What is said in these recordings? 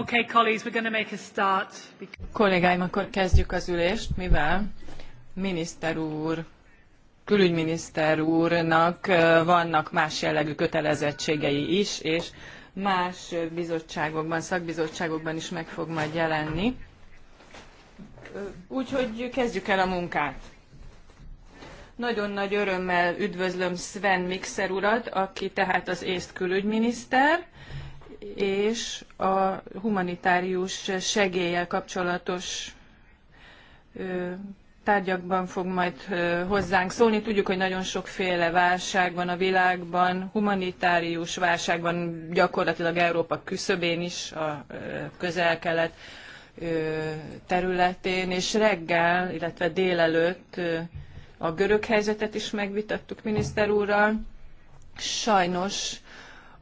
Okay, colleagues, we're going to make a start. Kollégáim, akkor kezdjük az ülést, mivel miniszter úr, külügyminiszter úrnak vannak más jellegű kötelezettségei is, és más bizottságokban, szakbizottságokban is meg fog majd jelenni. Úgyhogy kezdjük el a munkát. Nagyon nagy örömmel üdvözlöm Sven Mixer urat, aki tehát az észt külügyminiszter és a humanitárius segéllyel kapcsolatos tárgyakban fog majd hozzánk szólni. Tudjuk, hogy nagyon sokféle válság van a világban, humanitárius válság van gyakorlatilag Európa küszöbén is, a közel-kelet területén, és reggel, illetve délelőtt a görög helyzetet is megvitattuk miniszter úrral. Sajnos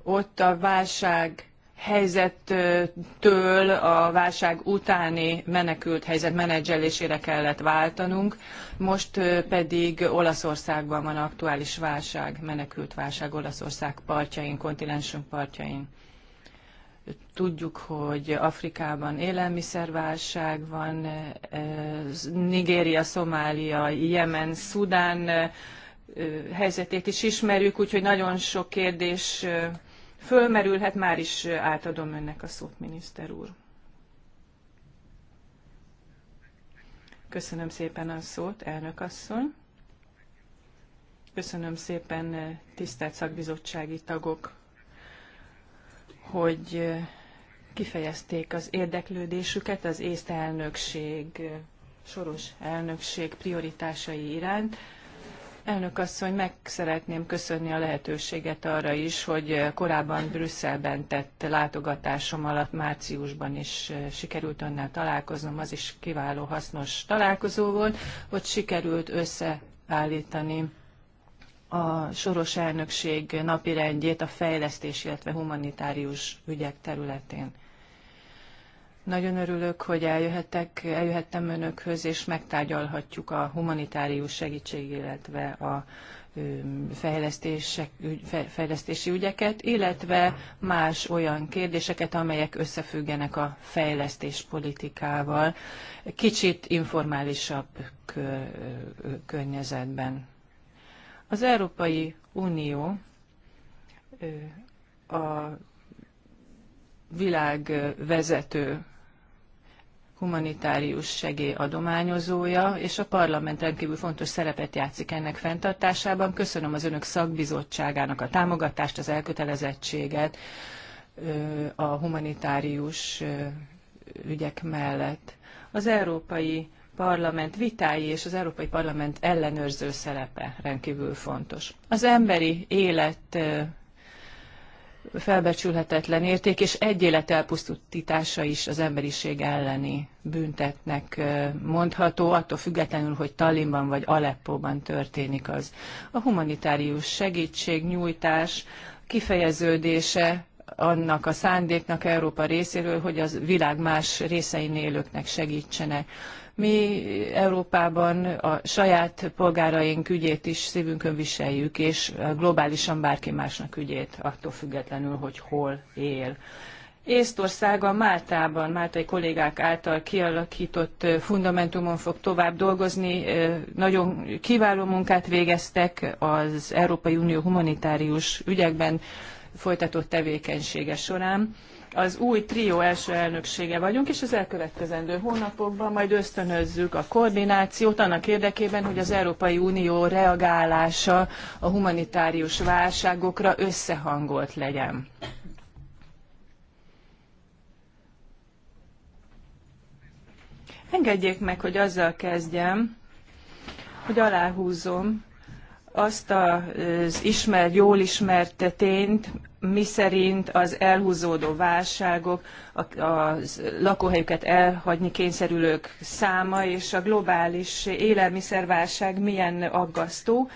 ott a válság helyzettől a válság utáni menekült helyzet menedzselésére kellett váltanunk, most pedig Olaszországban van aktuális válság, menekült válság Olaszország partjain, kontinensünk partjain. Tudjuk, hogy Afrikában élelmiszerválság van, Nigéria, Szomália, Jemen, Szudán helyzetét is ismerjük, úgyhogy nagyon sok kérdés fölmerülhet, már is átadom önnek a szót, miniszter úr. Köszönöm szépen a szót, elnök asszony. Köszönöm szépen, tisztelt szakbizottsági tagok, hogy eh, kifejezték az érdeklődésüket az észt elnökség, eh, soros elnökség prioritásai iránt. Elnök asszony, meg szeretném köszönni a lehetőséget arra is, hogy korábban Brüsszelben tett látogatásom alatt márciusban is eh, sikerült önnel találkoznom, az is kiváló hasznos találkozó volt, hogy sikerült összeállítani a soros elnökség napirendjét a fejlesztés, illetve humanitárius ügyek területén. Nagyon örülök, hogy eljöhettek, eljöhettem önökhöz, és megtárgyalhatjuk a humanitárius segítség, illetve a fejlesztések, fejlesztési ügyeket, illetve más olyan kérdéseket, amelyek összefüggenek a fejlesztés politikával, kicsit informálisabb környezetben. Az Európai Unió a világ vezető humanitárius segély adományozója, és a parlament rendkívül fontos szerepet játszik ennek fenntartásában. Köszönöm az önök szakbizottságának a támogatást, az elkötelezettséget a humanitárius ügyek mellett. Az Európai Parlament vitái és az Európai Parlament ellenőrző szerepe rendkívül fontos. Az emberi élet felbecsülhetetlen érték, és egy élet elpusztítása is az emberiség elleni büntetnek mondható, attól függetlenül, hogy Tallinnban vagy Aleppóban történik az. A humanitárius segítség nyújtás, kifejeződése annak a szándéknak Európa részéről, hogy az világ más részein élőknek segítsenek. Mi Európában a saját polgáraink ügyét is szívünkön viseljük, és globálisan bárki másnak ügyét, attól függetlenül, hogy hol él. Észtország a Máltában, máltai kollégák által kialakított fundamentumon fog tovább dolgozni. Nagyon kiváló munkát végeztek az Európai Unió humanitárius ügyekben folytatott tevékenysége során az új trió első elnöksége vagyunk, és az elkövetkezendő hónapokban majd ösztönözzük a koordinációt annak érdekében, hogy az Európai Unió reagálása a humanitárius válságokra összehangolt legyen. Engedjék meg, hogy azzal kezdjem, hogy aláhúzom, azt az ismert, jól ismert tényt, miszerint az elhúzódó válságok, a, a lakóhelyüket elhagyni kényszerülők száma és a globális élelmiszerválság milyen aggasztó,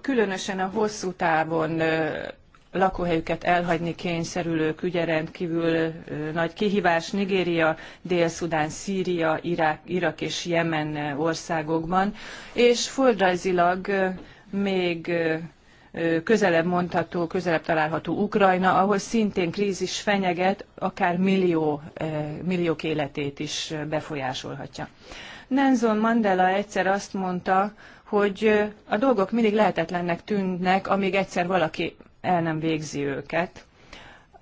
különösen a hosszú távon lakóhelyüket elhagyni kényszerülők ügye rendkívül nagy kihívás Nigéria, Dél-Szudán, Szíria, Irak, Irak és Jemen országokban, és földrajzilag még közelebb mondható, közelebb található Ukrajna, ahol szintén krízis fenyeget, akár millió, milliók életét is befolyásolhatja. Nelson Mandela egyszer azt mondta, hogy a dolgok mindig lehetetlennek tűnnek, amíg egyszer valaki el nem végzi őket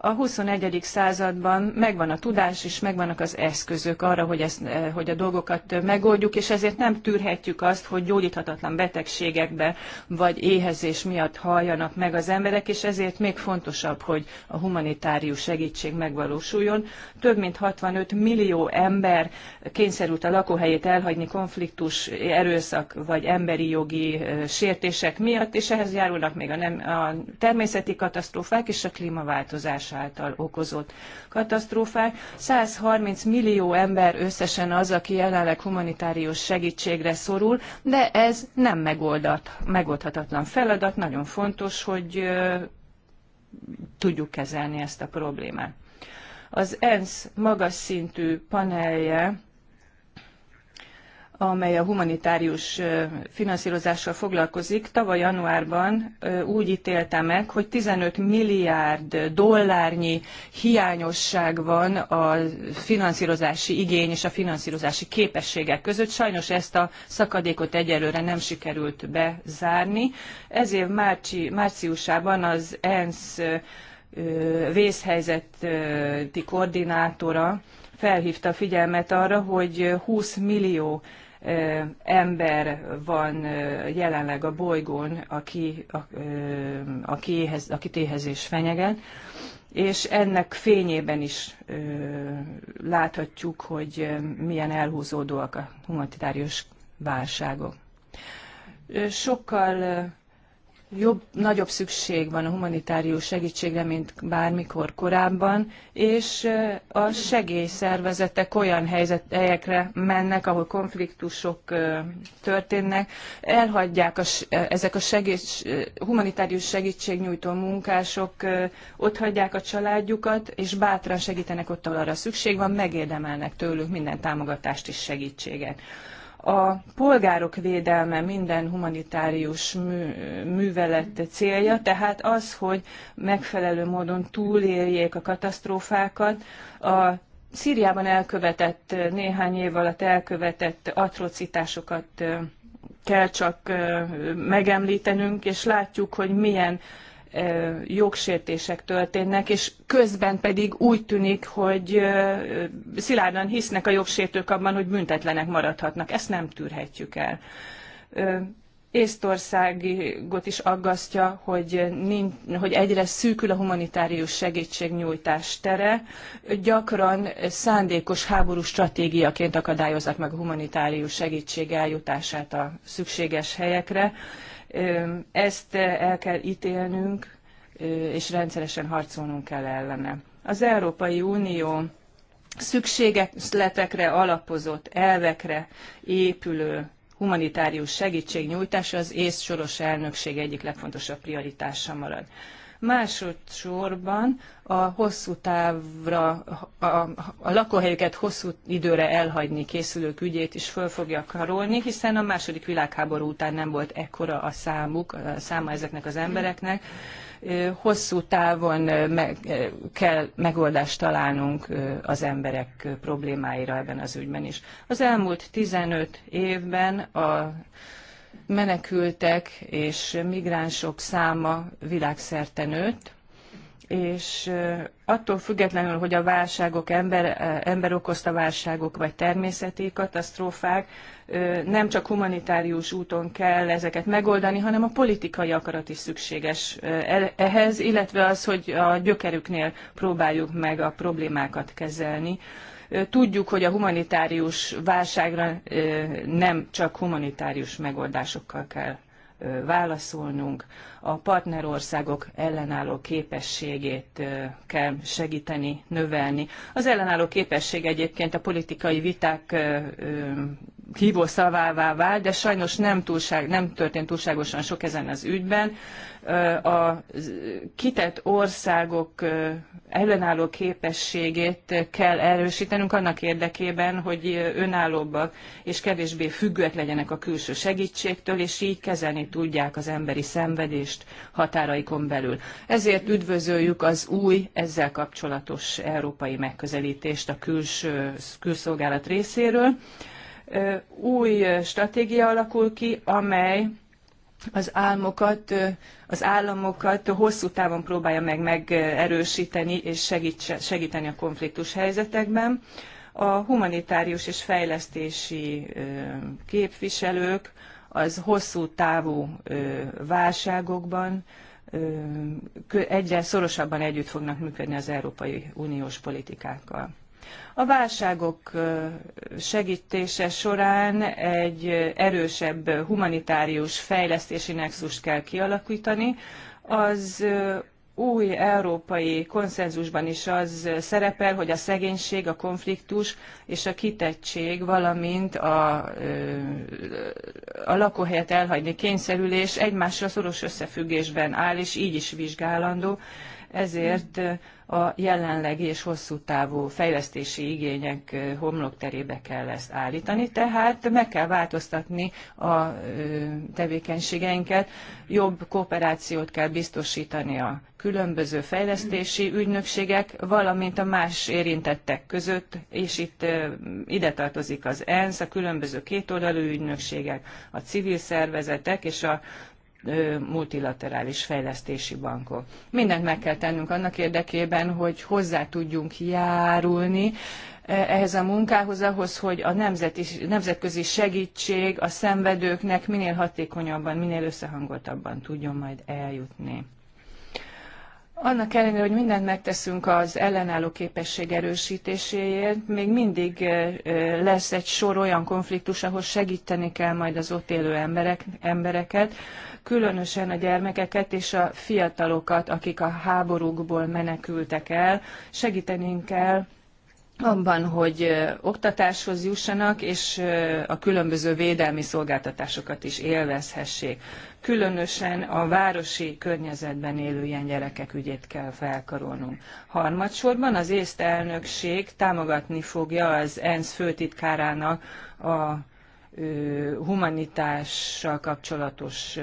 a 21. században megvan a tudás és megvannak az eszközök arra, hogy, ezt, eh, hogy a dolgokat megoldjuk, és ezért nem tűrhetjük azt, hogy gyógyíthatatlan betegségekbe vagy éhezés miatt halljanak meg az emberek, és ezért még fontosabb, hogy a humanitárius segítség megvalósuljon. Több mint 65 millió ember kényszerült a lakóhelyét elhagyni konfliktus, erőszak vagy emberi jogi eh, sértések miatt, és ehhez járulnak még a, nem, a természeti katasztrófák és a klímaváltozás időjárás által okozott katasztrófák. 130 millió ember összesen az, aki jelenleg humanitárius segítségre szorul, de ez nem megoldat, megoldhatatlan feladat. Nagyon fontos, hogy tudjuk kezelni ezt a problémát. Az ENSZ magas szintű panelje amely a humanitárius finanszírozással foglalkozik, tavaly januárban úgy ítélte meg, hogy 15 milliárd dollárnyi hiányosság van a finanszírozási igény és a finanszírozási képességek között. Sajnos ezt a szakadékot egyelőre nem sikerült bezárni. Ez év márci, márciusában az ENSZ vészhelyzeti koordinátora felhívta a figyelmet arra, hogy 20 millió ember van jelenleg a bolygón, aki, a, aki, éhez, aki téhezés fenyeget, és ennek fényében is láthatjuk, hogy milyen elhúzódóak a humanitárius válságok. Sokkal jobb, nagyobb szükség van a humanitárius segítségre, mint bármikor korábban, és a segélyszervezetek olyan helyzet, helyekre mennek, ahol konfliktusok történnek, elhagyják a, ezek a segély, humanitárius segítségnyújtó munkások, ott hagyják a családjukat, és bátran segítenek ott, ahol arra szükség van, megérdemelnek tőlük minden támogatást és segítséget a polgárok védelme minden humanitárius művelet célja, tehát az, hogy megfelelő módon túléljék a katasztrófákat, a Szíriában elkövetett, néhány év alatt elkövetett atrocitásokat kell csak megemlítenünk, és látjuk, hogy milyen jogsértések történnek, és közben pedig úgy tűnik, hogy szilárdan hisznek a jogsértők abban, hogy büntetlenek maradhatnak. Ezt nem tűrhetjük el. Észtországot is aggasztja, hogy, nincs, hogy egyre szűkül a humanitárius segítségnyújtás tere. Gyakran szándékos háború stratégiaként akadályozzák meg a humanitárius segítség eljutását a szükséges helyekre ezt el kell ítélnünk, és rendszeresen harcolnunk kell ellene. Az Európai Unió szükségletekre alapozott elvekre épülő humanitárius segítségnyújtás az ész soros elnökség egyik legfontosabb prioritása marad másodszorban a hosszú távra, a, a, lakóhelyüket hosszú időre elhagyni készülők ügyét is föl fogja karolni, hiszen a második világháború után nem volt ekkora a számuk, a száma ezeknek az embereknek. Hosszú távon meg, kell megoldást találnunk az emberek problémáira ebben az ügyben is. Az elmúlt 15 évben a menekültek és migránsok száma világszerte nőtt, és attól függetlenül, hogy a válságok ember, ember okozta válságok vagy természeti katasztrófák, nem csak humanitárius úton kell ezeket megoldani, hanem a politikai akarat is szükséges e, ehhez, illetve az, hogy a gyökerüknél próbáljuk meg a problémákat kezelni Tudjuk, hogy a humanitárius válságra nem csak humanitárius megoldásokkal kell válaszolnunk, a partnerországok ellenálló képességét kell segíteni, növelni. Az ellenálló képesség egyébként a politikai viták hívószavává vált, de sajnos nem, túlság, nem történt túlságosan sok ezen az ügyben. A kitett országok ellenálló képességét kell erősítenünk annak érdekében, hogy önállóbbak és kevésbé függőek legyenek a külső segítségtől, és így kezelni tudják az emberi szenvedést határaikon belül. Ezért üdvözöljük az új, ezzel kapcsolatos európai megközelítést a külső, külszolgálat részéről új stratégia alakul ki, amely az álmokat, az államokat hosszú távon próbálja meg megerősíteni és segíteni a konfliktus helyzetekben. A humanitárius és fejlesztési képviselők az hosszú távú válságokban egyre szorosabban együtt fognak működni az Európai Uniós politikákkal. A válságok segítése során egy erősebb humanitárius fejlesztési nexust kell kialakítani. Az új európai konszenzusban is az szerepel, hogy a szegénység, a konfliktus és a kitettség, valamint a, a lakóhelyet elhagyni kényszerülés egymásra szoros összefüggésben áll, és így is vizsgálandó. Ezért a jelenlegi és hosszú távú fejlesztési igények homlokterébe kell ezt állítani, tehát meg kell változtatni a tevékenységeinket, jobb kooperációt kell biztosítani a különböző fejlesztési ügynökségek, valamint a más érintettek között, és itt ide tartozik az ENSZ, a különböző kétoldalú ügynökségek, a civil szervezetek és a multilaterális fejlesztési bankok. Mindent meg kell tennünk annak érdekében, hogy hozzá tudjunk járulni ehhez a munkához, ahhoz, hogy a nemzeti, nemzetközi segítség a szenvedőknek minél hatékonyabban, minél összehangoltabban tudjon majd eljutni. Annak ellenére, hogy mindent megteszünk az ellenálló képesség erősítéséért, még mindig lesz egy sor olyan konfliktus, ahol segíteni kell majd az ott élő emberek, embereket, különösen a gyermekeket és a fiatalokat, akik a háborúkból menekültek el. Segítenünk kell abban, hogy oktatáshoz jussanak, és a különböző védelmi szolgáltatásokat is élvezhessék. Különösen a városi környezetben élő ilyen gyerekek ügyét kell felkarolnunk. Harmadsorban az észt elnökség támogatni fogja az ENSZ főtitkárának a humanitással kapcsolatos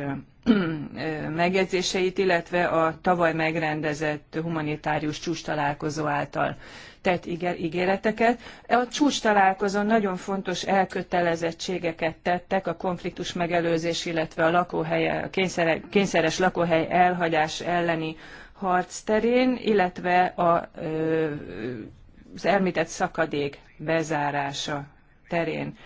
megjegyzéseit, illetve a tavaly megrendezett humanitárius csúcstalálkozó által tett ígéreteket. A csúcs találkozón nagyon fontos elkötelezettségeket tettek a konfliktus megelőzés, illetve a, lakóhely, a kényszeres lakóhely elhagyás elleni harc terén, illetve a, az említett szakadék bezárása terén.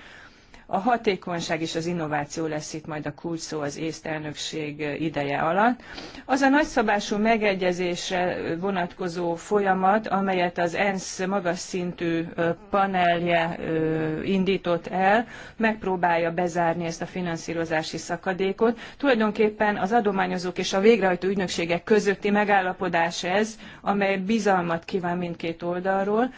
A hatékonyság és az innováció lesz itt majd a kulcs szó az észt elnökség ideje alatt. Az a nagyszabású megegyezésre vonatkozó folyamat, amelyet az ENSZ magas szintű panelje indított el, megpróbálja bezárni ezt a finanszírozási szakadékot. Tulajdonképpen az adományozók és a végrehajtó ügynökségek közötti megállapodás ez, amely bizalmat kíván mindkét oldalról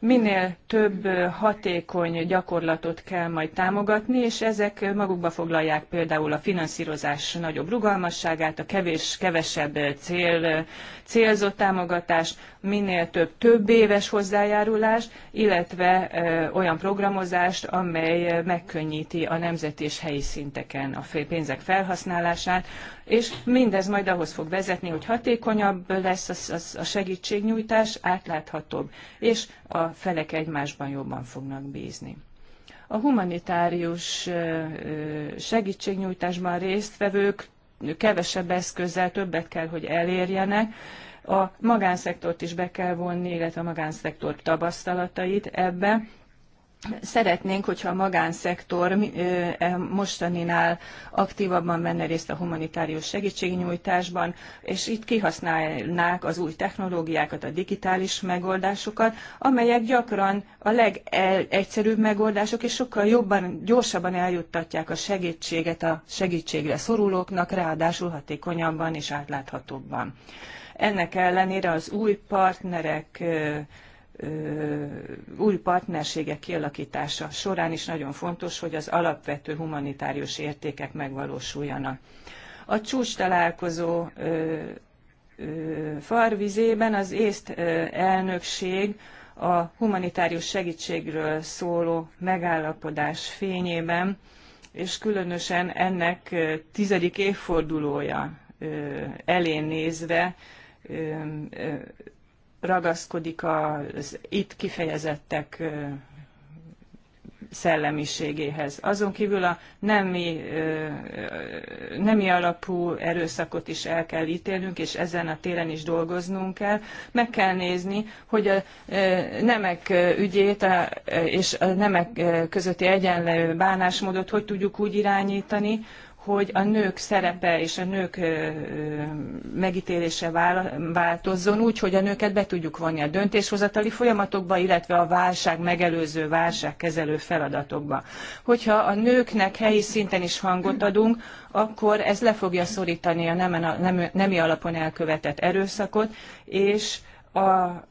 minél több hatékony gyakorlatot kell majd támogatni, és ezek magukba foglalják például a finanszírozás nagyobb rugalmasságát, a kevés, kevesebb cél, célzott támogatást, minél több több éves hozzájárulás, illetve olyan programozást, amely megkönnyíti a nemzeti és helyi szinteken a pénzek felhasználását, és mindez majd ahhoz fog vezetni, hogy hatékonyabb lesz a segítségnyújtás, átláthatóbb, és a felek egymásban jobban fognak bízni a humanitárius segítségnyújtásban résztvevők kevesebb eszközzel többet kell, hogy elérjenek, a magánszektort is be kell vonni, illetve a magánszektor tapasztalatait ebbe. Szeretnénk, hogyha a magánszektor e, mostaninál aktívabban venne részt a humanitárius segítségnyújtásban, és itt kihasználnák az új technológiákat, a digitális megoldásokat, amelyek gyakran a legegyszerűbb megoldások, és sokkal jobban, gyorsabban eljuttatják a segítséget a segítségre szorulóknak, ráadásul hatékonyabban és átláthatóbban. Ennek ellenére az új partnerek új partnerségek kialakítása során is nagyon fontos, hogy az alapvető humanitárius értékek megvalósuljanak. A csúcs találkozó farvizében az észt elnökség a humanitárius segítségről szóló megállapodás fényében, és különösen ennek tizedik évfordulója elén nézve ragaszkodik az itt kifejezettek szellemiségéhez. Azon kívül a nemi, nemi alapú erőszakot is el kell ítélnünk, és ezen a téren is dolgoznunk kell. Meg kell nézni, hogy a nemek ügyét és a nemek közötti egyenlő bánásmódot hogy tudjuk úgy irányítani, hogy a nők szerepe és a nők megítélése változzon úgy, hogy a nőket be tudjuk vonni a döntéshozatali folyamatokba, illetve a válság megelőző, válságkezelő feladatokba. Hogyha a nőknek helyi szinten is hangot adunk, akkor ez le fogja szorítani a nemi alapon elkövetett erőszakot, és a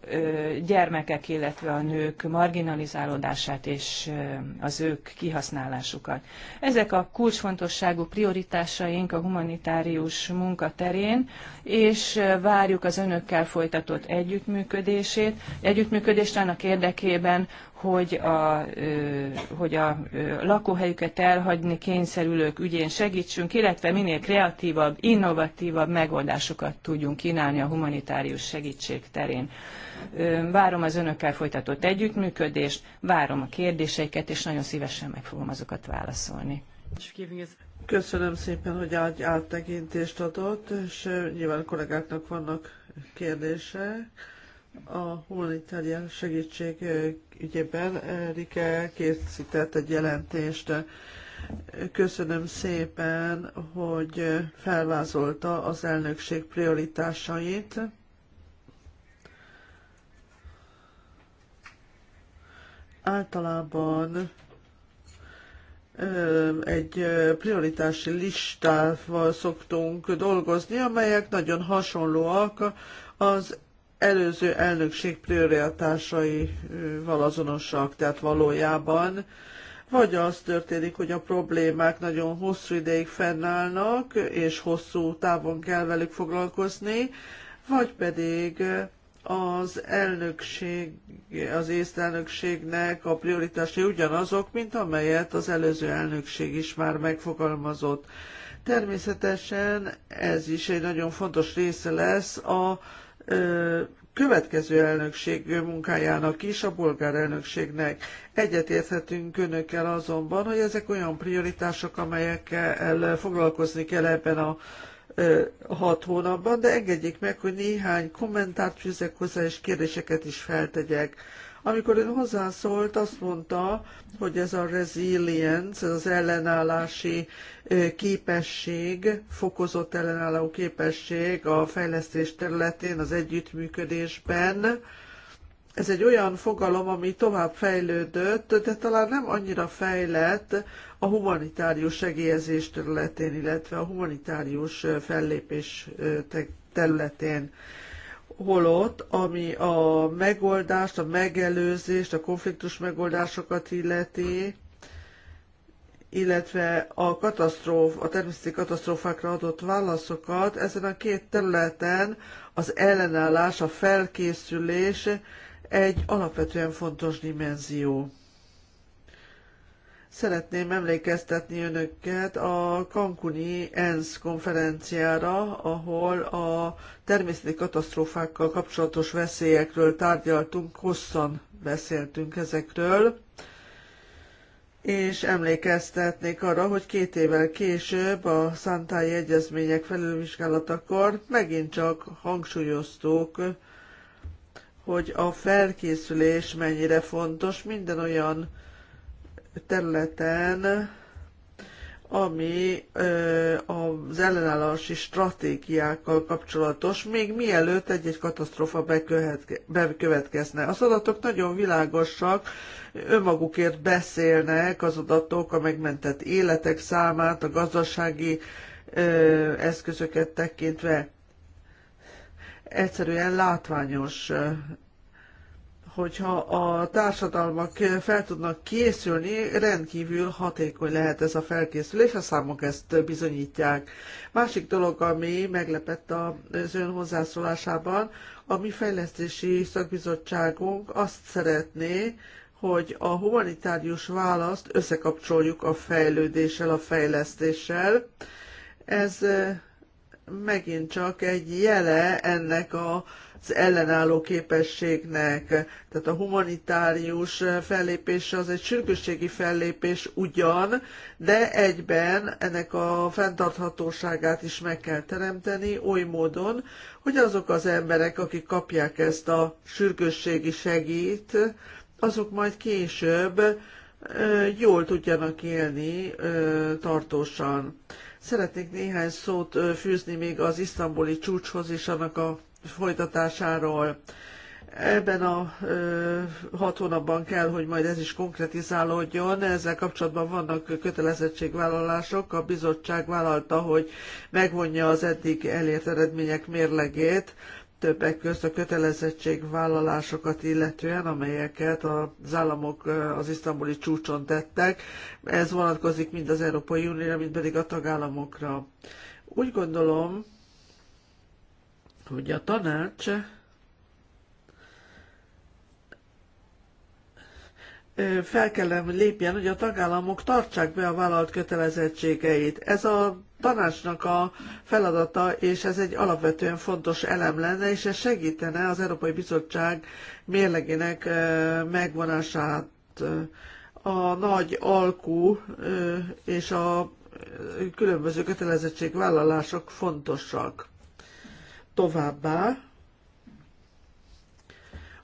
gyermekek, illetve a nők marginalizálódását és az ők kihasználásukat. Ezek a kulcsfontosságú prioritásaink a humanitárius munka terén, és várjuk az önökkel folytatott együttműködését, együttműködést annak érdekében, hogy a, hogy a lakóhelyüket elhagyni kényszerülők ügyén segítsünk, illetve minél kreatívabb, innovatívabb megoldásokat tudjunk kínálni a humanitárius segítség terén. Várom az önökkel folytatott együttműködést, várom a kérdéseiket, és nagyon szívesen meg fogom azokat válaszolni. Köszönöm szépen, hogy át, áttekintést adott, és nyilván kollégáknak vannak kérdések a humanitárius segítség ügyében Rike készített egy jelentést. Köszönöm szépen, hogy felvázolta az elnökség prioritásait. Általában egy prioritási listával szoktunk dolgozni, amelyek nagyon hasonlóak az előző elnökség prioritásaival azonosak, tehát valójában vagy az történik, hogy a problémák nagyon hosszú ideig fennállnak, és hosszú távon kell velük foglalkozni, vagy pedig az elnökség, az észtelnökségnek a prioritásai ugyanazok, mint amelyet az előző elnökség is már megfogalmazott. Természetesen ez is egy nagyon fontos része lesz a következő elnökség munkájának is, a bolgár elnökségnek. Egyetérthetünk önökkel azonban, hogy ezek olyan prioritások, amelyekkel foglalkozni kell ebben a hat hónapban, de engedjék meg, hogy néhány kommentárt fűzek hozzá, és kérdéseket is feltegyek. Amikor ön hozzászólt, azt mondta, hogy ez a resilience, ez az ellenállási képesség, fokozott ellenálló képesség a fejlesztés területén, az együttműködésben, ez egy olyan fogalom, ami tovább fejlődött, de talán nem annyira fejlett a humanitárius segélyezés területén, illetve a humanitárius fellépés területén holott, ami a megoldást, a megelőzést, a konfliktus megoldásokat illeti, illetve a, katasztróf, a természeti katasztrófákra adott válaszokat, ezen a két területen az ellenállás, a felkészülés egy alapvetően fontos dimenzió. Szeretném emlékeztetni önöket a Cancuni ENSZ konferenciára, ahol a természeti katasztrófákkal kapcsolatos veszélyekről tárgyaltunk, hosszan beszéltünk ezekről, és emlékeztetnék arra, hogy két évvel később a szántály egyezmények felülvizsgálatakor megint csak hangsúlyoztuk, hogy a felkészülés mennyire fontos minden olyan területen, ami az ellenállási stratégiákkal kapcsolatos, még mielőtt egy-egy katasztrófa bekövetkezne. Az adatok nagyon világosak, önmagukért beszélnek az adatok, a megmentett életek számát, a gazdasági eszközöket tekintve. Egyszerűen látványos hogyha a társadalmak fel tudnak készülni, rendkívül hatékony lehet ez a felkészülés, a számok ezt bizonyítják. Másik dolog, ami meglepett az ön hozzászólásában, a mi fejlesztési szakbizottságunk azt szeretné, hogy a humanitárius választ összekapcsoljuk a fejlődéssel, a fejlesztéssel. Ez megint csak egy jele ennek a az ellenálló képességnek. Tehát a humanitárius fellépése az egy sürgősségi fellépés ugyan, de egyben ennek a fenntarthatóságát is meg kell teremteni oly módon, hogy azok az emberek, akik kapják ezt a sürgősségi segít, azok majd később jól tudjanak élni tartósan. Szeretnék néhány szót fűzni még az isztambuli csúcshoz és annak a folytatásáról. Ebben a ö, hat hónapban kell, hogy majd ez is konkretizálódjon. Ezzel kapcsolatban vannak kötelezettségvállalások. A bizottság vállalta, hogy megvonja az eddig elért eredmények mérlegét, többek közt a kötelezettségvállalásokat illetően, amelyeket az államok az isztambuli csúcson tettek. Ez vonatkozik mind az Európai Unióra, mind pedig a tagállamokra. Úgy gondolom, hogy a tanács fel kellene lépjen, hogy a tagállamok tartsák be a vállalt kötelezettségeit. Ez a tanácsnak a feladata, és ez egy alapvetően fontos elem lenne, és ez segítene az Európai Bizottság mérlegének megvonását. A nagy alkú és a különböző kötelezettségvállalások fontosak. Továbbá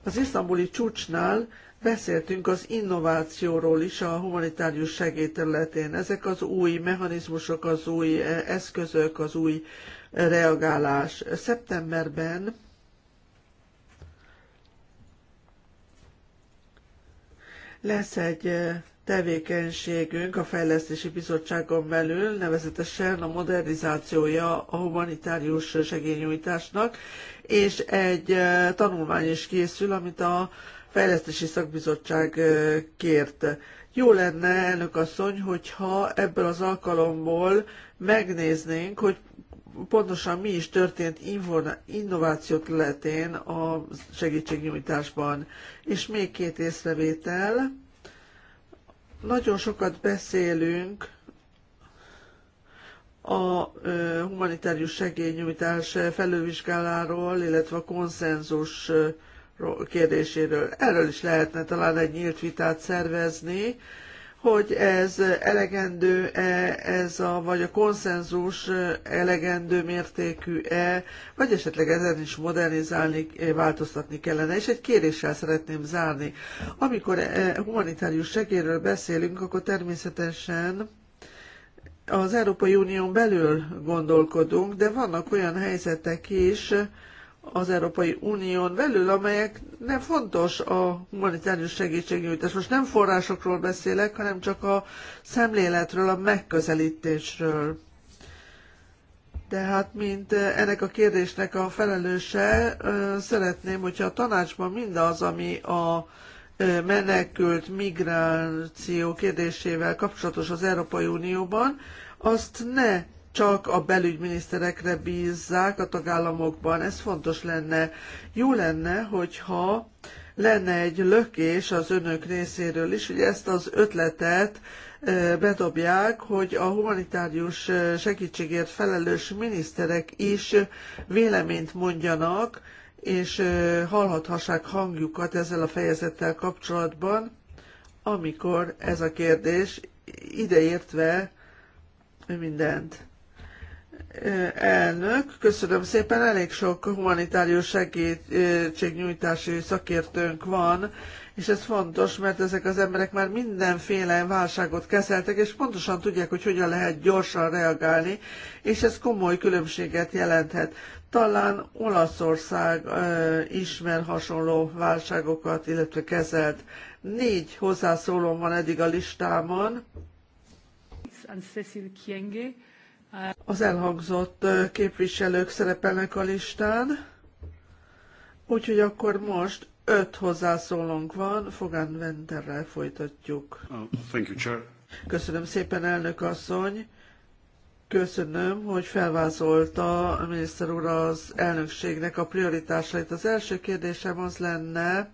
az isztambuli csúcsnál beszéltünk az innovációról is a humanitárius segélyterületén. Ezek az új mechanizmusok, az új e, eszközök, az új reagálás. Szeptemberben lesz egy e, tevékenységünk a Fejlesztési Bizottságon belül, nevezetesen a modernizációja a humanitárius segélynyújtásnak, és egy eh, tanulmány is készül, amit a Fejlesztési Szakbizottság eh, kért. Jó lenne, elnök asszony, hogyha ebből az alkalomból megnéznénk, hogy pontosan mi is történt innováció területén a segítségnyújtásban. És még két észrevétel nagyon sokat beszélünk a humanitárius segélynyújtás felülvizsgáláról, illetve a konszenzus kérdéséről. Erről is lehetne talán egy nyílt vitát szervezni, hogy ez elegendő -e, ez a, vagy a konszenzus elegendő mértékű-e, vagy esetleg ezen is modernizálni, változtatni kellene. És egy kéréssel szeretném zárni. Amikor eh, humanitárius segélyről beszélünk, akkor természetesen az Európai Unión belül gondolkodunk, de vannak olyan helyzetek is, az Európai Unión belül, amelyek nem fontos a humanitárius segítségnyújtás. Most nem forrásokról beszélek, hanem csak a szemléletről, a megközelítésről. De hát, mint ennek a kérdésnek a felelőse, szeretném, hogyha a tanácsban mindaz, ami a menekült migráció kérdésével kapcsolatos az Európai Unióban, azt ne csak a belügyminiszterekre bízzák a tagállamokban. Ez fontos lenne. Jó lenne, hogyha lenne egy lökés az önök részéről is, hogy ezt az ötletet bedobják, hogy a humanitárius segítségért felelős miniszterek is véleményt mondjanak, és hallhathassák hangjukat ezzel a fejezettel kapcsolatban, amikor ez a kérdés ideértve mindent elnök, köszönöm szépen, elég sok humanitárius segítségnyújtási szakértőnk van, és ez fontos, mert ezek az emberek már mindenféle válságot kezeltek, és pontosan tudják, hogy hogyan lehet gyorsan reagálni, és ez komoly különbséget jelenthet. Talán Olaszország ismer hasonló válságokat, illetve kezelt. Négy hozzászólóm van eddig a listámon. Cecil Kienge, az elhangzott képviselők szerepelnek a listán, úgyhogy akkor most öt hozzászólónk van, Fogán Venterrel folytatjuk. Oh, thank you, Chair. Köszönöm szépen, elnök asszony. Köszönöm, hogy felvázolta a miniszter úr az elnökségnek a prioritásait. Az első kérdésem az lenne,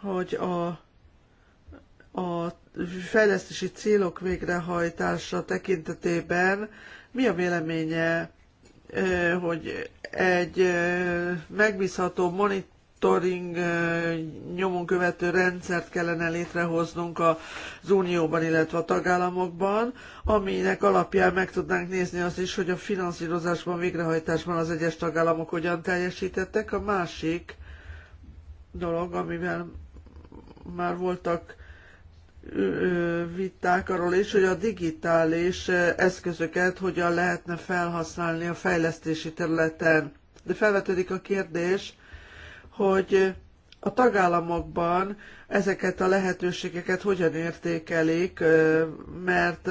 hogy a a fejlesztési célok végrehajtása tekintetében mi a véleménye, hogy egy megbízható monitoring nyomon követő rendszert kellene létrehoznunk az Unióban, illetve a tagállamokban, aminek alapján meg tudnánk nézni azt is, hogy a finanszírozásban, végrehajtásban az egyes tagállamok hogyan teljesítettek. A másik dolog, amivel már voltak viták arról is, hogy a digitális eszközöket hogyan lehetne felhasználni a fejlesztési területen. De felvetődik a kérdés, hogy a tagállamokban ezeket a lehetőségeket hogyan értékelik, mert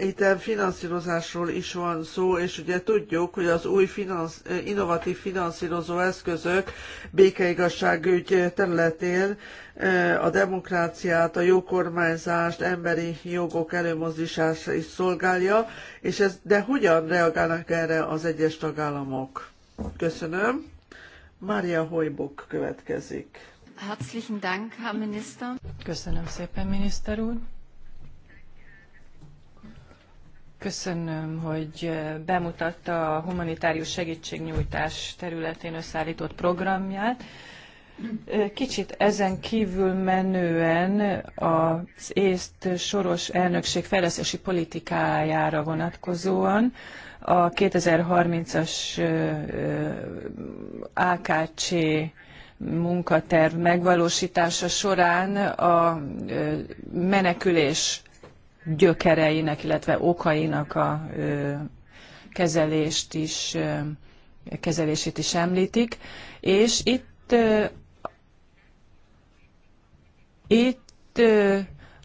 itt finanszírozásról is van szó, és ugye tudjuk, hogy az új finansz, innovatív finanszírozó eszközök békeigazságügy területén e, a demokráciát, a jó kormányzást, emberi jogok előmozdítását is szolgálja, és ez, de hogyan reagálnak erre az egyes tagállamok? Köszönöm. Mária Hojbuk következik. Herzlichen Dank, Herr Minister. Köszönöm szépen, miniszter úr. Köszönöm, hogy bemutatta a humanitárius segítségnyújtás területén összeállított programját. Kicsit ezen kívül menően az észt soros elnökség fejlesztési politikájára vonatkozóan a 2030-as AKC munkaterv megvalósítása során a menekülés gyökereinek, illetve okainak a kezelést is, kezelését is említik, és itt itt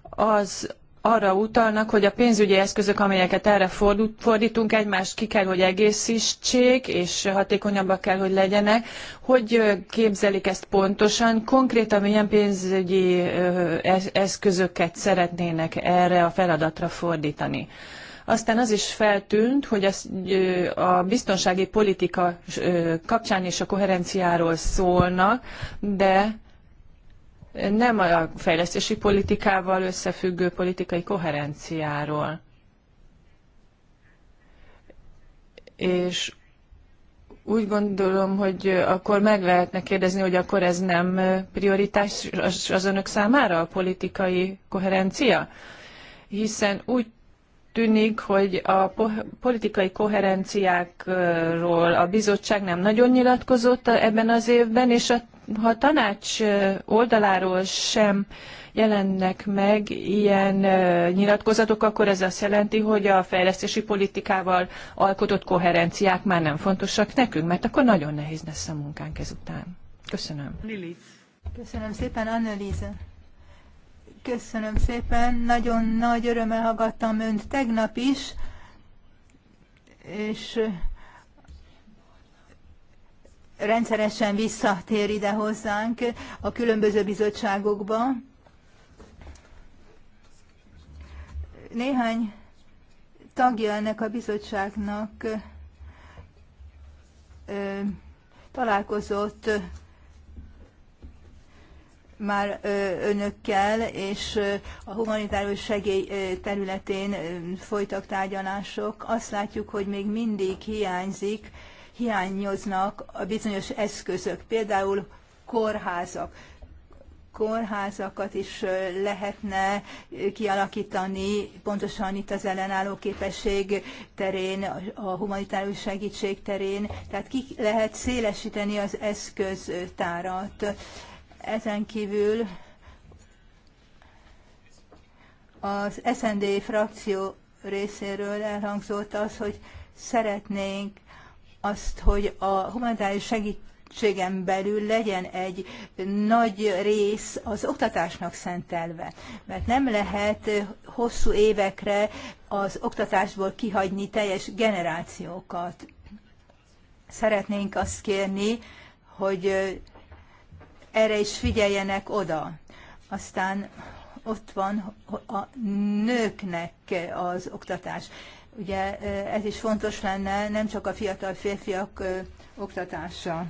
az arra utalnak, hogy a pénzügyi eszközök, amelyeket erre fordítunk, egymást ki kell, hogy egészítsék, és hatékonyabbak kell, hogy legyenek. Hogy képzelik ezt pontosan? Konkrétan milyen pénzügyi eszközöket szeretnének erre a feladatra fordítani? Aztán az is feltűnt, hogy a biztonsági politika kapcsán is a koherenciáról szólnak, de nem a fejlesztési politikával összefüggő politikai koherenciáról. És úgy gondolom, hogy akkor meg lehetne kérdezni, hogy akkor ez nem prioritás az önök számára a politikai koherencia? Hiszen úgy tűnik, hogy a politikai koherenciákról a bizottság nem nagyon nyilatkozott ebben az évben, és a, ha a tanács oldaláról sem jelennek meg ilyen nyilatkozatok, akkor ez azt jelenti, hogy a fejlesztési politikával alkotott koherenciák már nem fontosak nekünk, mert akkor nagyon nehéz lesz a munkánk ezután. Köszönöm. Köszönöm szépen, Anneliese. Köszönöm szépen, nagyon nagy örömmel hallgattam önt tegnap is, és rendszeresen visszatér ide hozzánk a különböző bizottságokba. Néhány tagja ennek a bizottságnak találkozott már önökkel, és a humanitárius segély területén folytak tárgyalások. Azt látjuk, hogy még mindig hiányzik, hiányoznak a bizonyos eszközök, például kórházak. Kórházakat is lehetne kialakítani, pontosan itt az ellenálló képesség terén, a humanitárius segítség terén, tehát ki lehet szélesíteni az eszköztárat ezen kívül az SND frakció részéről elhangzott az, hogy szeretnénk azt, hogy a humanitárius segítségen belül legyen egy nagy rész az oktatásnak szentelve. Mert nem lehet hosszú évekre az oktatásból kihagyni teljes generációkat. Szeretnénk azt kérni, hogy erre is figyeljenek oda. Aztán ott van a nőknek az oktatás. Ugye eh, ez is fontos lenne, nem csak a fiatal férfiak eh, oktatása.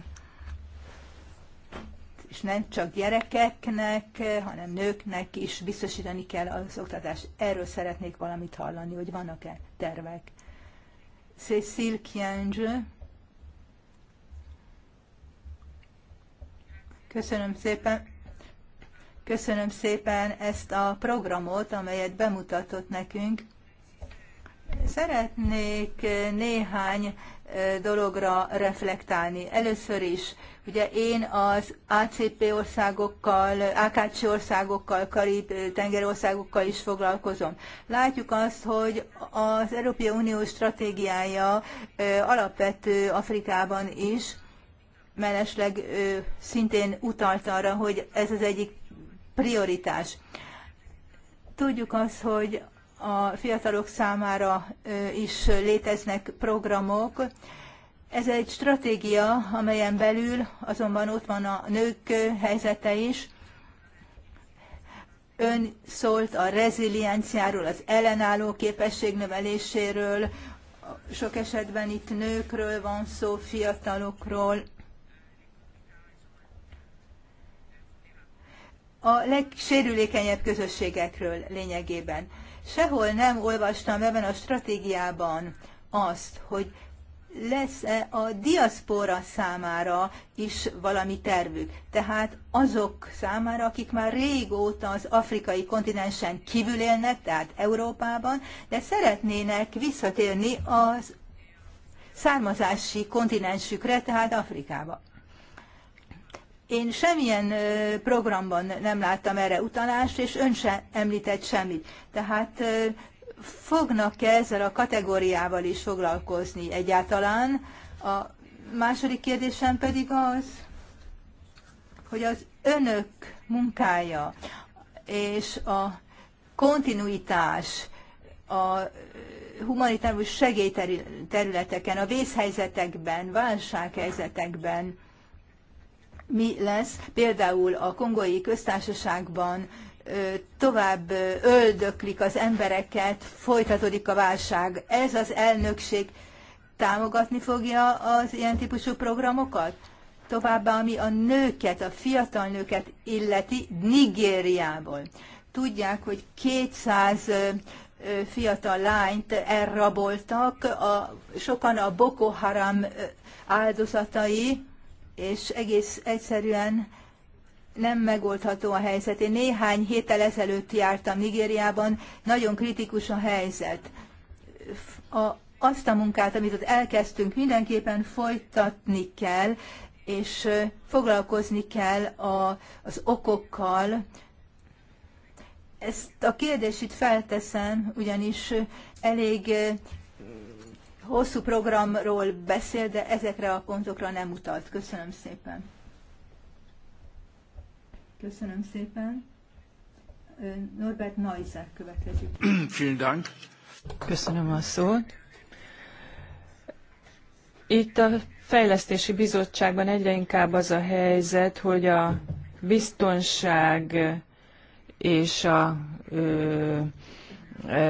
És nem csak gyerekeknek, eh, hanem nőknek is biztosítani kell az oktatást. Erről szeretnék valamit hallani, hogy vannak-e tervek. Cécile Kienge Köszönöm szépen. Köszönöm szépen ezt a programot, amelyet bemutatott nekünk. Szeretnék néhány dologra reflektálni. Először is, ugye én az ACP országokkal, AKC országokkal, Karib tenger országokkal is foglalkozom. Látjuk azt, hogy az Európai Unió stratégiája alapvető Afrikában is, mellesleg ő szintén utalt arra, hogy ez az egyik prioritás. Tudjuk azt, hogy a fiatalok számára is léteznek programok. Ez egy stratégia, amelyen belül azonban ott van a nők helyzete is. Ön szólt a rezilienciáról, az ellenálló képesség növeléséről, sok esetben itt nőkről van szó, fiatalokról, a legsérülékenyebb közösségekről lényegében. Sehol nem olvastam ebben a stratégiában azt, hogy lesz-e a diaszpora számára is valami tervük. Tehát azok számára, akik már régóta az afrikai kontinensen kívül élnek, tehát Európában, de szeretnének visszatérni az származási kontinensükre, tehát Afrikába. Én semmilyen programban nem láttam erre utalást, és ön sem említett semmit. Tehát fognak-e ezzel a kategóriával is foglalkozni egyáltalán? A második kérdésem pedig az, hogy az önök munkája és a kontinuitás a humanitárius segélyterületeken, a vészhelyzetekben, válsághelyzetekben, mi lesz. Például a kongói köztársaságban tovább öldöklik az embereket, folytatódik a válság. Ez az elnökség támogatni fogja az ilyen típusú programokat? Továbbá, ami a nőket, a fiatal nőket illeti Nigériából. Tudják, hogy 200 fiatal lányt elraboltak, a, sokan a Boko Haram áldozatai, és egész egyszerűen nem megoldható a helyzet. Én néhány héttel ezelőtt jártam Nigériában, nagyon kritikus a helyzet. A, azt a munkát, amit ott elkezdtünk, mindenképpen folytatni kell, és foglalkozni kell a, az okokkal. Ezt a kérdést itt felteszem, ugyanis elég hosszú programról beszél, de ezekre a pontokra nem utalt. Köszönöm szépen. Köszönöm szépen. Norbert Neuser következik. Vielen Dank. Köszönöm a szót. Itt a Fejlesztési Bizottságban egyre inkább az a helyzet, hogy a biztonság és a ö,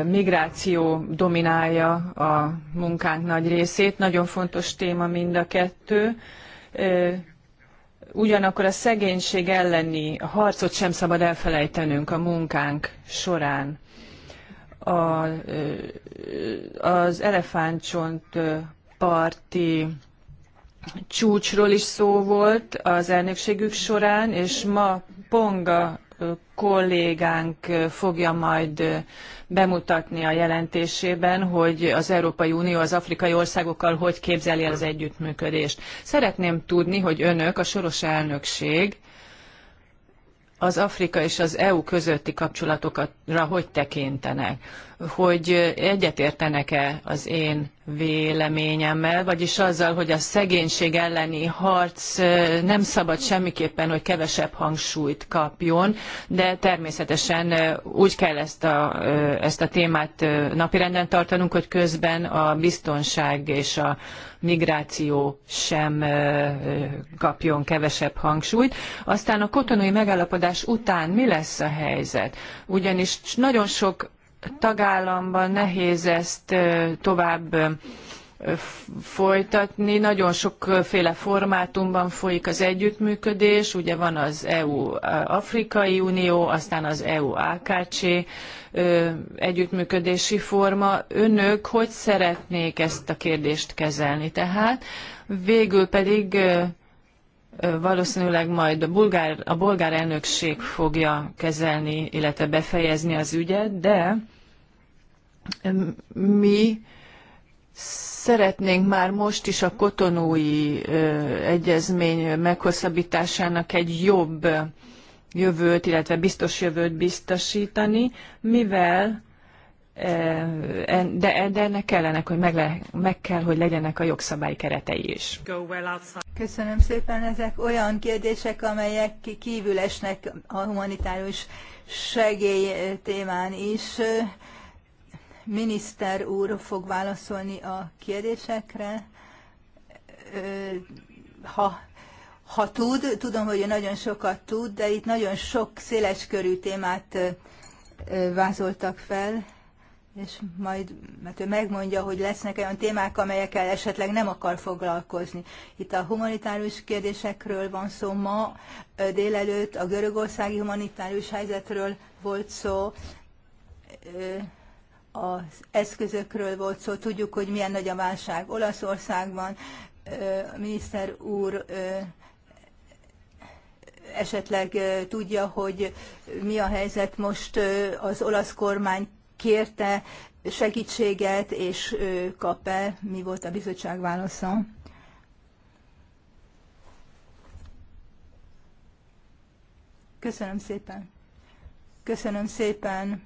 migráció dominálja a munkánk nagy részét. Nagyon fontos téma mind a kettő. Ugyanakkor a szegénység elleni harcot sem szabad elfelejtenünk a munkánk során. A, az elefántcsont parti csúcsról is szó volt az elnökségük során, és ma Ponga kollégánk fogja majd bemutatni a jelentésében, hogy az Európai Unió az afrikai országokkal hogy képzeli el az együttműködést. Szeretném tudni, hogy önök, a soros elnökség, az Afrika és az EU közötti kapcsolatokra hogy tekintenek hogy egyetértenek-e az én véleményemmel, vagyis azzal, hogy a szegénység elleni harc nem szabad semmiképpen, hogy kevesebb hangsúlyt kapjon, de természetesen úgy kell ezt a, ezt a témát napirenden tartanunk, hogy közben a biztonság és a migráció sem kapjon kevesebb hangsúlyt. Aztán a kotonói megállapodás után mi lesz a helyzet? Ugyanis nagyon sok tagállamban nehéz ezt tovább folytatni. Nagyon sokféle formátumban folyik az együttműködés. Ugye van az EU-Afrikai Unió, aztán az EU-AKC együttműködési forma. Önök hogy szeretnék ezt a kérdést kezelni? Tehát végül pedig valószínűleg majd a bulgár, a bolgár elnökség fogja kezelni, illetve befejezni az ügyet, de mi szeretnénk már most is a kotonói egyezmény meghosszabbításának egy jobb jövőt, illetve biztos jövőt biztosítani, mivel Eh, de, de ennek kellenek, hogy meg, le, meg kell, hogy legyenek a jogszabály keretei is. Köszönöm szépen. Ezek olyan kérdések, amelyek kívül esnek a humanitárius segély témán is. Miniszter úr fog válaszolni a kérdésekre. Eh, ha ha tud, tudom, hogy nagyon sokat tud, de itt nagyon sok széleskörű témát eh, vázoltak fel és majd, mert ő megmondja, hogy lesznek olyan témák, amelyekkel esetleg nem akar foglalkozni. Itt a humanitárius kérdésekről van szó ma, délelőtt a görögországi humanitárius helyzetről volt szó, az eszközökről volt szó, tudjuk, hogy milyen nagy a válság Olaszországban, a miniszter úr esetleg tudja, hogy mi a helyzet most az olasz kormány kérte segítséget, és kap-e, mi volt a bizottság válasza? Köszönöm szépen. Köszönöm szépen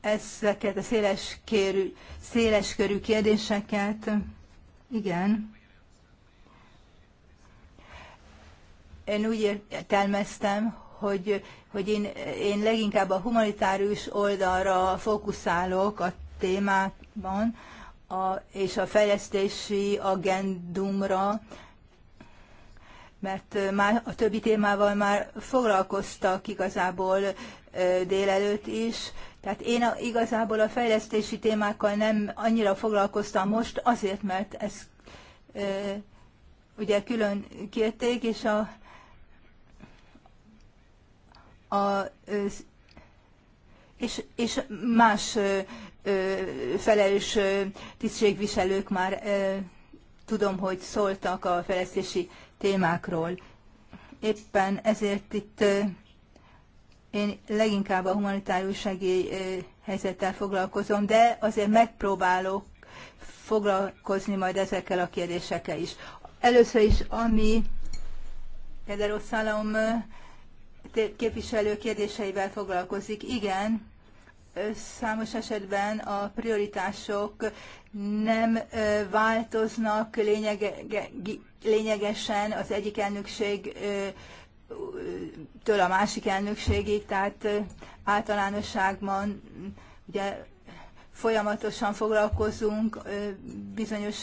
ezeket a széles, kérű, széles körű kérdéseket. Igen. Én úgy értelmeztem, hogy, hogy én, én leginkább a humanitárius oldalra fókuszálok a témában a, és a fejlesztési agendumra, mert már a többi témával már foglalkoztak igazából délelőtt is, tehát én a, igazából a fejlesztési témákkal nem annyira foglalkoztam most, azért, mert ez ö, ugye külön kérték, és a a, és, és más felelős tisztségviselők már tudom, hogy szóltak a fejlesztési témákról. Éppen ezért itt én leginkább a humanitárius segély helyzettel foglalkozom, de azért megpróbálok foglalkozni majd ezekkel a kérdésekkel is. Először is, ami Pedro Szalom képviselő kérdéseivel foglalkozik. Igen, számos esetben a prioritások nem változnak lényegesen az egyik elnökség től a másik elnökségig, tehát általánosságban ugye folyamatosan foglalkozunk bizonyos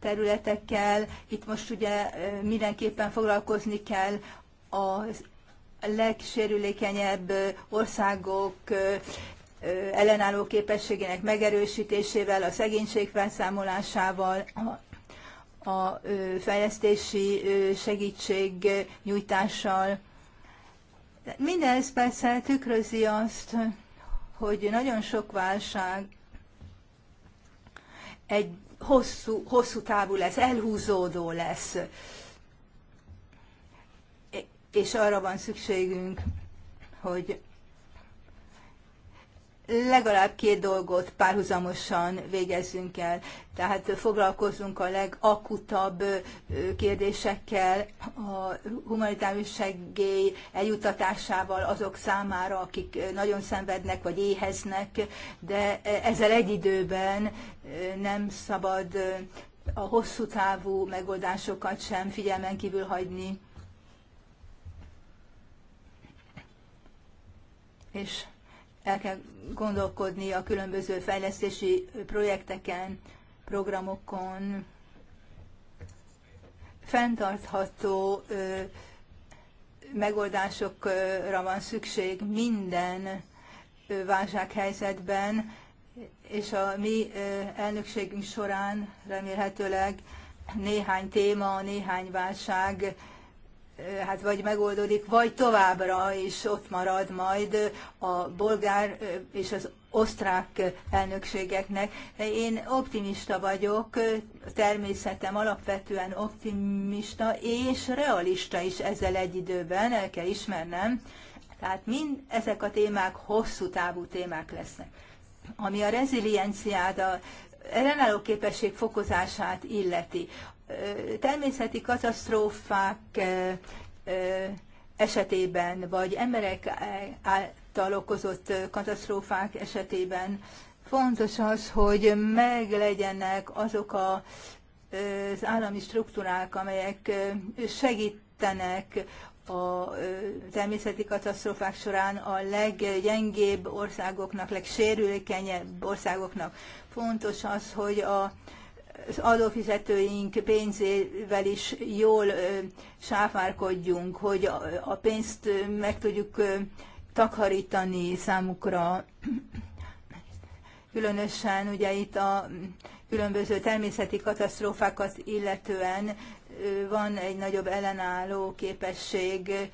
területekkel. Itt most ugye mindenképpen foglalkozni kell az legsérülékenyebb országok ellenálló képességének megerősítésével, a szegénység felszámolásával, a, a fejlesztési segítség nyújtással. Mindez persze tükrözi azt, hogy nagyon sok válság egy hosszú, hosszú távú lesz, elhúzódó lesz és arra van szükségünk, hogy legalább két dolgot párhuzamosan végezzünk el. Tehát foglalkozunk a legakutabb kérdésekkel, a humanitárius segély eljutatásával azok számára, akik nagyon szenvednek vagy éheznek, de ezzel egy időben nem szabad a hosszú távú megoldásokat sem figyelmen kívül hagyni. és el kell gondolkodni a különböző fejlesztési projekteken, programokon, fenntartható ö, megoldásokra van szükség minden ö, válsághelyzetben, és a mi ö, elnökségünk során remélhetőleg néhány téma, néhány válság hát vagy megoldódik, vagy továbbra is ott marad majd a bolgár és az osztrák elnökségeknek. Én optimista vagyok, természetem alapvetően optimista és realista is ezzel egy időben, el kell ismernem. Tehát mind ezek a témák hosszú távú témák lesznek. Ami a rezilienciát, a ellenálló képesség fokozását illeti természeti katasztrófák esetében, vagy emberek által okozott katasztrófák esetében fontos az, hogy meglegyenek azok a, az állami struktúrák, amelyek segítenek a természeti katasztrófák során a leggyengébb országoknak, legsérülékenyebb országoknak. Fontos az, hogy a adófizetőink pénzével is jól sáfárkodjunk, hogy a pénzt meg tudjuk takarítani számukra. Különösen ugye itt a különböző természeti katasztrófákat illetően van egy nagyobb ellenálló képesség,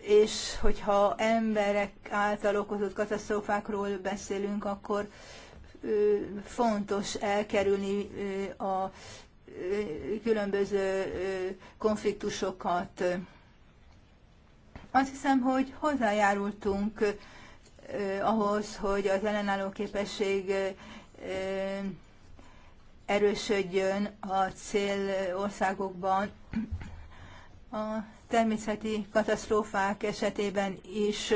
és hogyha emberek által okozott katasztrófákról beszélünk, akkor fontos elkerülni a különböző konfliktusokat. Azt hiszem, hogy hozzájárultunk ahhoz, hogy az ellenálló képesség erősödjön a országokban. A természeti katasztrófák esetében is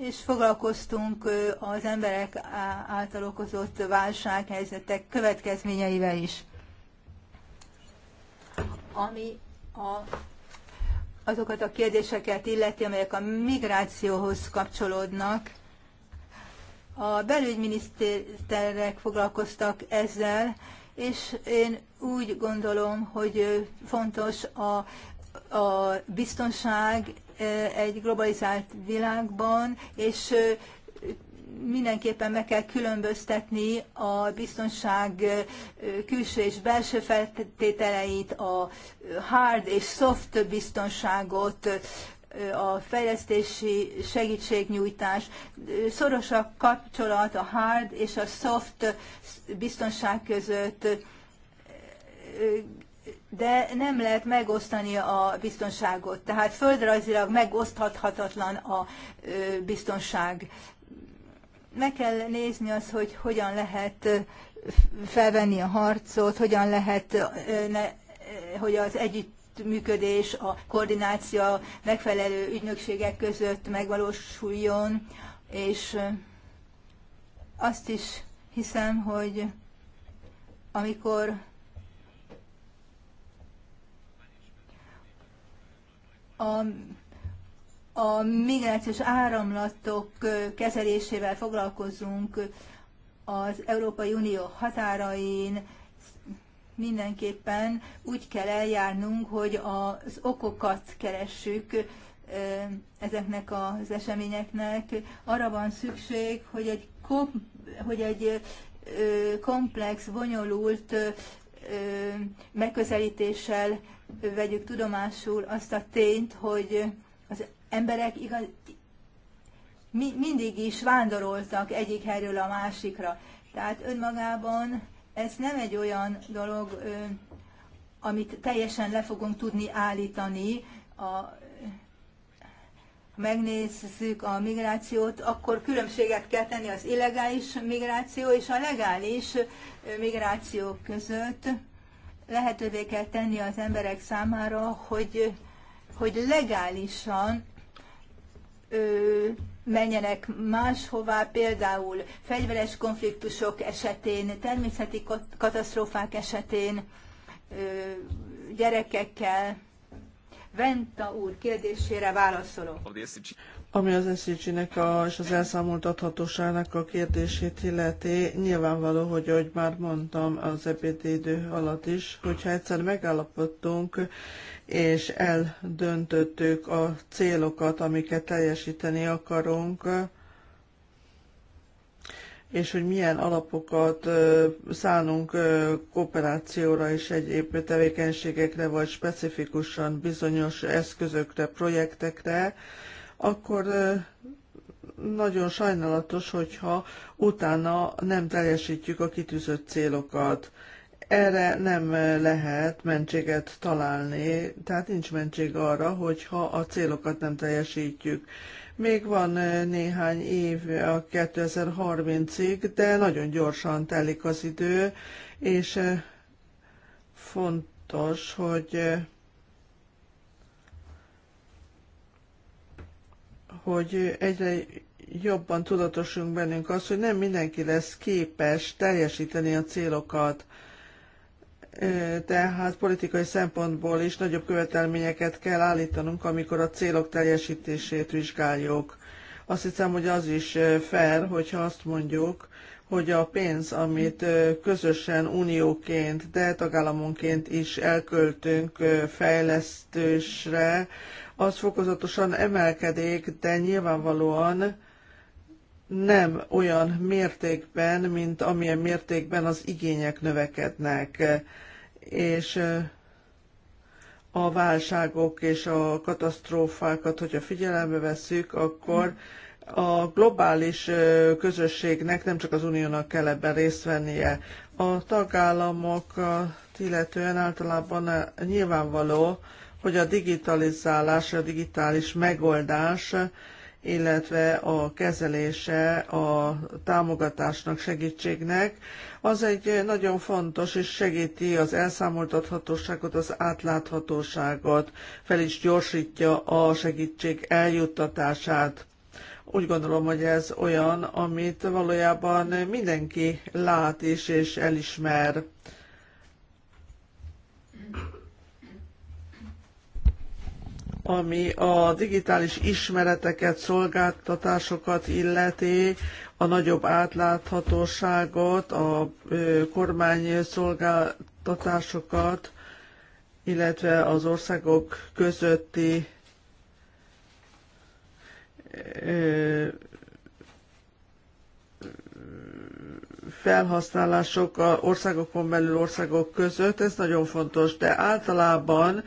és foglalkoztunk az emberek által okozott válsághelyzetek következményeivel is. Ami a, azokat a kérdéseket illeti, amelyek a migrációhoz kapcsolódnak, a belügyminiszterek foglalkoztak ezzel, és én úgy gondolom, hogy fontos a, a biztonság egy globalizált világban, és mindenképpen meg kell különböztetni a biztonság külső és belső feltételeit, a hard és soft biztonságot, a fejlesztési segítségnyújtás, szoros a kapcsolat a hard és a soft biztonság között, de nem lehet megosztani a biztonságot. Tehát földrajzilag megoszthatatlan a biztonság. Meg kell nézni az, hogy hogyan lehet felvenni a harcot, hogyan lehet, hogy az együtt működés, a koordináció megfelelő ügynökségek között megvalósuljon, és azt is hiszem, hogy amikor a, a migrációs áramlatok kezelésével foglalkozunk az Európai Unió határain, mindenképpen úgy kell eljárnunk, hogy az okokat keressük ezeknek az eseményeknek. Arra van szükség, hogy egy, kom- hogy egy komplex, bonyolult megközelítéssel vegyük tudomásul azt a tényt, hogy az emberek igaz, mi, mindig is vándoroltak egyik helyről a másikra. Tehát önmagában ez nem egy olyan dolog, amit teljesen le fogunk tudni állítani a megnézzük a migrációt, akkor különbséget kell tenni az illegális migráció és a legális migráció között. Lehetővé kell tenni az emberek számára, hogy, hogy legálisan ö, menjenek máshová, például fegyveres konfliktusok esetén, természeti katasztrófák esetén, ö, gyerekekkel, Venta úr kérdésére válaszolok. Ami az szg nek és az elszámoltathatóságnak a kérdését illeti, nyilvánvaló, hogy ahogy már mondtam az EPT idő alatt is, hogyha egyszer megállapodtunk, és eldöntöttük a célokat, amiket teljesíteni akarunk, és hogy milyen alapokat szánunk kooperációra és egyéb tevékenységekre, vagy specifikusan bizonyos eszközökre, projektekre, akkor nagyon sajnálatos, hogyha utána nem teljesítjük a kitűzött célokat. Erre nem lehet mentséget találni, tehát nincs mentség arra, hogyha a célokat nem teljesítjük. Még van eh, néhány év a 2030-ig, de nagyon gyorsan telik az idő, és eh, fontos, hogy eh, hogy egyre jobban tudatosunk bennünk az, hogy nem mindenki lesz képes teljesíteni a célokat tehát politikai szempontból is nagyobb követelményeket kell állítanunk, amikor a célok teljesítését vizsgáljuk. Azt hiszem, hogy az is fair, hogyha azt mondjuk, hogy a pénz, amit közösen unióként, de tagállamonként is elköltünk fejlesztésre, az fokozatosan emelkedik, de nyilvánvalóan nem olyan mértékben, mint amilyen mértékben az igények növekednek és a válságok és a katasztrófákat, hogyha figyelembe vesszük, akkor a globális közösségnek, nem csak az uniónak kell ebben részt vennie. A tagállamok illetően általában nyilvánvaló, hogy a digitalizálás, a digitális megoldás illetve a kezelése a támogatásnak, segítségnek, az egy nagyon fontos, és segíti az elszámoltathatóságot, az átláthatóságot, fel is gyorsítja a segítség eljuttatását. Úgy gondolom, hogy ez olyan, amit valójában mindenki lát is és elismer. ami a digitális ismereteket, szolgáltatásokat illeti, a nagyobb átláthatóságot, a kormány szolgáltatásokat, illetve az országok közötti felhasználások a országokon belül országok között, ez nagyon fontos, de általában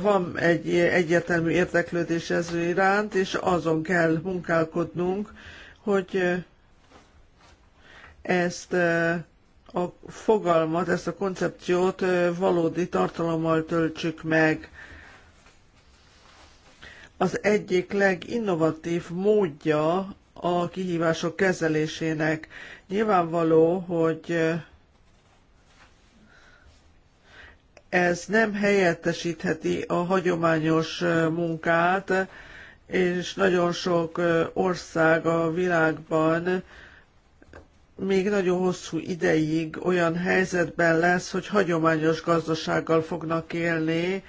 van egy egyetemű érdeklődés ez iránt, és azon kell munkálkodnunk, hogy ezt a fogalmat, ezt a koncepciót valódi tartalommal töltsük meg. Az egyik leginnovatív módja a kihívások kezelésének nyilvánvaló, hogy ez nem helyettesítheti a hagyományos munkát, és nagyon sok ország a világban még nagyon hosszú ideig olyan helyzetben lesz, hogy hagyományos gazdasággal fognak élni,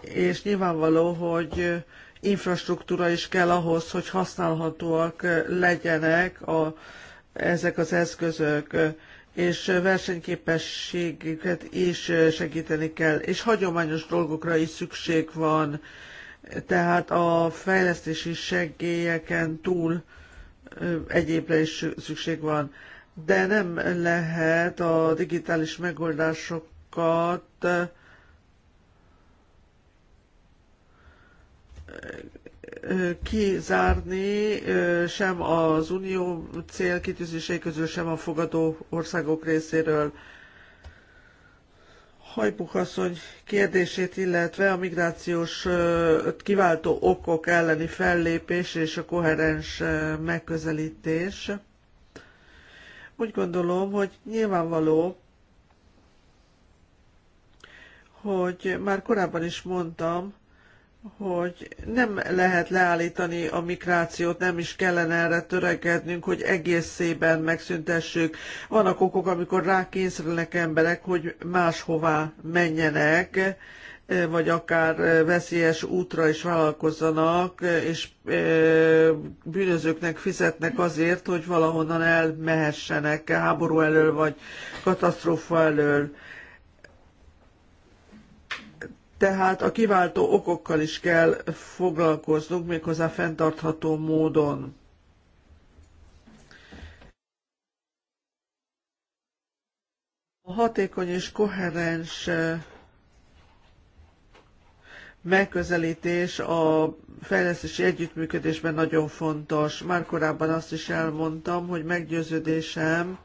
és nyilvánvaló, hogy infrastruktúra is kell ahhoz, hogy használhatóak legyenek a, ezek az eszközök és versenyképességüket is segíteni kell, és hagyományos dolgokra is szükség van, tehát a fejlesztési segélyeken túl egyébre is szükség van. De nem lehet a digitális megoldásokat kizárni sem az unió célkitűzései közül, sem a fogadó országok részéről. Hajbuk asszony kérdését, illetve a migrációs kiváltó okok elleni fellépés és a koherens megközelítés. Úgy gondolom, hogy nyilvánvaló, hogy már korábban is mondtam, hogy nem lehet leállítani a migrációt, nem is kellene erre törekednünk, hogy egészében megszüntessük. Vannak okok, amikor rákényszerülnek emberek, hogy máshová menjenek, vagy akár veszélyes útra is vállalkozzanak, és bűnözőknek fizetnek azért, hogy valahonnan elmehessenek háború elől, vagy katasztrófa elől tehát a kiváltó okokkal is kell foglalkoznunk, méghozzá fenntartható módon. A hatékony és koherens eh, megközelítés a fejlesztési együttműködésben nagyon fontos. Már korábban azt is elmondtam, hogy meggyőződésem,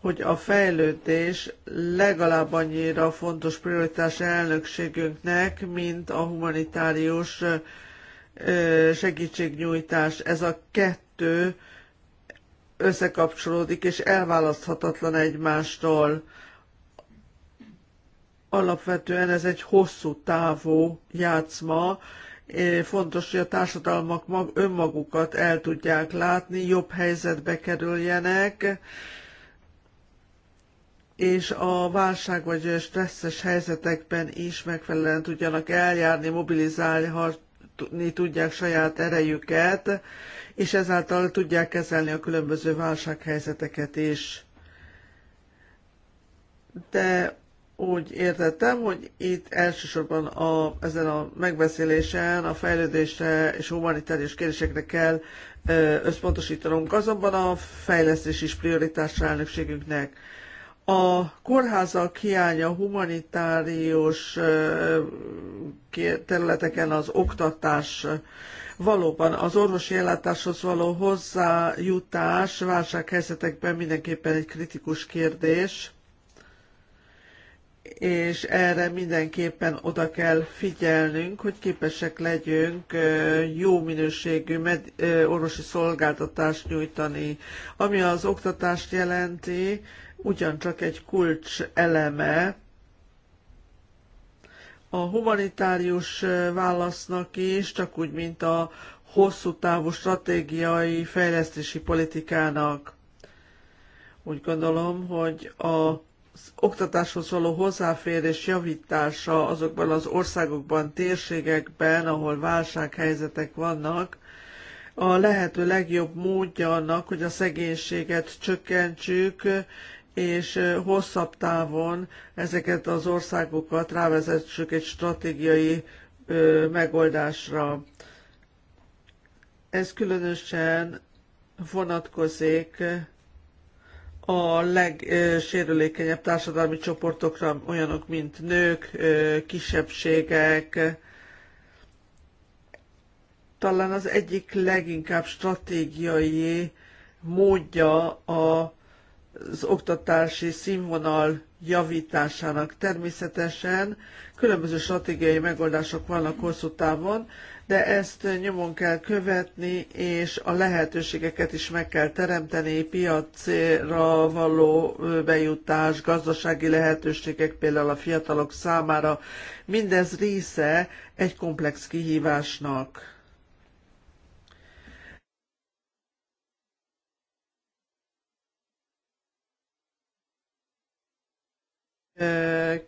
hogy a fejlődés legalább annyira fontos prioritás elnökségünknek, mint a humanitárius segítségnyújtás. Ez a kettő összekapcsolódik és elválaszthatatlan egymástól. Alapvetően ez egy hosszú távú játszma, fontos, hogy a társadalmak önmagukat el tudják látni, jobb helyzetbe kerüljenek, és a válság vagy stresszes helyzetekben is megfelelően tudjanak eljárni, mobilizálni tudják saját erejüket, és ezáltal tudják kezelni a különböző válsághelyzeteket is. De úgy értettem, hogy itt elsősorban a, ezen a megbeszélésen a fejlődésre és humanitárius kérdésekre kell összpontosítanunk, azonban a fejlesztés is prioritásra elnökségünknek a kórházak hiánya humanitárius területeken az oktatás valóban az orvosi ellátáshoz való hozzájutás válsághelyzetekben mindenképpen egy kritikus kérdés, és erre mindenképpen oda kell figyelnünk, hogy képesek legyünk jó minőségű med- orvosi szolgáltatást nyújtani. Ami az oktatást jelenti, ugyancsak egy kulcs eleme a humanitárius válasznak is, csak úgy, mint a hosszú távú stratégiai fejlesztési politikának. Úgy gondolom, hogy a az oktatáshoz való hozzáférés javítása azokban az országokban, térségekben, ahol válsághelyzetek vannak, a lehető legjobb módja annak, hogy a szegénységet csökkentsük, és hosszabb távon ezeket az országokat rávezessük egy stratégiai megoldásra. Ez különösen vonatkozik a legsérülékenyebb társadalmi csoportokra, olyanok, mint nők, kisebbségek. Talán az egyik leginkább stratégiai módja a az oktatási színvonal javításának. Természetesen különböző stratégiai megoldások vannak hosszú távon, de ezt nyomon kell követni, és a lehetőségeket is meg kell teremteni, piacra való bejutás, gazdasági lehetőségek például a fiatalok számára. Mindez része egy komplex kihívásnak.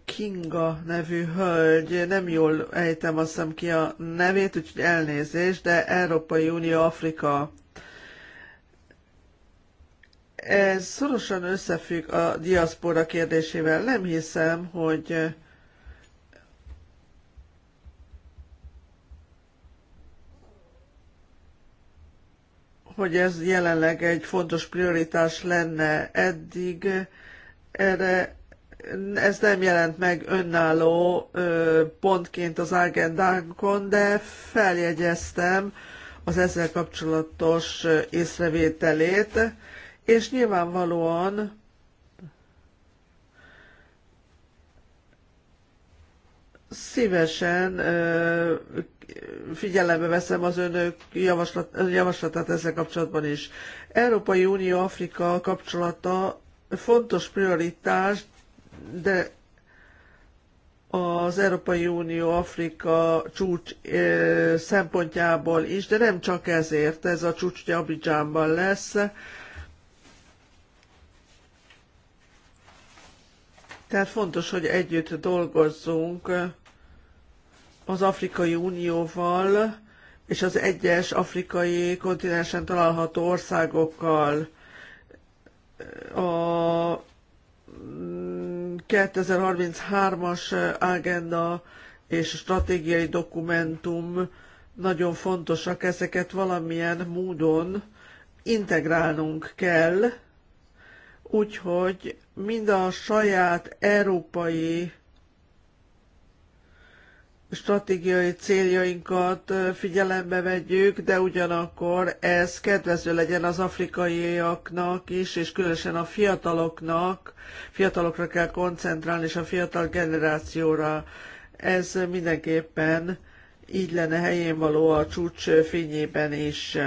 Kinga nevű hölgy, nem jól ejtem azt hiszem ki a nevét, úgyhogy elnézés, de Európai Unió Afrika. Ez szorosan összefügg a diaszpora kérdésével. Nem hiszem, hogy hogy ez jelenleg egy fontos prioritás lenne eddig. Erre ez nem jelent meg önálló pontként az agendánkon, de feljegyeztem az ezzel kapcsolatos észrevételét, és nyilvánvalóan szívesen figyelembe veszem az önök javaslat, javaslatát ezzel kapcsolatban is. Európai Unió-Afrika kapcsolata fontos prioritás, de az Európai Unió Afrika csúcs szempontjából is, de nem csak ezért, ez a csúcs Abidjanban lesz. Tehát fontos, hogy együtt dolgozzunk az Afrikai Unióval és az egyes afrikai kontinensen található országokkal. A 2033-as eh, agenda és stratégiai dokumentum nagyon fontosak, ezeket valamilyen módon integrálnunk kell, úgyhogy mind a saját európai stratégiai céljainkat figyelembe vegyük, de ugyanakkor ez kedvező legyen az afrikaiaknak is, és különösen a fiataloknak, fiatalokra kell koncentrálni, és a fiatal generációra. Ez mindenképpen így lenne helyén való a csúcs fényében is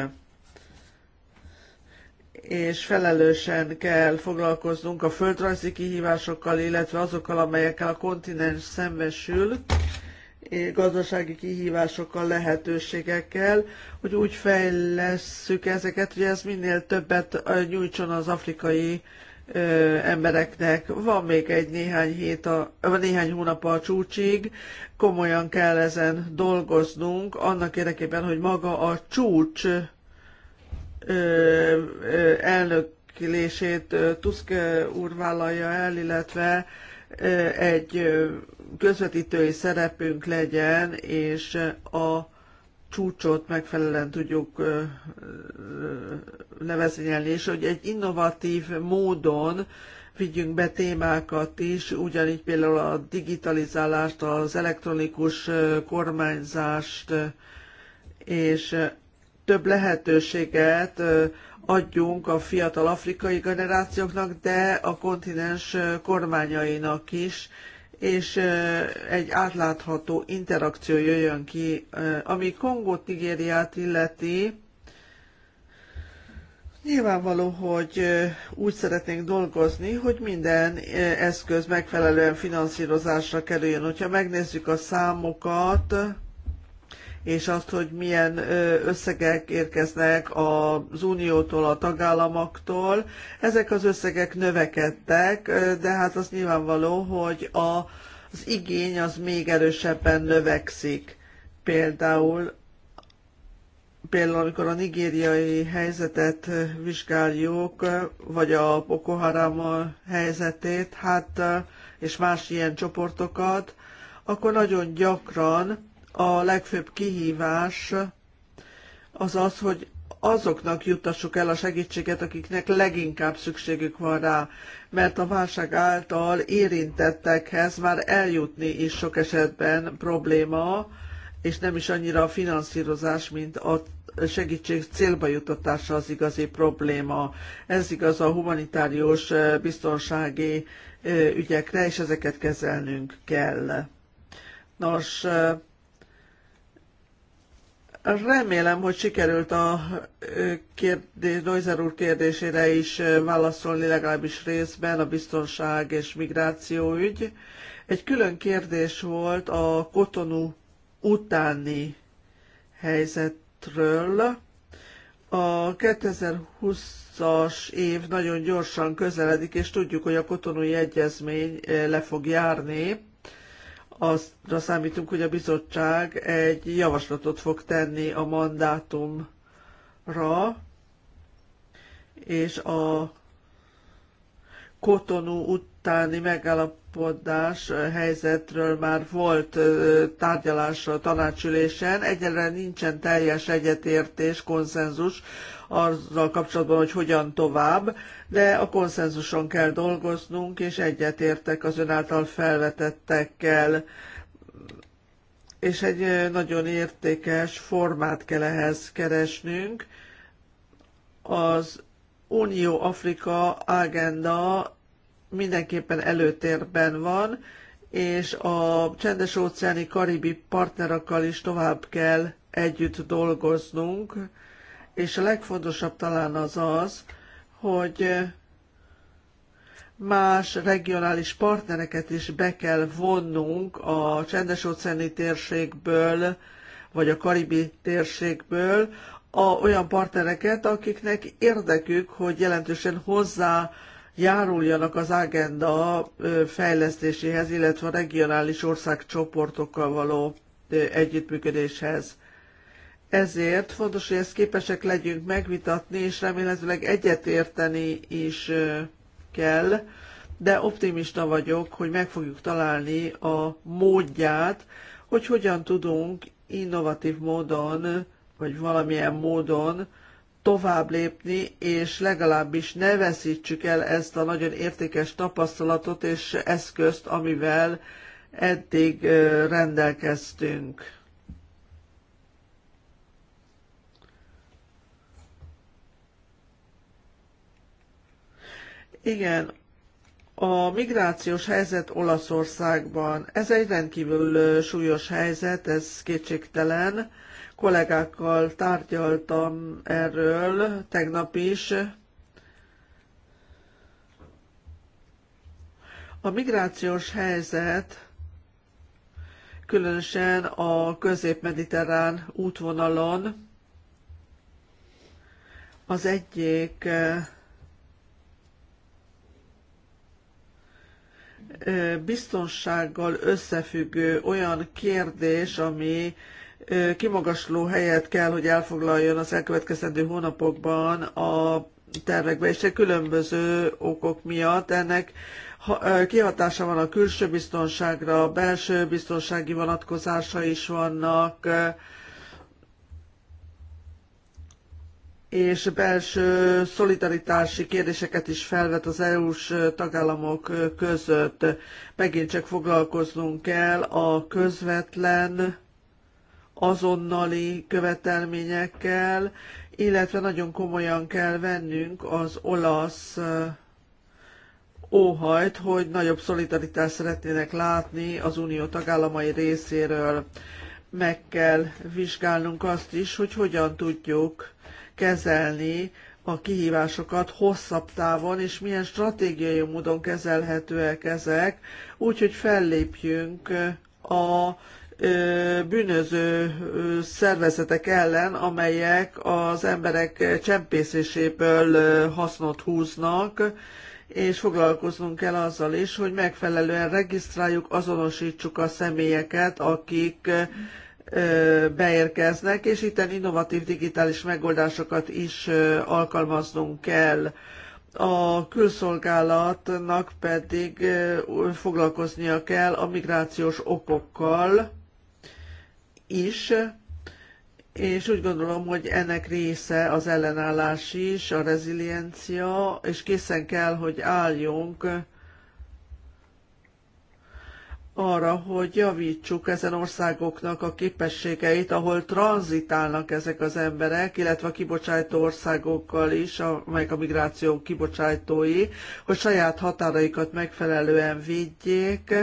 és felelősen kell foglalkoznunk a földrajzi kihívásokkal, illetve azokkal, amelyekkel a kontinens szembesül, gazdasági kihívásokkal, lehetőségekkel, hogy úgy fejlesszük ezeket, hogy ez minél többet nyújtson az afrikai ö, embereknek. Van még egy néhány, hét a, néhány hónap a csúcsig, komolyan kell ezen dolgoznunk, annak érdekében, hogy maga a csúcs ö, ö, elnökülését Tusk úr vállalja el, illetve egy közvetítői szerepünk legyen, és a csúcsot megfelelően tudjuk levezényelni, és hogy egy innovatív módon vigyünk be témákat is, ugyanígy például a digitalizálást, az elektronikus kormányzást, és több lehetőséget adjunk a fiatal afrikai generációknak, de a kontinens kormányainak is, és egy átlátható interakció jöjjön ki, ami Kongót, Nigériát illeti. Nyilvánvaló, hogy úgy szeretnénk dolgozni, hogy minden eszköz megfelelően finanszírozásra kerüljön. Hogyha megnézzük a számokat, és azt, hogy milyen összegek érkeznek az uniótól, a tagállamoktól. Ezek az összegek növekedtek, de hát az nyilvánvaló, hogy a, az igény az még erősebben növekszik. Például például amikor a nigériai helyzetet vizsgáljuk, vagy a Boko Haram helyzetét, hát, és más ilyen csoportokat, akkor nagyon gyakran a legfőbb kihívás az az, hogy azoknak juttassuk el a segítséget, akiknek leginkább szükségük van rá, mert a válság által érintettekhez már eljutni is sok esetben probléma, és nem is annyira a finanszírozás, mint a segítség célba jutatása az igazi probléma. Ez igaz a humanitárius eh, biztonsági eh, ügyekre, és ezeket kezelnünk kell. Nos, eh, Remélem, hogy sikerült a kérdés, Neuser úr kérdésére is válaszolni legalábbis részben a biztonság és migráció ügy. Egy külön kérdés volt a kotonú utáni helyzetről. A 2020-as év nagyon gyorsan közeledik, és tudjuk, hogy a kotonui egyezmény le fog járni azra számítunk, hogy a bizottság egy javaslatot fog tenni a mandátumra, és a kotonú utáni megállapodás helyzetről már volt tárgyalás a tanácsülésen. Egyelőre nincsen teljes egyetértés, konszenzus azzal kapcsolatban, hogy hogyan tovább, de a konszenzuson kell dolgoznunk, és egyetértek az ön által felvetettekkel, és egy nagyon értékes formát kell ehhez keresnünk. Az Unió Afrika agenda mindenképpen előtérben van, és a csendes óceáni karibi partnerakkal is tovább kell együtt dolgoznunk, és a legfontosabb talán az az, hogy más regionális partnereket is be kell vonnunk a csendes-óceáni térségből, vagy a karibi térségből, a, olyan partnereket, akiknek érdekük, hogy jelentősen hozzá járuljanak az agenda fejlesztéséhez, illetve a regionális országcsoportokkal való együttműködéshez. Ezért fontos, hogy ezt képesek legyünk megvitatni, és remélhetőleg egyetérteni is kell, de optimista vagyok, hogy meg fogjuk találni a módját, hogy hogyan tudunk innovatív módon, vagy valamilyen módon tovább lépni, és legalábbis ne veszítsük el ezt a nagyon értékes tapasztalatot és eszközt, amivel eddig rendelkeztünk. Igen, a migrációs helyzet Olaszországban, ez egy rendkívül súlyos helyzet, ez kétségtelen. Kollégákkal tárgyaltam erről tegnap is. A migrációs helyzet különösen a közép-mediterrán útvonalon az egyik biztonsággal összefüggő olyan kérdés, ami kimagasló helyet kell, hogy elfoglaljon az elkövetkezendő hónapokban a tervekbe, és különböző okok miatt ennek kihatása van a külső biztonságra, a belső biztonsági vonatkozása is vannak, és belső szolidaritási kérdéseket is felvet az EU-s tagállamok között. Megint csak foglalkoznunk kell a közvetlen azonnali követelményekkel, illetve nagyon komolyan kell vennünk az olasz óhajt, hogy nagyobb szolidaritást szeretnének látni az unió tagállamai részéről. Meg kell vizsgálnunk azt is, hogy hogyan tudjuk kezelni a kihívásokat hosszabb távon, és milyen stratégiai módon kezelhetőek ezek, úgyhogy fellépjünk a bűnöző szervezetek ellen, amelyek az emberek csempészéséből hasznot húznak, és foglalkoznunk kell azzal is, hogy megfelelően regisztráljuk, azonosítsuk a személyeket, akik mm beérkeznek, és itten innovatív digitális megoldásokat is alkalmaznunk kell. A külszolgálatnak pedig foglalkoznia kell a migrációs okokkal is, és úgy gondolom, hogy ennek része az ellenállás is, a reziliencia, és készen kell, hogy álljunk arra, hogy javítsuk ezen országoknak a képességeit, ahol tranzitálnak ezek az emberek, illetve a kibocsátó országokkal is, amelyek a migráció kibocsátói, hogy saját határaikat megfelelően védjék,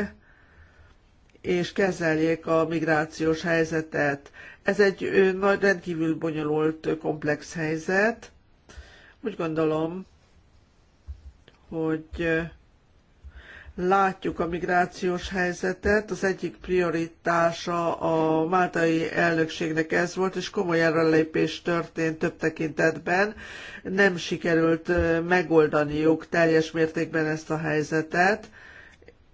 és kezeljék a migrációs helyzetet. Ez egy nagy, rendkívül bonyolult, komplex helyzet. Úgy gondolom, hogy látjuk a migrációs helyzetet, az egyik prioritása a máltai elnökségnek ez volt, és komoly előrelépés történt több tekintetben. Nem sikerült megoldaniuk teljes mértékben ezt a helyzetet,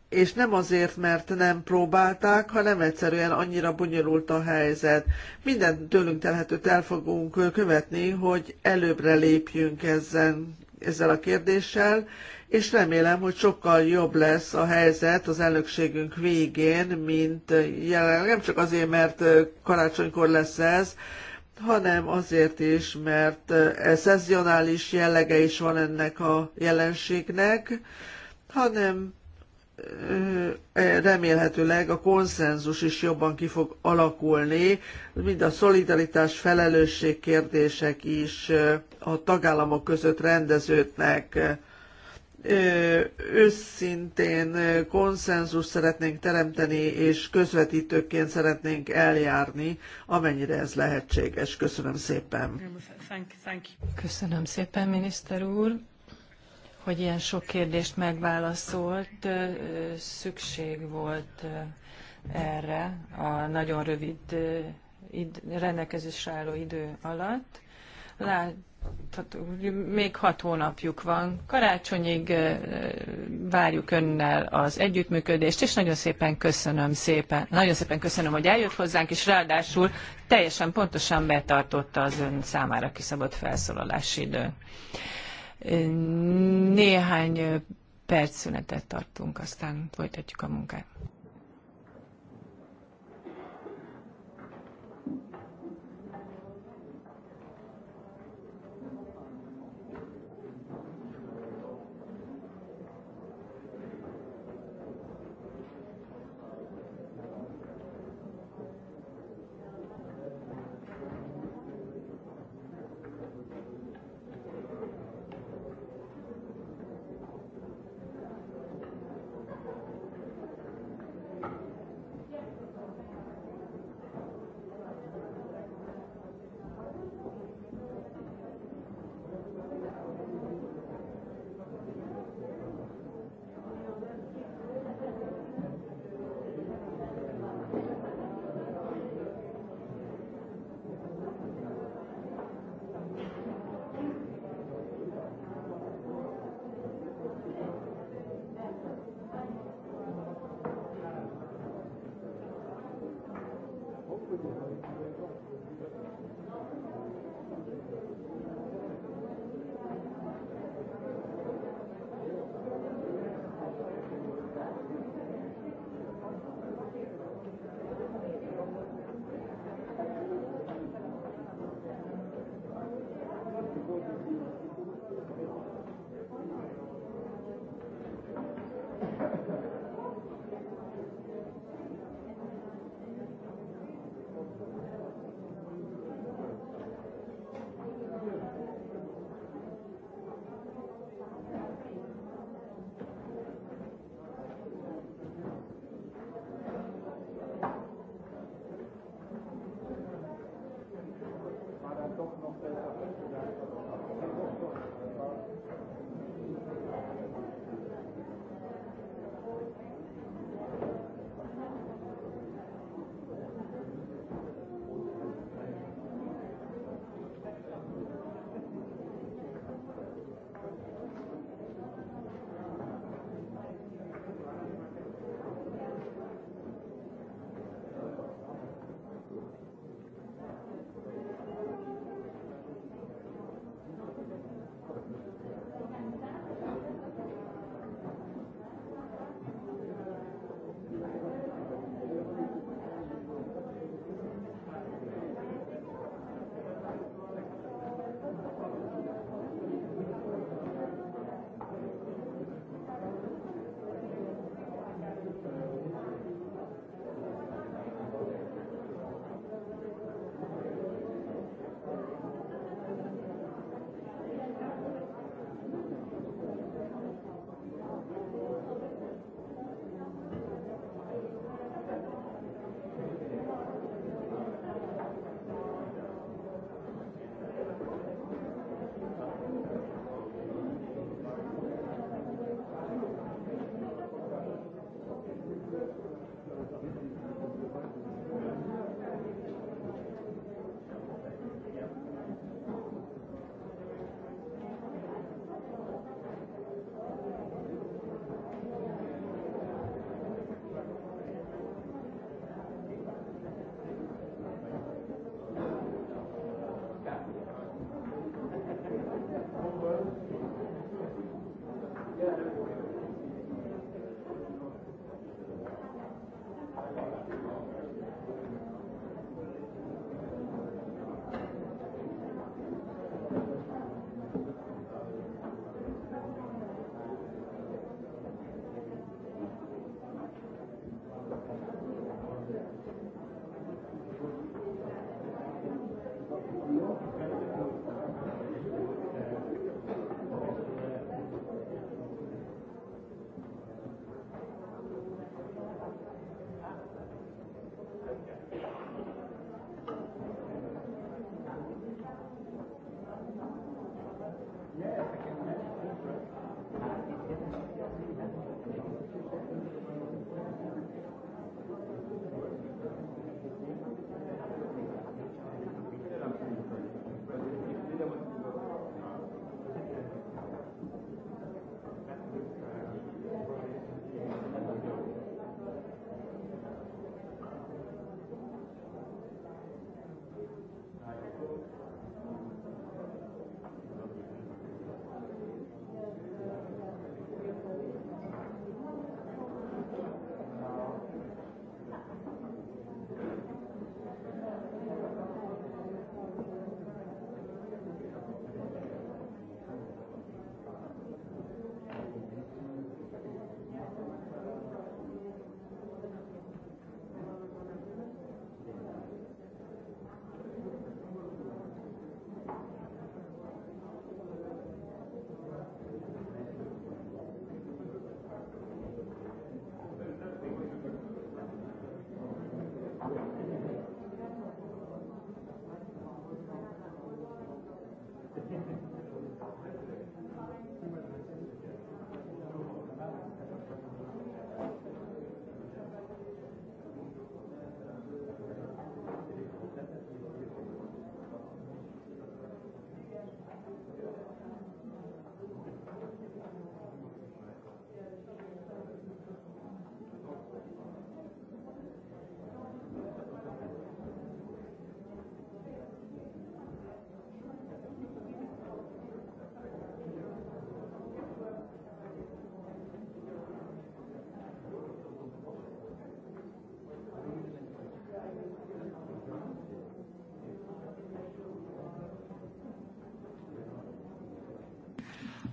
és nem azért, mert nem próbálták, hanem egyszerűen annyira bonyolult a helyzet. Minden tőlünk telhetőt el fogunk követni, hogy előbbre lépjünk ezen, ezzel a kérdéssel, és remélem, hogy sokkal jobb lesz a helyzet az elnökségünk végén, mint jelenleg. Nem csak azért, mert karácsonykor lesz ez, hanem azért is, mert szezionális jellege is van ennek a jelenségnek, hanem e, remélhetőleg a konszenzus is jobban ki fog alakulni, mind a szolidaritás felelősség kérdések is a tagállamok között rendeződnek őszintén konszenzus szeretnénk teremteni, és közvetítőként szeretnénk eljárni, amennyire ez lehetséges. Köszönöm szépen. Köszönöm szépen, miniszter úr hogy ilyen sok kérdést megválaszolt, szükség volt erre a nagyon rövid rendelkezésre álló idő alatt. Lát, tehát még hat hónapjuk van. Karácsonyig várjuk önnel az együttműködést, és nagyon szépen köszönöm szépen. Nagyon szépen köszönöm, hogy eljött hozzánk, és ráadásul teljesen pontosan betartotta az ön számára kiszabott felszólalási idő. Néhány perc szünetet tartunk, aztán folytatjuk a munkát.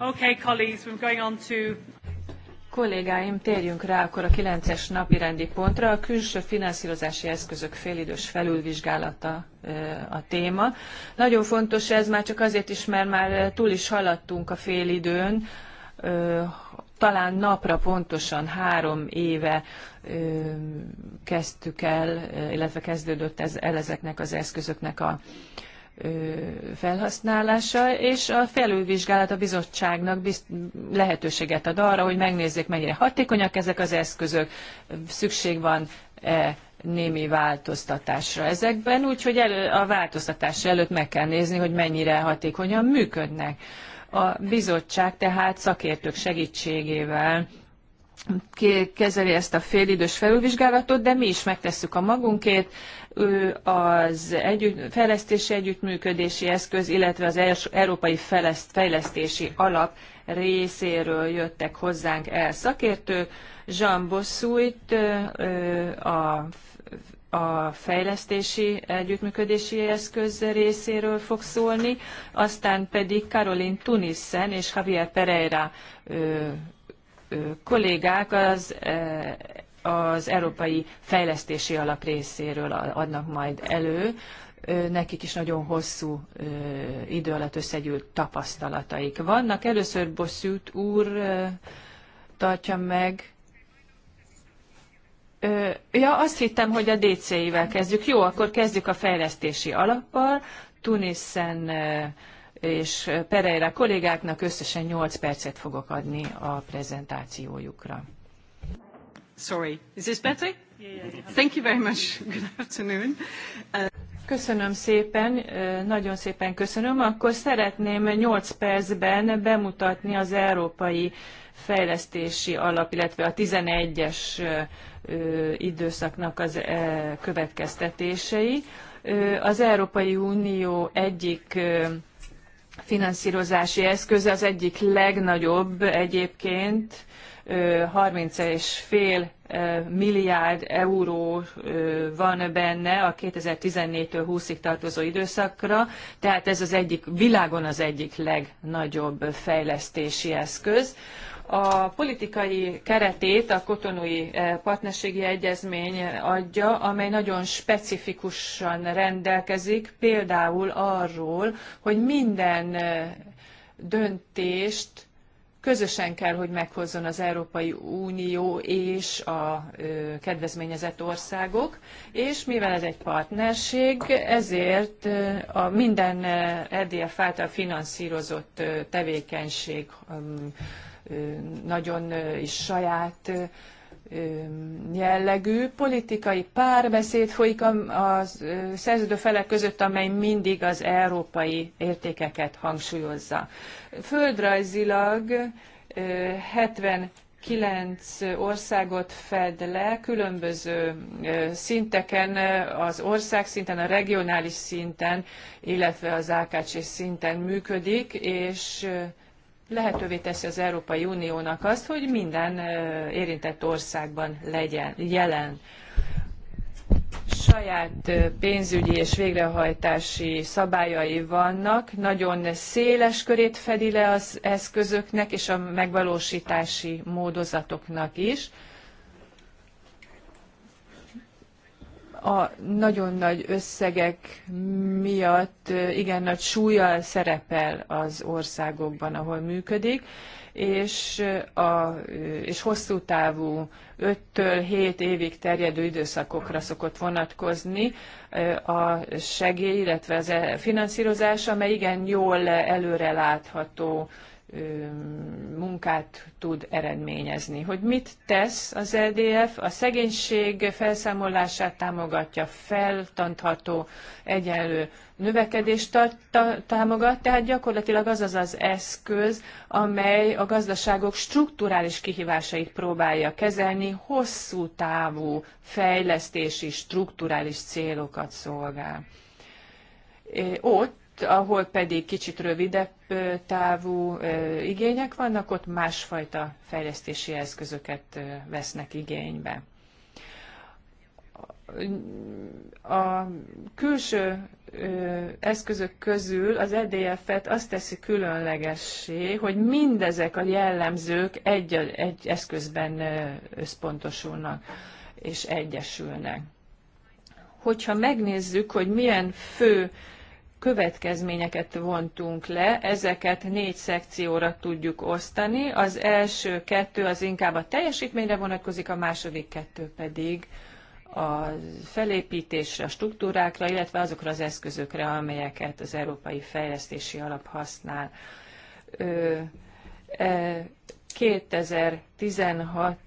Okay, colleagues, we're going on to... Kollégáim, térjünk rá akkor a 9-es napi rendi pontra. A külső finanszírozási eszközök félidős felülvizsgálata a téma. Nagyon fontos ez már csak azért is, mert már túl is haladtunk a félidőn. Talán napra pontosan három éve kezdtük el, illetve kezdődött ez, el ezeknek az eszközöknek a felhasználása, és a felülvizsgálat a bizottságnak lehetőséget ad arra, hogy megnézzék, mennyire hatékonyak ezek az eszközök, szükség van -e némi változtatásra ezekben, úgyhogy elő, a változtatás előtt meg kell nézni, hogy mennyire hatékonyan működnek. A bizottság tehát szakértők segítségével kezeli ezt a félidős felülvizsgálatot, de mi is megtesszük a magunkét, az együtt, fejlesztési együttműködési eszköz, illetve az Európai Fejlesztési Alap részéről jöttek hozzánk el szakértők. Jean Bosszújt a, a fejlesztési együttműködési eszköz részéről fog szólni, aztán pedig Caroline Tunissen és Javier Pereira kollégák az, az Európai Fejlesztési Alap részéről adnak majd elő. Nekik is nagyon hosszú idő alatt összegyűlt tapasztalataik vannak. Először Bosszút úr tartja meg ja, azt hittem, hogy a DC-ivel kezdjük. Jó, akkor kezdjük a fejlesztési alappal. Tuniszen és Pereira kollégáknak összesen 8 percet fogok adni a prezentációjukra. Sorry, is this better? Yeah, Thank you very much. Good afternoon. Köszönöm szépen, nagyon szépen köszönöm. Akkor szeretném 8 percben bemutatni az Európai Fejlesztési Alap, illetve a 11-es időszaknak az következtetései. Az Európai Unió egyik finanszírozási eszköze, az egyik legnagyobb egyébként, 30,5 milliárd euró van benne a 2014-től 20-ig tartozó időszakra, tehát ez az egyik, világon az egyik legnagyobb fejlesztési eszköz a politikai keretét a kotonui e, partnerségi egyezmény e, adja, amely nagyon specifikusan rendelkezik, például arról, hogy minden e, döntést közösen kell, hogy meghozzon az Európai Unió és a kedvezményezett országok, és mivel ez egy partnerség, ezért a minden EDF által finanszírozott tevékenység nagyon is saját jellegű politikai párbeszéd folyik a, a szerződő felek között, amely mindig az európai értékeket hangsúlyozza. Földrajzilag 79 országot fed le, különböző szinteken, az ország szinten, a regionális szinten, illetve az AKC szinten működik, és lehetővé teszi az Európai Uniónak azt, hogy minden érintett országban legyen jelen saját pénzügyi és végrehajtási szabályai vannak, nagyon széles körét fedi le az eszközöknek és a megvalósítási módozatoknak is. a nagyon nagy összegek miatt igen nagy súlyjal szerepel az országokban, ahol működik, és, a, és hosszú távú 5-től 7 évig terjedő időszakokra szokott vonatkozni a segély, illetve az e-, finanszírozás, amely igen jól előrelátható munkát tud eredményezni. Hogy mit tesz az LDF? E a szegénység felszámolását támogatja, feltantható, egyenlő növekedést támogat, tehát gyakorlatilag az az az eszköz, amely a gazdaságok strukturális kihívásait próbálja kezelni, hosszú távú fejlesztési strukturális célokat szolgál. Ott ahol pedig kicsit rövidebb távú igények vannak, ott másfajta fejlesztési eszközöket vesznek igénybe. A külső eszközök közül az EDF-et azt teszi különlegessé, hogy mindezek a jellemzők egy, egy eszközben összpontosulnak és egyesülnek. Hogyha megnézzük, hogy milyen fő következményeket vontunk le, ezeket négy szekcióra tudjuk osztani. Az első kettő az inkább a teljesítményre vonatkozik, a második kettő pedig a felépítésre, a struktúrákra, illetve azokra az eszközökre, amelyeket az Európai Fejlesztési Alap használ. 2016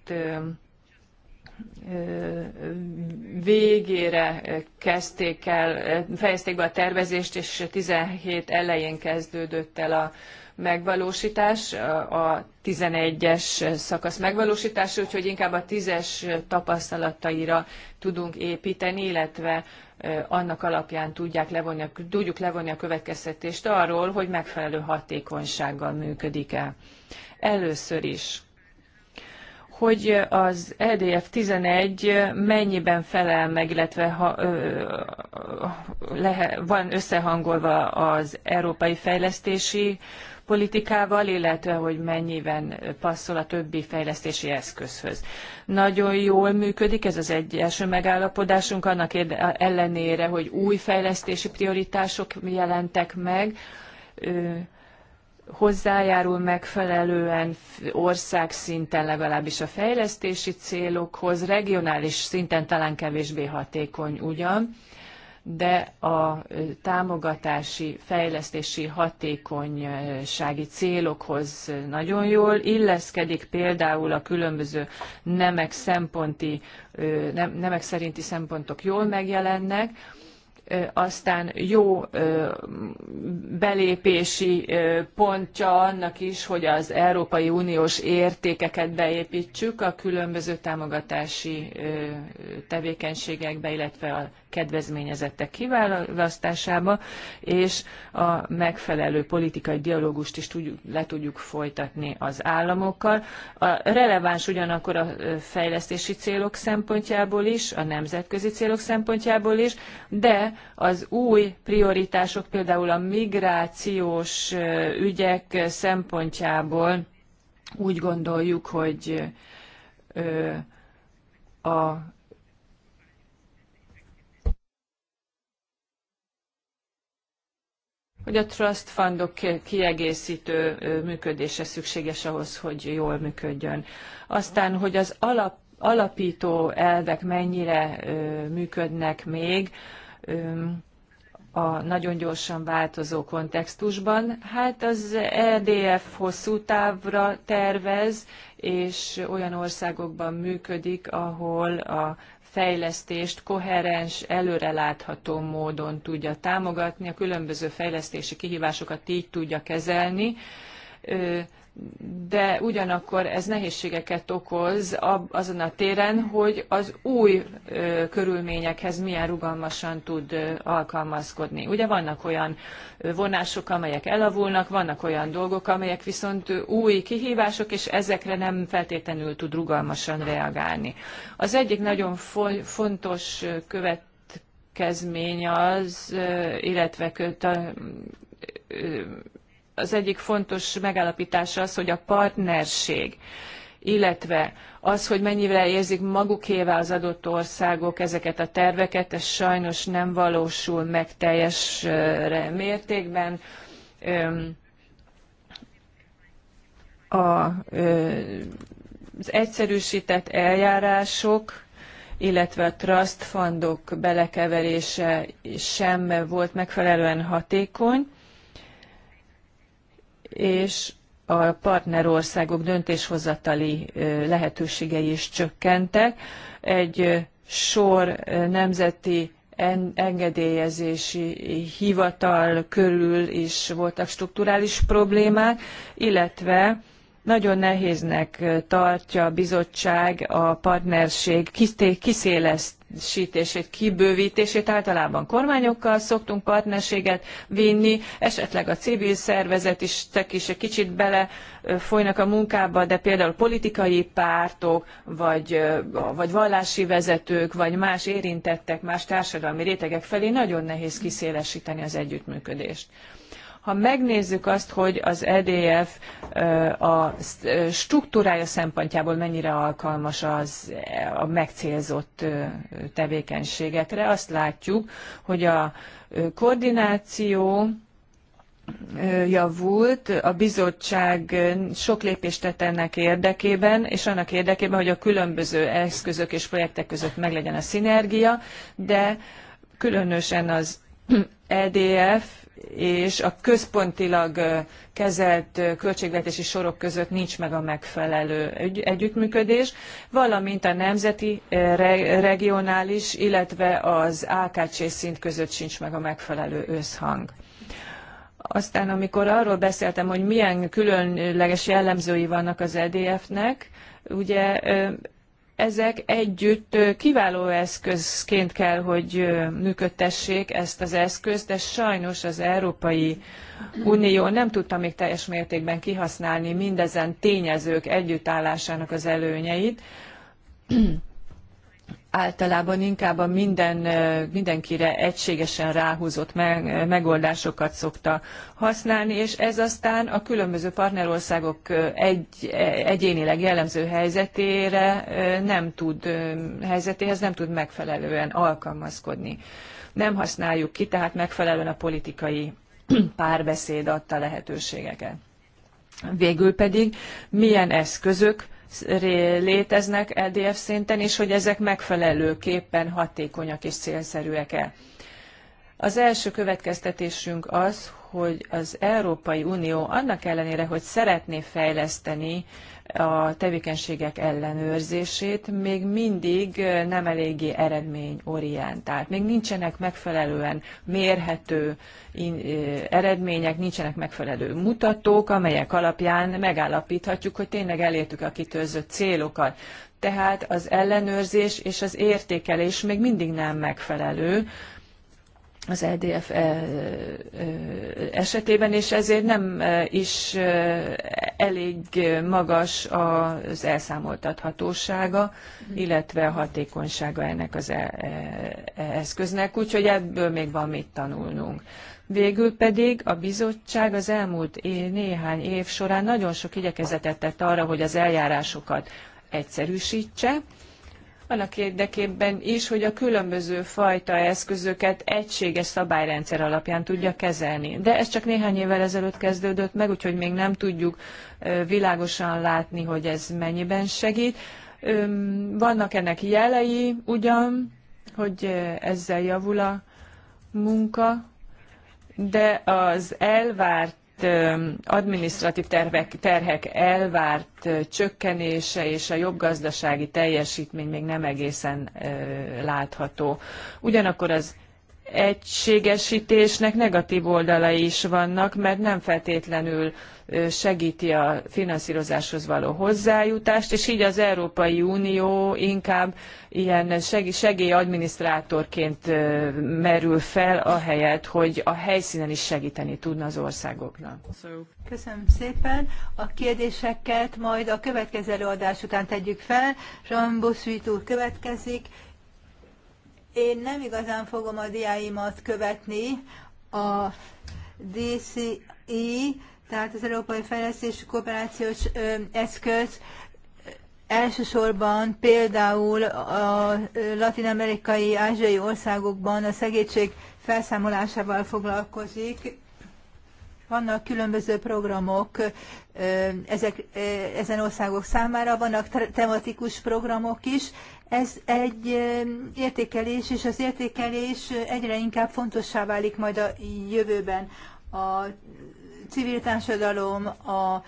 végére kezdték el, fejezték be a tervezést, és 17 elején kezdődött el a megvalósítás, a 11-es szakasz megvalósítása, úgyhogy inkább a 10-es tapasztalataira tudunk építeni, illetve annak alapján tudják levonni, tudjuk levonni a következtetést arról, hogy megfelelő hatékonysággal működik-e. Először is hogy az EDF 11 mennyiben felel meg, illetve ha, ö, lehe, van összehangolva az európai fejlesztési politikával, illetve hogy mennyiben passzol a többi fejlesztési eszközhöz. Nagyon jól működik ez az egy első megállapodásunk, annak ellenére, hogy új fejlesztési prioritások jelentek meg. Ö, hozzájárul megfelelően országszinten legalábbis a fejlesztési célokhoz, regionális szinten talán kevésbé hatékony ugyan, de a támogatási, fejlesztési hatékonysági célokhoz nagyon jól illeszkedik például a különböző nemek, szemponti, nemek szerinti szempontok jól megjelennek, aztán jó belépési pontja annak is, hogy az Európai Uniós értékeket beépítsük a különböző támogatási tevékenységekbe, illetve a kedvezményezettek kiválasztásába, és a megfelelő politikai dialógust is tudjuk, le tudjuk folytatni az államokkal. A releváns ugyanakkor a fejlesztési célok szempontjából is, a nemzetközi célok szempontjából is, de az új prioritások, például a migrációs ügyek szempontjából úgy gondoljuk, hogy a hogy a trust fundok kiegészítő működése szükséges ahhoz, hogy jól működjön. Aztán, hogy az alap, alapító elvek mennyire működnek még, a nagyon gyorsan változó kontextusban. Hát az EDF hosszú távra tervez, és olyan országokban működik, ahol a fejlesztést koherens, előrelátható módon tudja támogatni, a különböző fejlesztési kihívásokat így tudja kezelni de ugyanakkor ez nehézségeket okoz azon a téren, hogy az új körülményekhez milyen rugalmasan tud alkalmazkodni. Ugye vannak olyan vonások, amelyek elavulnak, vannak olyan dolgok, amelyek viszont új kihívások, és ezekre nem feltétlenül tud rugalmasan reagálni. Az egyik nagyon fontos következmény az, illetve köt, az egyik fontos megállapítása az, hogy a partnerség, illetve az, hogy mennyire érzik magukévá az adott országok ezeket a terveket, ez sajnos nem valósul meg teljes mértékben. A, az egyszerűsített eljárások, illetve a trust fundok belekeverése sem volt megfelelően hatékony és a partnerországok döntéshozatali lehetőségei is csökkentek. Egy sor nemzeti engedélyezési hivatal körül is voltak strukturális problémák, illetve nagyon nehéznek tartja a bizottság a partnerség kiszélesítését, kibővítését. Általában kormányokkal szoktunk partnerséget vinni, esetleg a civil szervezet is, is egy kicsit bele folynak a munkába, de például politikai pártok, vagy, vagy vallási vezetők, vagy más érintettek, más társadalmi rétegek felé nagyon nehéz kiszélesíteni az együttműködést. Ha megnézzük azt, hogy az EDF a struktúrája szempontjából mennyire alkalmas az, a megcélzott tevékenységekre, azt látjuk, hogy a koordináció javult, a bizottság sok lépést tett ennek érdekében, és annak érdekében, hogy a különböző eszközök és projektek között meglegyen a szinergia, de különösen az EDF e és a központilag kezelt költségvetési sorok között nincs meg a megfelelő együttműködés, valamint a nemzeti, regionális, illetve az AKC szint között sincs meg a megfelelő összhang. Aztán, amikor arról beszéltem, hogy milyen különleges jellemzői vannak az EDF-nek, ugye ezek együtt kiváló eszközként kell, hogy működtessék ezt az eszközt, de sajnos az Európai Unió nem tudta még teljes mértékben kihasználni mindezen tényezők együttállásának az előnyeit általában inkább a minden, mindenkire egységesen ráhúzott megoldásokat szokta használni, és ez aztán a különböző partnerországok egy, e, egyénileg jellemző helyzetére nem tud, helyzetéhez nem tud megfelelően alkalmazkodni. Nem használjuk ki, tehát megfelelően a politikai párbeszéd adta lehetőségeket. Végül pedig milyen eszközök léteznek LDF e szinten, és hogy ezek megfelelőképpen hatékonyak és célszerűek-e. Az első következtetésünk az, hogy az Európai Unió annak ellenére, hogy szeretné fejleszteni a tevékenységek ellenőrzését még mindig nem eléggé eredményorientált. Még nincsenek megfelelően mérhető eredmények, nincsenek megfelelő mutatók, amelyek alapján megállapíthatjuk, hogy tényleg elértük a kitőzött célokat. Tehát az ellenőrzés és az értékelés még mindig nem megfelelő az LDF e e, e, esetében, és ezért nem is elég magas az elszámoltathatósága, illetve a hatékonysága ennek az eszköznek, úgyhogy ebből még van mit tanulnunk. Végül pedig a bizottság az elmúlt néhány év során nagyon sok igyekezetet tett arra, hogy az eljárásokat egyszerűsítse, annak érdekében is, hogy a különböző fajta eszközöket egységes szabályrendszer alapján tudja kezelni. De ez csak néhány évvel ezelőtt kezdődött meg, úgyhogy még nem tudjuk világosan látni, hogy ez mennyiben segít. Vannak ennek jelei ugyan, hogy ezzel javul a munka, de az elvárt említett adminisztratív tervek, terhek elvárt csökkenése és a jobb gazdasági teljesítmény még nem egészen látható. Ugyanakkor az egységesítésnek negatív oldalai is vannak, mert nem feltétlenül segíti a finanszírozáshoz való hozzájutást, és így az Európai Unió inkább ilyen segélyadminisztrátorként merül fel a ahelyett, hogy a helyszínen is segíteni tudna az országoknak. Köszönöm szépen. A kérdéseket majd a következő előadás után tegyük fel. Jean Bossuit úr következik. Én nem igazán fogom a diáimat követni. A DCI tehát az Európai Fejlesztési Kooperációs Eszköz elsősorban például a latin-amerikai, ázsiai országokban a szegénység felszámolásával foglalkozik. Vannak különböző programok ezek, ezen országok számára, vannak tematikus programok is. Ez egy értékelés, és az értékelés egyre inkább fontossá válik majd a jövőben. A civil társadalom, a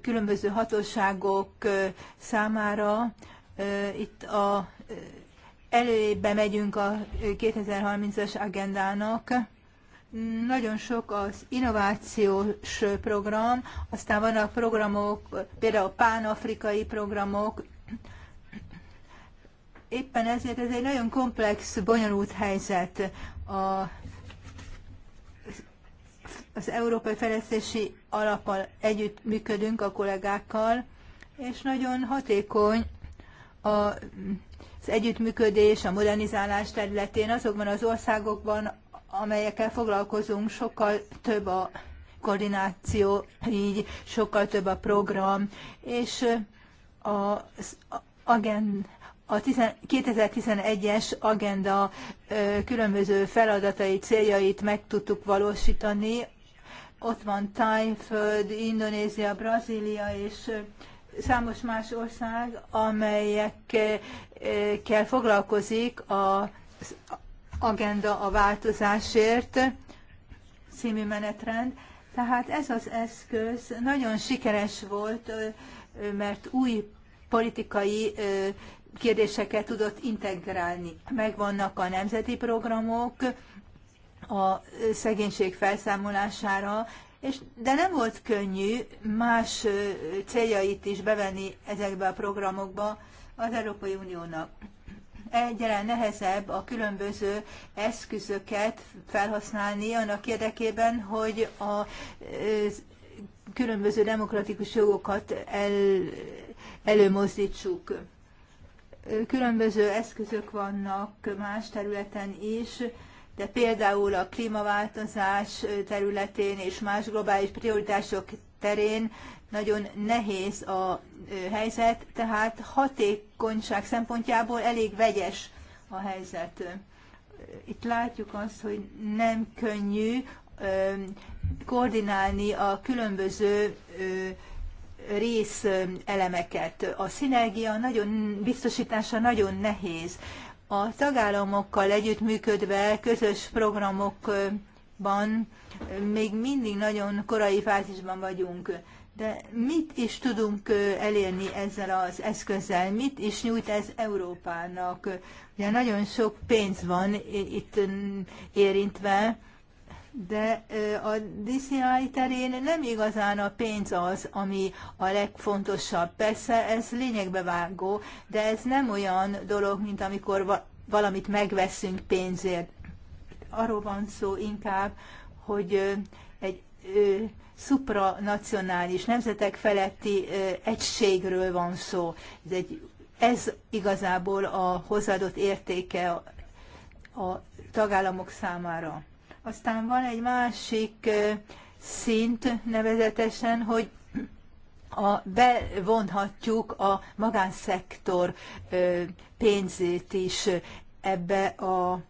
különböző hatóságok számára. Itt a, előbe megyünk a 2030-as agendának. Nagyon sok az innovációs program, aztán vannak programok, például a pánafrikai programok, éppen ezért ez egy nagyon komplex, bonyolult helyzet. A az Európai Fejlesztési Alappal együtt működünk a kollégákkal, és nagyon hatékony a, az együttműködés a modernizálás területén azokban az országokban, amelyekkel foglalkozunk, sokkal több a koordináció, így sokkal több a program, és a a, a 2011-es agenda különböző feladatait, céljait meg tudtuk valósítani ott van Tájföld, Indonézia, Brazília és számos más ország, amelyekkel foglalkozik az agenda a változásért című menetrend. Tehát ez az eszköz nagyon sikeres volt, mert új politikai kérdéseket tudott integrálni. Megvannak a nemzeti programok, a szegénység felszámolására, és, de nem volt könnyű más céljait is bevenni ezekbe a programokba az Európai Uniónak. Egyre nehezebb a különböző eszközöket felhasználni annak érdekében, hogy a különböző demokratikus jogokat el, előmozdítsuk. Különböző eszközök vannak más területen is, de például a klímaváltozás területén és más globális prioritások terén nagyon nehéz a helyzet, tehát hatékonyság szempontjából elég vegyes a helyzet. Itt látjuk azt, hogy nem könnyű koordinálni a különböző részelemeket. A szinergia nagyon, biztosítása nagyon nehéz a tagállamokkal együttműködve közös programokban még mindig nagyon korai fázisban vagyunk. De mit is tudunk elérni ezzel az eszközzel? Mit is nyújt ez Európának? Ugye nagyon sok pénz van itt érintve, de a DCI terén nem igazán a pénz az, ami a legfontosabb. Persze ez lényegbe vágó, de ez nem olyan dolog, mint amikor valamit megveszünk pénzért. Arról van szó inkább, hogy egy supranacionális, nemzetek feletti egységről van szó. Ez, egy, ez igazából a hozadott értéke a, a tagállamok számára. Aztán van egy másik szint nevezetesen, hogy a, bevonhatjuk a magánszektor pénzét is ebbe a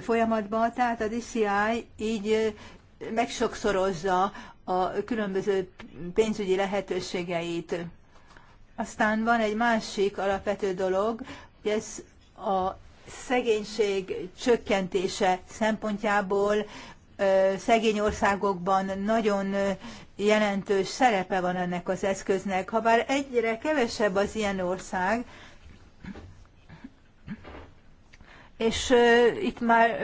folyamatba, tehát a DCI így megsokszorozza a különböző pénzügyi lehetőségeit. Aztán van egy másik alapvető dolog, hogy ez a szegénység csökkentése szempontjából szegény országokban nagyon jelentős szerepe van ennek az eszköznek, habár egyre kevesebb az ilyen ország, és itt már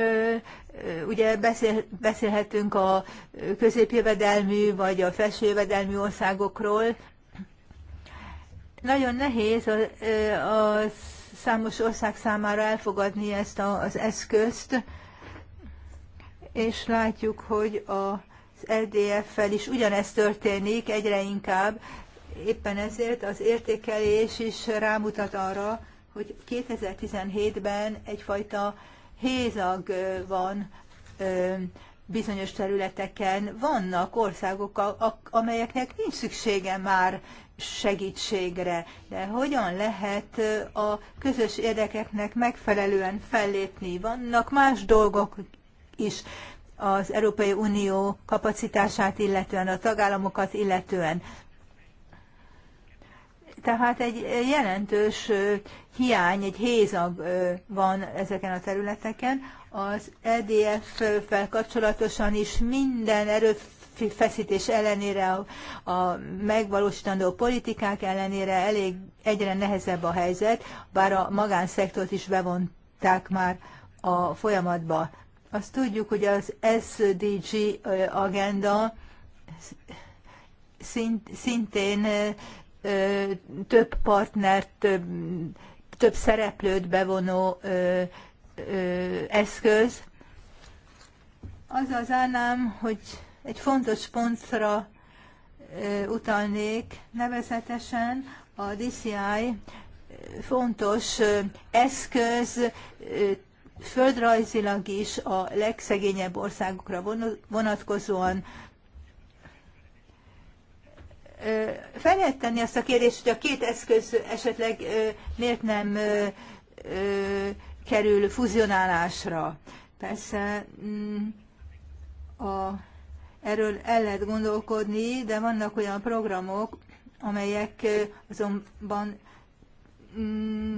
ugye beszél, beszélhetünk a középjövedelmű vagy a felsőjövedelmű országokról. Nagyon nehéz az számos ország számára elfogadni ezt a, az eszközt, és látjuk, hogy az LDF-fel is ugyanezt történik egyre inkább. Éppen ezért az értékelés is rámutat arra, hogy 2017-ben egyfajta hézag van bizonyos területeken. Vannak országok, amelyeknek nincs szüksége már segítségre, de hogyan lehet a közös érdekeknek megfelelően fellépni? Vannak más dolgok is az Európai Unió kapacitását illetően, a tagállamokat illetően. Tehát egy jelentős hiány, egy hézag van ezeken a területeken. Az edf felkapcsolatosan is minden erőt feszítés ellenére, a, a megvalósítandó politikák ellenére elég egyre nehezebb a helyzet, bár a magánszektort is bevonták már a folyamatba. Azt tudjuk, hogy az SDG agenda szintén több partnert, több, több szereplőt bevonó eszköz. Az az zárnám, hogy egy fontos pontra utalnék, nevezetesen a DCI fontos eszköz földrajzilag is a legszegényebb országokra vonatkozóan. Fel lehet tenni azt a kérdést, hogy a két eszköz esetleg miért nem kerül fuzionálásra. Persze mm, a erről el lehet gondolkodni, de vannak olyan programok, amelyek azonban mm,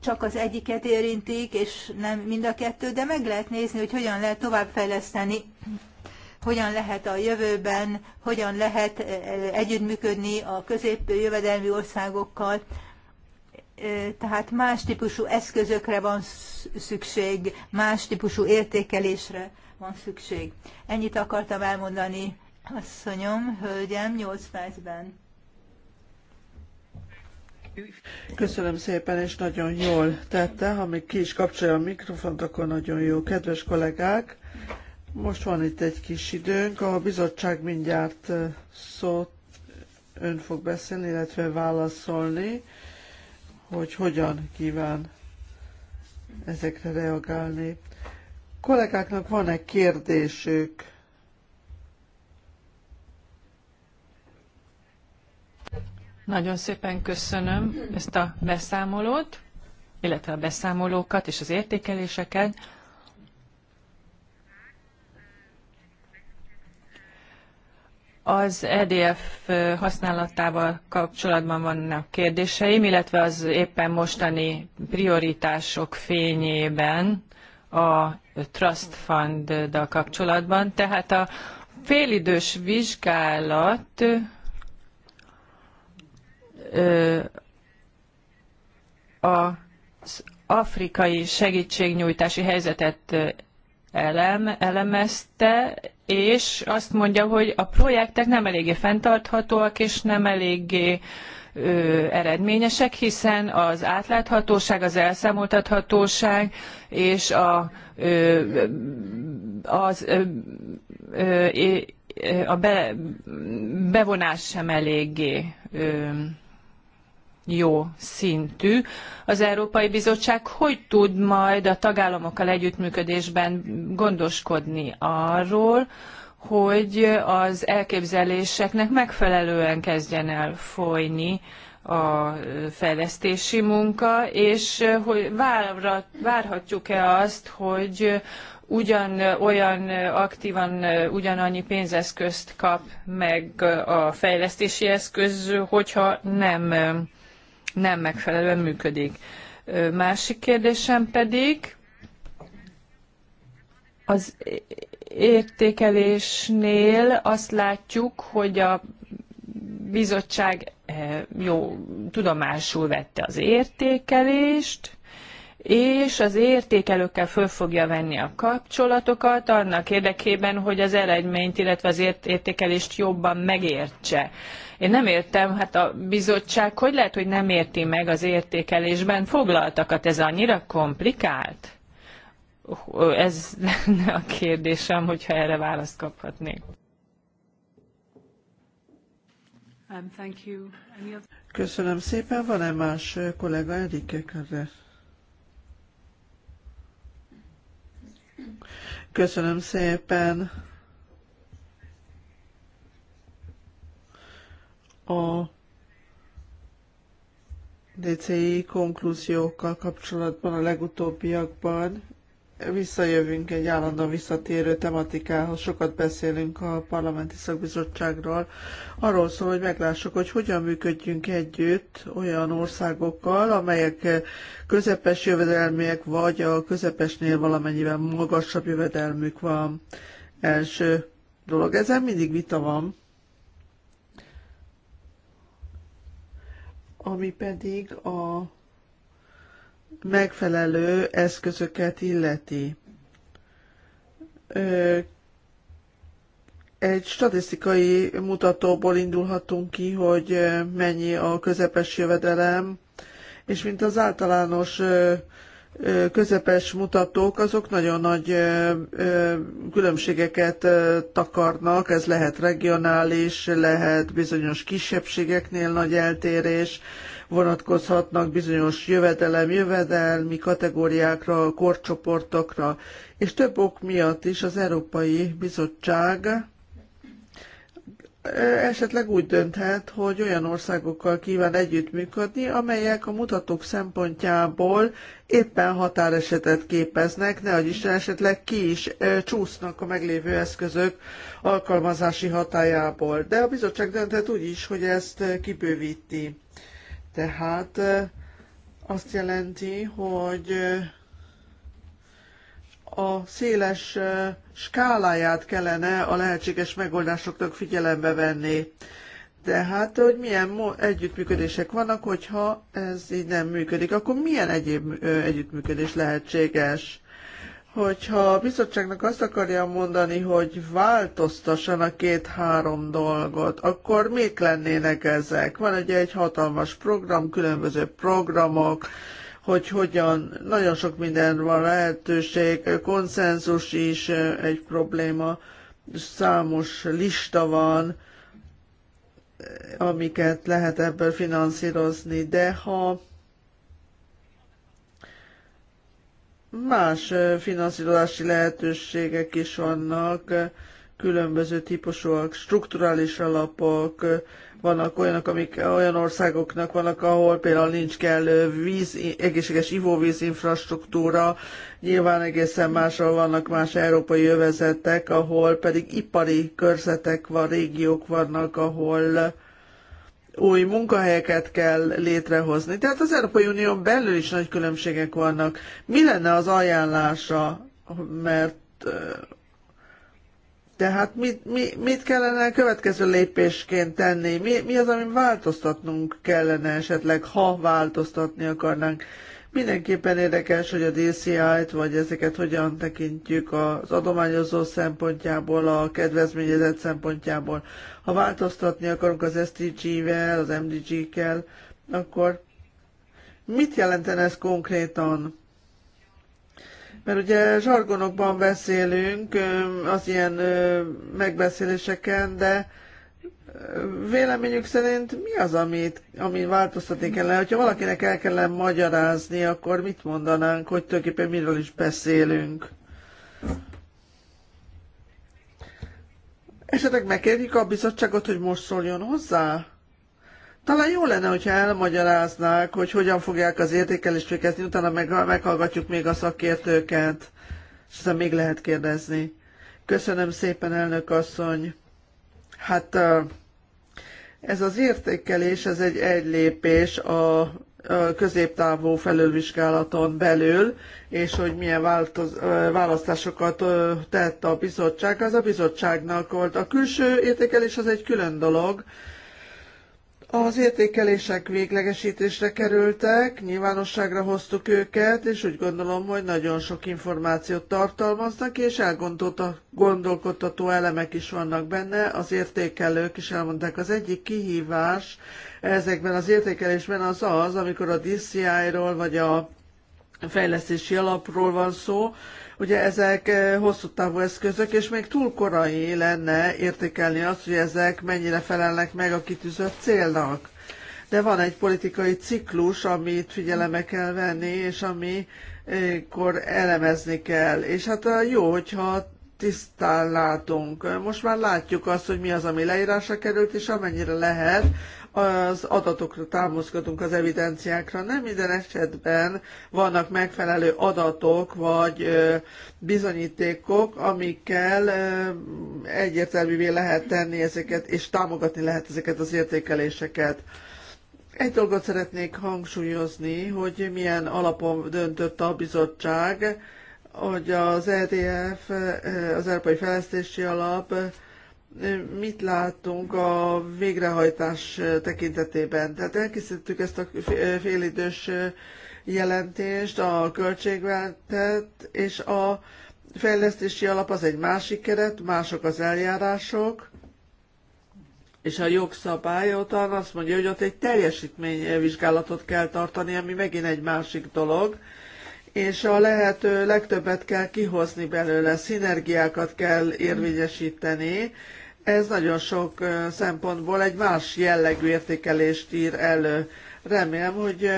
csak az egyiket érintik, és nem mind a kettő, de meg lehet nézni, hogy hogyan lehet továbbfejleszteni, hogyan lehet a jövőben, hogyan lehet együttműködni a jövedelmi országokkal. Tehát más típusú eszközökre van szükség, más típusú értékelésre van szükség. Ennyit akartam elmondani, asszonyom, hölgyem, 8 percben. Köszönöm szépen, és nagyon jól tette, amíg ki is kapcsolja a mikrofont, akkor nagyon jó. Kedves kollégák, most van itt egy kis időnk, a bizottság mindjárt szót ön fog beszélni, illetve válaszolni, hogy hogyan kíván ezekre reagálni kollégáknak van-e kérdésük? Nagyon szépen köszönöm ezt a beszámolót, illetve a beszámolókat és az értékeléseket. Az EDF használatával kapcsolatban vannak kérdéseim, illetve az éppen mostani prioritások fényében a Trust Fund-dal kapcsolatban. Tehát a félidős vizsgálat az afrikai segítségnyújtási helyzetet elem, elemezte, és azt mondja, hogy a projektek nem eléggé fenntarthatóak, és nem eléggé ö, eredményesek, hiszen az átláthatóság, az elszámoltathatóság és a, ö, az ö, ö, a be, bevonás sem eléggé ö, jó szintű. Az Európai Bizottság hogy tud majd a tagállamokkal együttműködésben gondoskodni arról, hogy az elképzeléseknek megfelelően kezdjen el folyni a fejlesztési munka, és hogy várhatjuk-e azt, hogy ugyan olyan aktívan ugyanannyi pénzeszközt kap meg a fejlesztési eszköz, hogyha nem, nem megfelelően működik. Másik kérdésem pedig az értékelésnél azt látjuk, hogy a bizottság eh, jó tudomásul vette az értékelést, és az értékelőkkel föl fogja venni a kapcsolatokat annak érdekében, hogy az eredményt, illetve az értékelést jobban megértse. Én nem értem, hát a bizottság hogy lehet, hogy nem érti meg az értékelésben foglaltakat, ez annyira komplikált? Ez lenne a kérdésem, hogyha erre választ kaphatnék. Um, Köszönöm szépen. Van-e más kollega Enrique Carrer? Köszönöm szépen. A DCI konklúziókkal kapcsolatban a legutóbbiakban visszajövünk egy állandóan visszatérő tematikához, sokat beszélünk a parlamenti szakbizottságról, arról szól, hogy meglássuk, hogy hogyan működjünk együtt olyan országokkal, amelyek közepes jövedelmiek, vagy a közepesnél valamennyivel magasabb jövedelmük van. Első dolog, ezen mindig vita van, ami pedig a megfelelő eszközöket illeti. Egy statisztikai mutatóból indulhatunk ki, hogy mennyi a közepes jövedelem, és mint az általános közepes mutatók, azok nagyon nagy különbségeket takarnak, ez lehet regionális, lehet bizonyos kisebbségeknél nagy eltérés, vonatkozhatnak bizonyos jövedelem, jövedelmi kategóriákra, korcsoportokra, és több ok miatt is az Európai Bizottság esetleg úgy dönthet, hogy olyan országokkal kíván együttműködni, amelyek a mutatók szempontjából éppen határesetet képeznek, nehogy Isten esetleg ki is csúsznak a meglévő eszközök alkalmazási hatájából. De a bizottság dönthet úgy is, hogy ezt kibővíti. Tehát azt jelenti, hogy a széles skáláját kellene a lehetséges megoldásoknak figyelembe venni. Tehát, hogy milyen együttműködések vannak, hogyha ez így nem működik, akkor milyen egyéb együttműködés lehetséges? hogyha a bizottságnak azt akarja mondani, hogy a két-három dolgot, akkor mik lennének ezek? Van ugye egy hatalmas program, különböző programok, hogy hogyan, nagyon sok minden van lehetőség, konszenzus is egy probléma, számos lista van, amiket lehet ebből finanszírozni, de ha Más finanszírozási lehetőségek is vannak, különböző típusúak, strukturális alapok, vannak olyanok, amik olyan országoknak vannak, ahol például nincs kellő víz, egészséges ivóvíz infrastruktúra, nyilván egészen máshol vannak más európai övezetek, ahol pedig ipari körzetek van, régiók vannak, ahol új munkahelyeket kell létrehozni. Tehát az Európai Unión belül is nagy különbségek vannak. Mi lenne az ajánlása, mert tehát mit, mi, mit kellene a következő lépésként tenni? Mi, mi az, amit változtatnunk kellene esetleg, ha változtatni akarnánk? Mindenképpen érdekes, hogy a DCI-t, vagy ezeket hogyan tekintjük az adományozó szempontjából, a kedvezményezett szempontjából. Ha változtatni akarunk az SDG-vel, az MDG-kel, akkor mit jelenten ez konkrétan? Mert ugye zsargonokban beszélünk az ilyen megbeszéléseken, de véleményük szerint mi az, amit, amin változtatni kellene? Hogyha valakinek el kellene magyarázni, akkor mit mondanánk, hogy tulajdonképpen miről is beszélünk? Esetleg megkérjük a bizottságot, hogy most szóljon hozzá? Talán jó lenne, hogyha elmagyaráznák, hogy hogyan fogják az értékelést végezni, utána meg, meghallgatjuk még a szakértőket, és aztán még lehet kérdezni. Köszönöm szépen, elnök asszony! Hát ez az értékelés, ez egy egy lépés a középtávú felülvizsgálaton belül, és hogy milyen változ, választásokat tett a bizottság, az a bizottságnak volt. A külső értékelés az egy külön dolog, az értékelések véglegesítésre kerültek, nyilvánosságra hoztuk őket, és úgy gondolom, hogy nagyon sok információt tartalmaznak, és elgondolkodtató elemek is vannak benne. Az értékelők is elmondták, az egyik kihívás ezekben az értékelésben az az, amikor a DCI-ról vagy a fejlesztési alapról van szó, Ugye ezek eh, hosszú távú eszközök, és még túl korai lenne értékelni azt, hogy ezek mennyire felelnek meg a kitűzött célnak. De van egy politikai ciklus, amit figyelembe kell venni, és amikor eh, elemezni kell. És hát eh, jó, hogyha tisztán látunk. Most már látjuk azt, hogy mi az, ami leírásra került, és amennyire lehet, az adatokra támaszkodunk, az evidenciákra. Nem minden esetben vannak megfelelő adatok vagy bizonyítékok, amikkel egyértelművé lehet tenni ezeket, és támogatni lehet ezeket az értékeléseket. Egy dolgot szeretnék hangsúlyozni, hogy milyen alapon döntött a bizottság, hogy az EDF, az Európai Fejlesztési Alap mit látunk a végrehajtás tekintetében. Tehát elkészítettük ezt a félidős jelentést, a költségvetet, és a fejlesztési alap az egy másik keret, mások az eljárások, és a jogszabály után azt mondja, hogy ott egy teljesítményvizsgálatot kell tartani, ami megint egy másik dolog, és a lehető legtöbbet kell kihozni belőle, szinergiákat kell érvényesíteni, ez nagyon sok szempontból egy más jellegű értékelést ír elő. Remélem, hogy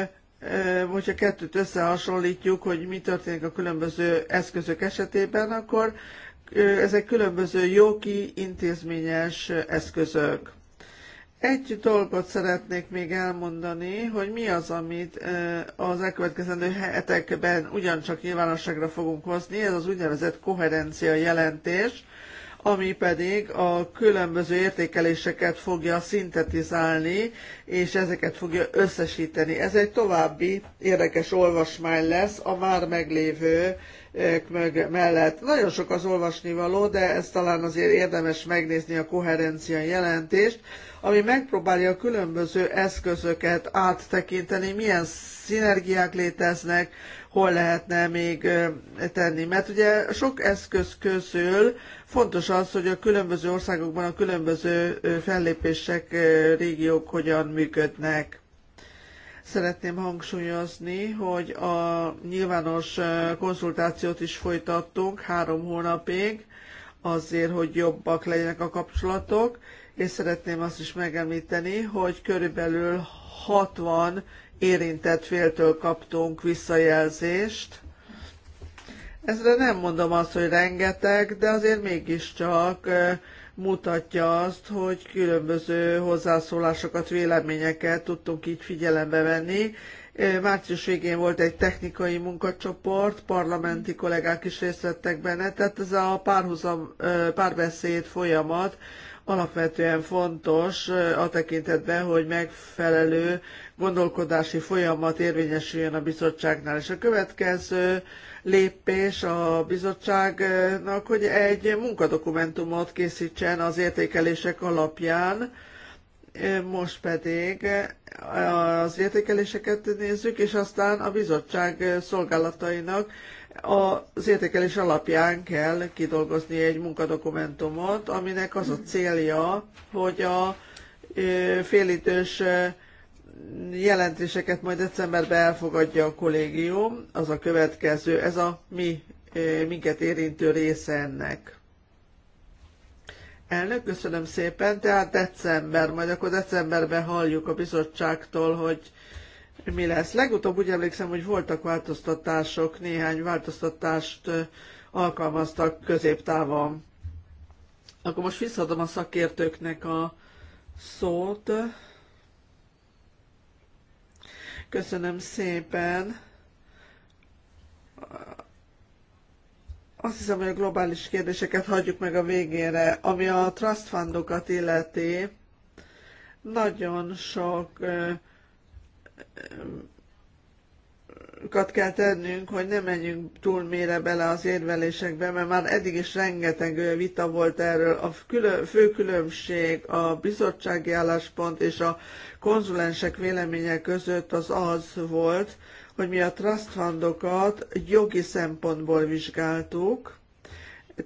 hogyha kettőt összehasonlítjuk, hogy mi történik a különböző eszközök esetében, akkor ezek különböző jogi, intézményes eszközök. Egy dolgot szeretnék még elmondani, hogy mi az, amit az elkövetkezendő hetekben ugyancsak nyilvánosságra fogunk hozni, ez az úgynevezett koherencia jelentés, ami pedig a különböző értékeléseket fogja szintetizálni, és ezeket fogja összesíteni. Ez egy további érdekes olvasmány lesz a már meglévő eh, mellett. Nagyon sok az olvasnivaló, de ez talán azért érdemes megnézni a koherencia jelentést, ami megpróbálja a különböző eszközöket áttekinteni, milyen szinergiák léteznek, hol lehetne még eh, tenni. Mert ugye sok eszköz közül Fontos az, hogy a különböző országokban a különböző fellépések, régiók hogyan működnek. Szeretném hangsúlyozni, hogy a nyilvános konzultációt is folytattunk három hónapig, azért, hogy jobbak legyenek a kapcsolatok, és szeretném azt is megemlíteni, hogy körülbelül 60 érintett féltől kaptunk visszajelzést, Ezre nem mondom azt, hogy rengeteg, de azért mégiscsak mutatja azt, hogy különböző hozzászólásokat, véleményeket tudtunk így figyelembe venni. Március végén volt egy technikai munkacsoport, parlamenti kollégák is részt vettek benne, tehát ez a párhuzam, párbeszéd folyamat alapvetően fontos a tekintetben, hogy megfelelő gondolkodási folyamat érvényesüljön a bizottságnál. És a következő lépés a bizottságnak, hogy egy munkadokumentumot készítsen az értékelések alapján, most pedig az értékeléseket nézzük, és aztán a bizottság szolgálatainak az értékelés alapján kell kidolgozni egy munkadokumentumot, aminek az a célja, hogy a félidős jelentéseket majd decemberben elfogadja a kollégium, az a következő, ez a mi, eh, minket érintő része ennek. Elnök, köszönöm szépen, tehát december, majd akkor decemberben halljuk a bizottságtól, hogy mi lesz. Legutóbb úgy emlékszem, hogy voltak változtatások, néhány változtatást eh, alkalmaztak középtávon. Akkor most visszadom a szakértőknek a szót. Köszönöm szépen. Azt hiszem, hogy a globális kérdéseket hagyjuk meg a végére. Ami a trust fundokat illeti, nagyon sok dolgokat kell tennünk, hogy ne menjünk túl mélyre bele az érvelésekbe, mert már eddig is rengeteg vita volt erről. A külön, fő különbség a bizottsági álláspont és a konzulensek véleménye között az az volt, hogy mi a trust fundokat jogi szempontból vizsgáltuk,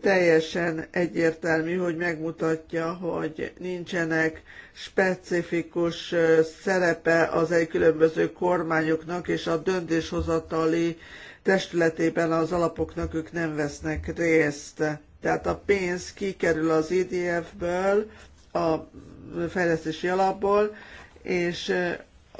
teljesen egyértelmű, hogy megmutatja, hogy nincsenek specifikus szerepe az egy különböző kormányoknak, és a döntéshozatali testületében az alapoknak ők nem vesznek részt. Tehát a pénz kikerül az IDF-ből, e a fejlesztési alapból, és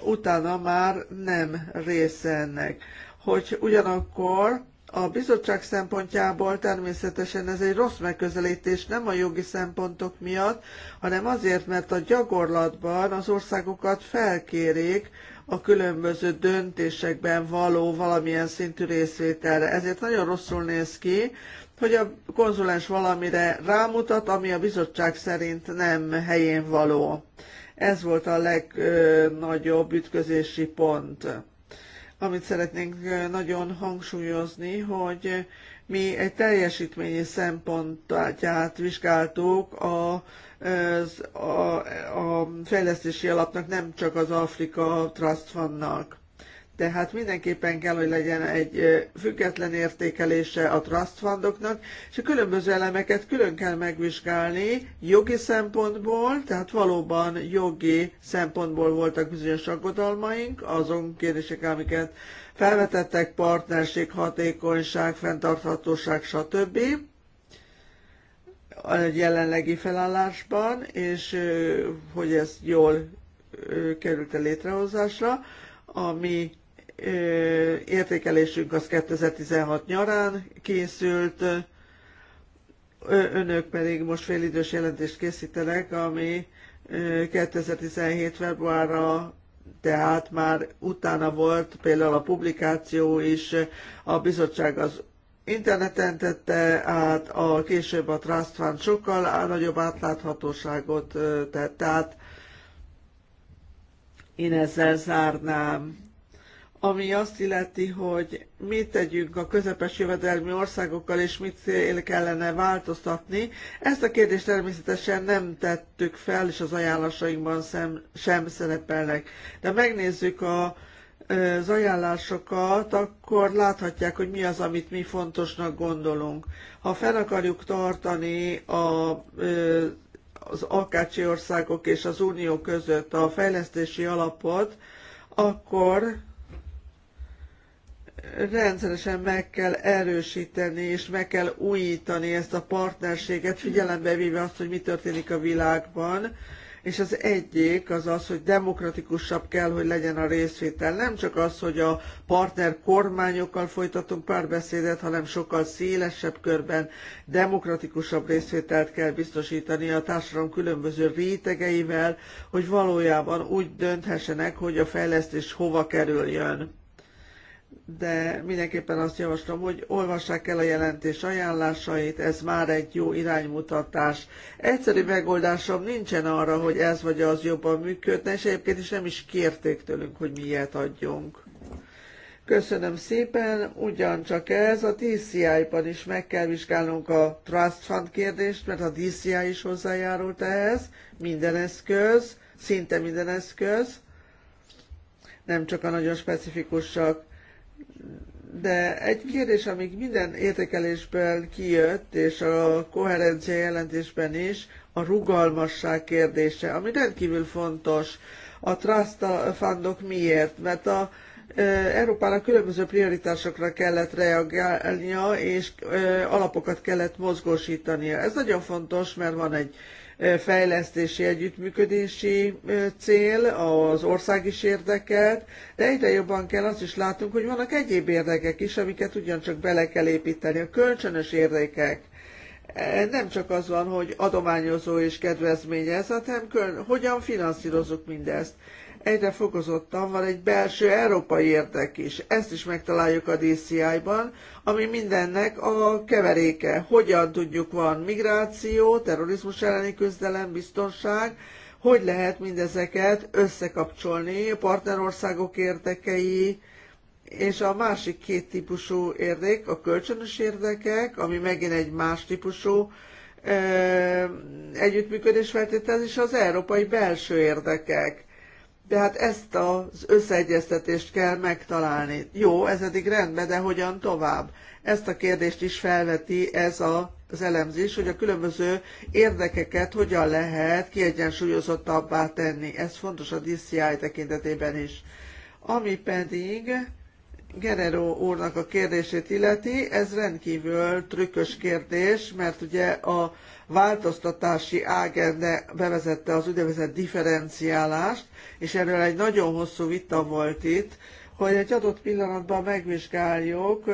utána már nem része ennek. Hogy ugyanakkor a bizottság szempontjából természetesen ez egy rossz megközelítés, nem a jogi szempontok miatt, hanem azért, mert a gyakorlatban az országokat felkérik a különböző döntésekben való valamilyen szintű részvételre. Ezért nagyon rosszul néz ki, hogy a konzulens valamire rámutat, ami a bizottság szerint nem helyén való. Ez volt a legnagyobb ütközési pont amit szeretnénk nagyon hangsúlyozni, hogy mi egy teljesítményi szempontját vizsgáltuk a, az, a, a fejlesztési alapnak, nem csak az Afrika Trust Fundnak. Tehát mindenképpen kell, hogy legyen egy független értékelése a trust fundoknak, és a különböző elemeket külön kell megvizsgálni jogi szempontból, tehát valóban jogi szempontból voltak bizonyos aggodalmaink, azon kérdések, amiket felvetettek, partnerség, hatékonyság, fenntarthatóság, stb a jelenlegi felállásban, és hogy ez jól került a létrehozásra. ami értékelésünk az 2016 nyarán készült, önök pedig most félidős jelentést készítenek, ami 2017 februárra tehát már utána volt például a publikáció is, a bizottság az interneten tette át, a később a Trust Fund sokkal nagyobb átláthatóságot tett, tehát én ezzel zárnám ami azt illeti, hogy mit tegyünk a közepes jövedelmi országokkal, és mit kellene változtatni. Ezt a kérdést természetesen nem tettük fel, és az ajánlásainkban sem, sem szerepelnek. De megnézzük a, az ajánlásokat, akkor láthatják, hogy mi az, amit mi fontosnak gondolunk. Ha fel akarjuk tartani a az akácsi országok és az unió között a fejlesztési alapot, akkor rendszeresen meg kell erősíteni és meg kell újítani ezt a partnerséget, figyelembe véve azt, hogy mi történik a világban, és az egyik az az, hogy demokratikusabb kell, hogy legyen a részvétel. Nem csak az, hogy a partner kormányokkal folytatunk párbeszédet, hanem sokkal szélesebb körben demokratikusabb részvételt kell biztosítani a társadalom különböző rétegeivel, hogy valójában úgy dönthessenek, hogy a fejlesztés hova kerüljön de mindenképpen azt javaslom, hogy olvassák el a jelentés ajánlásait, ez már egy jó iránymutatás. Egyszerű megoldásom nincsen arra, hogy ez vagy az jobban működne, és egyébként is nem is kérték tőlünk, hogy miért adjunk. Köszönöm szépen, ugyancsak ez a DCI-ban is meg kell vizsgálnunk a Trust Fund kérdést, mert a DCI is hozzájárult ehhez, minden eszköz, szinte minden eszköz, nem csak a nagyon specifikusak de egy kérdés, amíg minden értékelésben kijött, és a koherencia jelentésben is, a rugalmasság kérdése, ami rendkívül fontos. A trust fundok miért? Mert a, Európának különböző prioritásokra kellett reagálnia, és alapokat kellett mozgósítania. Ez nagyon fontos, mert van egy fejlesztési együttműködési cél, az ország is érdekelt, de egyre jobban kell azt is látnunk, hogy vannak egyéb érdekek is, amiket ugyancsak bele kell építeni, a kölcsönös érdekek. E, nem csak az van, hogy adományozó és kedvezményez, hanem hogyan finanszírozunk mindezt egyre fokozottan van egy belső európai érdek is. Ezt is megtaláljuk a DCI-ban, ami mindennek a keveréke. Hogyan tudjuk, van migráció, terrorizmus elleni küzdelem, biztonság, hogy lehet mindezeket összekapcsolni, a partnerországok érdekei, és a másik két típusú érdek, a kölcsönös érdekek, ami megint egy más típusú együttműködés feltételezés az európai belső érdekek de hát ezt az összeegyeztetést kell megtalálni. Jó, ez eddig rendben, de hogyan tovább? Ezt a kérdést is felveti ez a, az elemzés, hogy a különböző érdekeket hogyan lehet kiegyensúlyozottabbá tenni. Ez fontos a DCI tekintetében is. Ami pedig Gerero úrnak a kérdését illeti, ez rendkívül trükkös kérdés, mert ugye a változtatási ágende bevezette az úgynevezett differenciálást, és erről egy nagyon hosszú vita volt itt, hogy egy adott pillanatban megvizsgáljuk,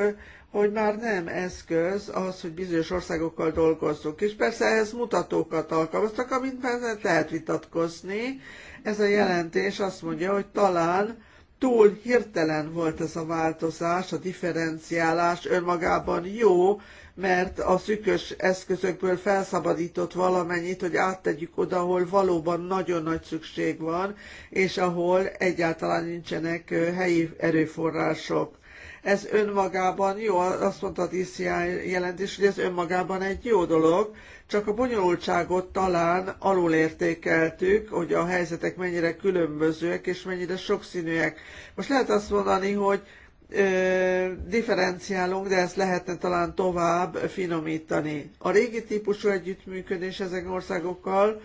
hogy már nem eszköz az, hogy bizonyos országokkal dolgozzunk. És persze ehhez mutatókat alkalmaztak, amint benne lehet vitatkozni. Ez a jelentés azt mondja, hogy talán túl hirtelen volt ez a változás, a differenciálás önmagában jó, mert a szükös eszközökből felszabadított valamennyit, hogy áttegyük oda, ahol valóban nagyon nagy szükség van, és ahol egyáltalán nincsenek helyi erőforrások. Ez önmagában jó, azt mondta a DCI jelentés, hogy ez önmagában egy jó dolog, csak a bonyolultságot talán alulértékeltük, hogy a helyzetek mennyire különbözőek és mennyire sokszínűek. Most lehet azt mondani, hogy ö, differenciálunk, de ezt lehetne talán tovább finomítani. A régi típusú együttműködés ezek országokkal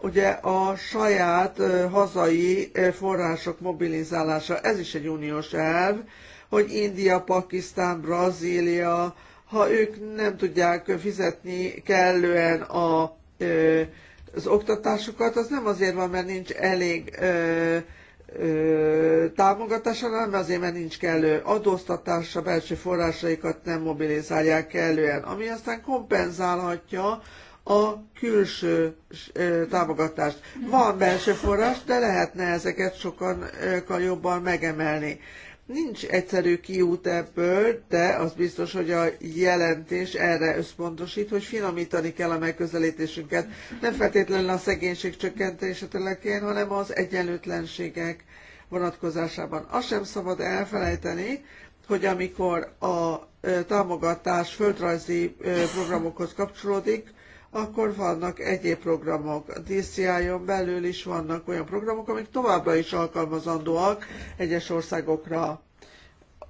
ugye a saját ö, hazai ö, források mobilizálása, ez is egy uniós elv, hogy India, Pakisztán, Brazília, ha ők nem tudják fizetni kellően a, az oktatásukat, az nem azért van, mert nincs elég támogatása, hanem azért, mert nincs kellő adóztatása, belső forrásaikat nem mobilizálják kellően, ami aztán kompenzálhatja a külső támogatást. Van belső forrás, de lehetne ezeket sokan jobban megemelni. Nincs egyszerű kiút ebből, de az biztos, hogy a jelentés erre összpontosít, hogy finomítani kell a megközelítésünket. Nem feltétlenül a szegénység csökkentése telekén, hanem az egyenlőtlenségek vonatkozásában. Azt sem szabad elfelejteni, hogy amikor a támogatás földrajzi programokhoz kapcsolódik, akkor vannak egyéb programok. A DCI-on belül is vannak olyan programok, amik továbbra is alkalmazandóak egyes országokra.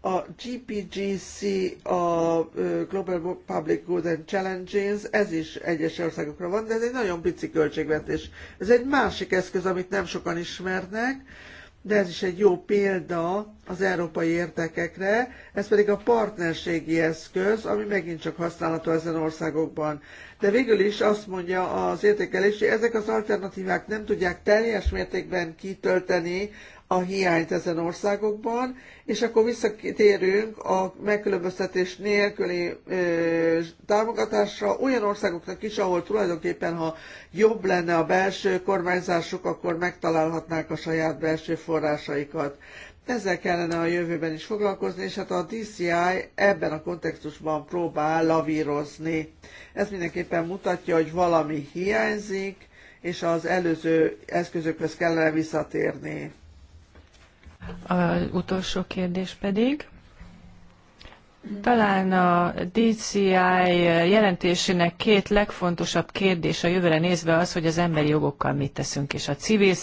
A GPGC, a Global Public Good and Challenges, ez is egyes országokra van, de ez egy nagyon pici költségvetés. Ez egy másik eszköz, amit nem sokan ismernek, de ez is egy jó példa az európai értekekre, ez pedig a partnerségi eszköz, ami megint csak használható ezen országokban de végül is azt mondja az értékelés, hogy ezek az alternatívák nem tudják teljes mértékben kitölteni a hiányt ezen országokban, és akkor visszatérünk a megkülönböztetés nélküli ö, támogatásra olyan országoknak is, ahol tulajdonképpen, ha jobb lenne a belső kormányzásuk, akkor megtalálhatnák a saját belső forrásaikat. Ezzel kellene a jövőben is foglalkozni, és hát a DCI ebben a kontextusban próbál lavírozni. Ez mindenképpen mutatja, hogy valami hiányzik, és az előző eszközökhöz kellene visszatérni. A utolsó kérdés pedig. Talán a DCI jelentésének két legfontosabb kérdés a jövőre nézve az, hogy az emberi jogokkal mit teszünk, és a civil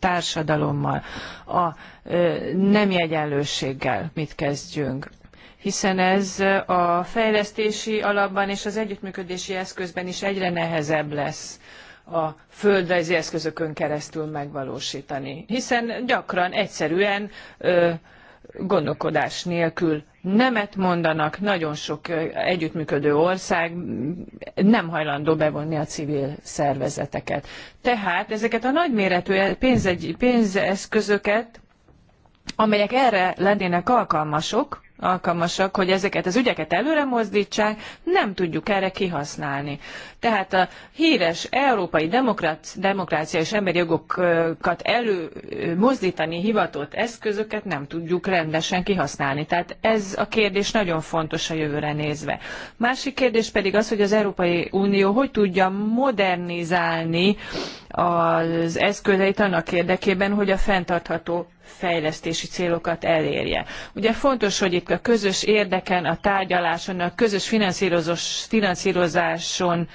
társadalommal, a nem egyenlőséggel mit kezdjünk hiszen ez a fejlesztési alapban és az együttműködési eszközben is egyre nehezebb lesz a földrajzi eszközökön keresztül megvalósítani. Hiszen gyakran egyszerűen ö, gondolkodás nélkül nemet mondanak, nagyon sok együttműködő ország nem hajlandó bevonni a civil szervezeteket. Tehát ezeket a nagyméretű pénzegy, pénzeszközöket, amelyek erre lennének alkalmasok, alkalmasak, hogy ezeket az ügyeket előre mozdítsák, nem tudjuk erre kihasználni. Tehát a híres európai demokrácia és emberi jogokat előmozdítani hivatott eszközöket nem tudjuk rendesen kihasználni. Tehát ez a kérdés nagyon fontos a jövőre nézve. Másik kérdés pedig az, hogy az Európai Unió hogy tudja modernizálni az eszközeit annak érdekében, hogy a fenntartható fejlesztési célokat elérje. Ugye fontos, hogy itt a közös érdeken, a tárgyaláson, a közös finanszírozáson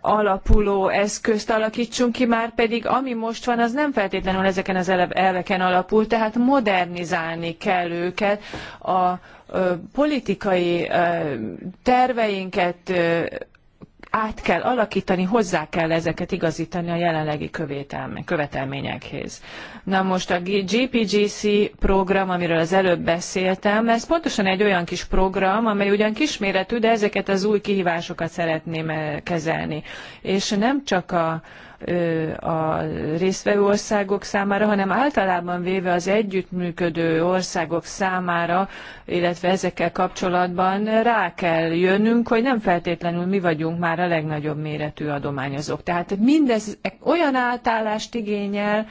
alapuló eszközt alakítsunk ki, már pedig ami most van, az nem feltétlenül ezeken az elveken alapul, tehát modernizálni kell őket, a politikai terveinket át kell alakítani, hozzá kell ezeket igazítani a jelenlegi követelményekhez. Na most a GPGC program, amiről az előbb beszéltem, ez pontosan egy olyan kis program, amely ugyan kisméretű, de ezeket az új kihívásokat szeretném eh, kezelni. És nem csak a, a résztvevő országok számára, hanem általában véve az együttműködő országok számára, illetve ezekkel kapcsolatban rá kell jönnünk, hogy nem feltétlenül mi vagyunk már a legnagyobb méretű adományozók. Tehát mindez olyan átállást igényel,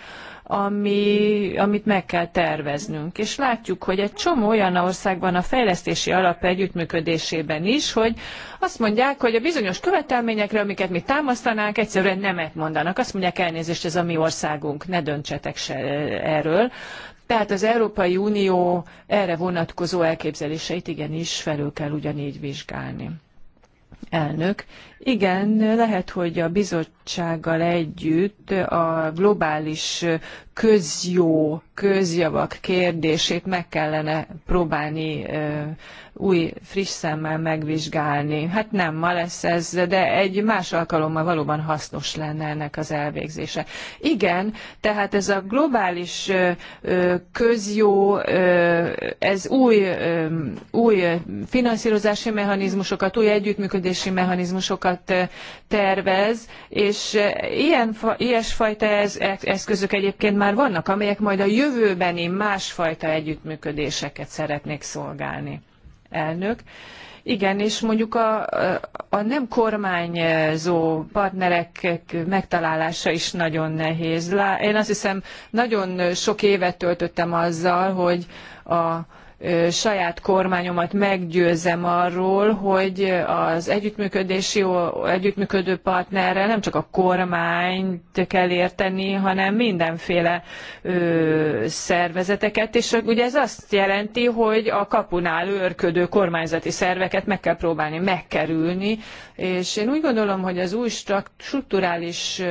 ami, amit meg kell terveznünk. És látjuk, hogy egy csomó olyan országban a fejlesztési alap együttműködésében is, hogy azt mondják, hogy a bizonyos követelményekre, amiket mi támasztanánk, egyszerűen nemet mondanak. Azt mondják, elnézést, ez a mi országunk, ne döntsetek se eh, erről. Tehát az Európai Unió erre vonatkozó elképzeléseit igenis felül kell ugyanígy vizsgálni. Elnök, igen, lehet, hogy a bizottsággal együtt a globális közjó, közjavak kérdését meg kellene próbálni új, friss szemmel megvizsgálni. Hát nem ma lesz ez, de egy más alkalommal valóban hasznos lenne ennek az elvégzése. Igen, tehát ez a globális közjó, ez új, új finanszírozási mechanizmusokat, új együttműködési mechanizmusokat programokat eh, tervez, és eh, ilyen, ilyesfajta e, eszközök egyébként már vannak, amelyek majd a jövőbeni másfajta együttműködéseket szeretnék szolgálni. Elnök. Igen, és mondjuk a, a nem kormányzó partnerek megtalálása is nagyon nehéz. Én azt hiszem, nagyon sok évet töltöttem azzal, hogy a saját kormányomat meggyőzem arról, hogy az együttműködési, együttműködő partnerrel nem csak a kormányt kell érteni, hanem mindenféle ö, szervezeteket, és ugye ez azt jelenti, hogy a kapunál őrködő kormányzati szerveket meg kell próbálni megkerülni, és én úgy gondolom, hogy az új strukturális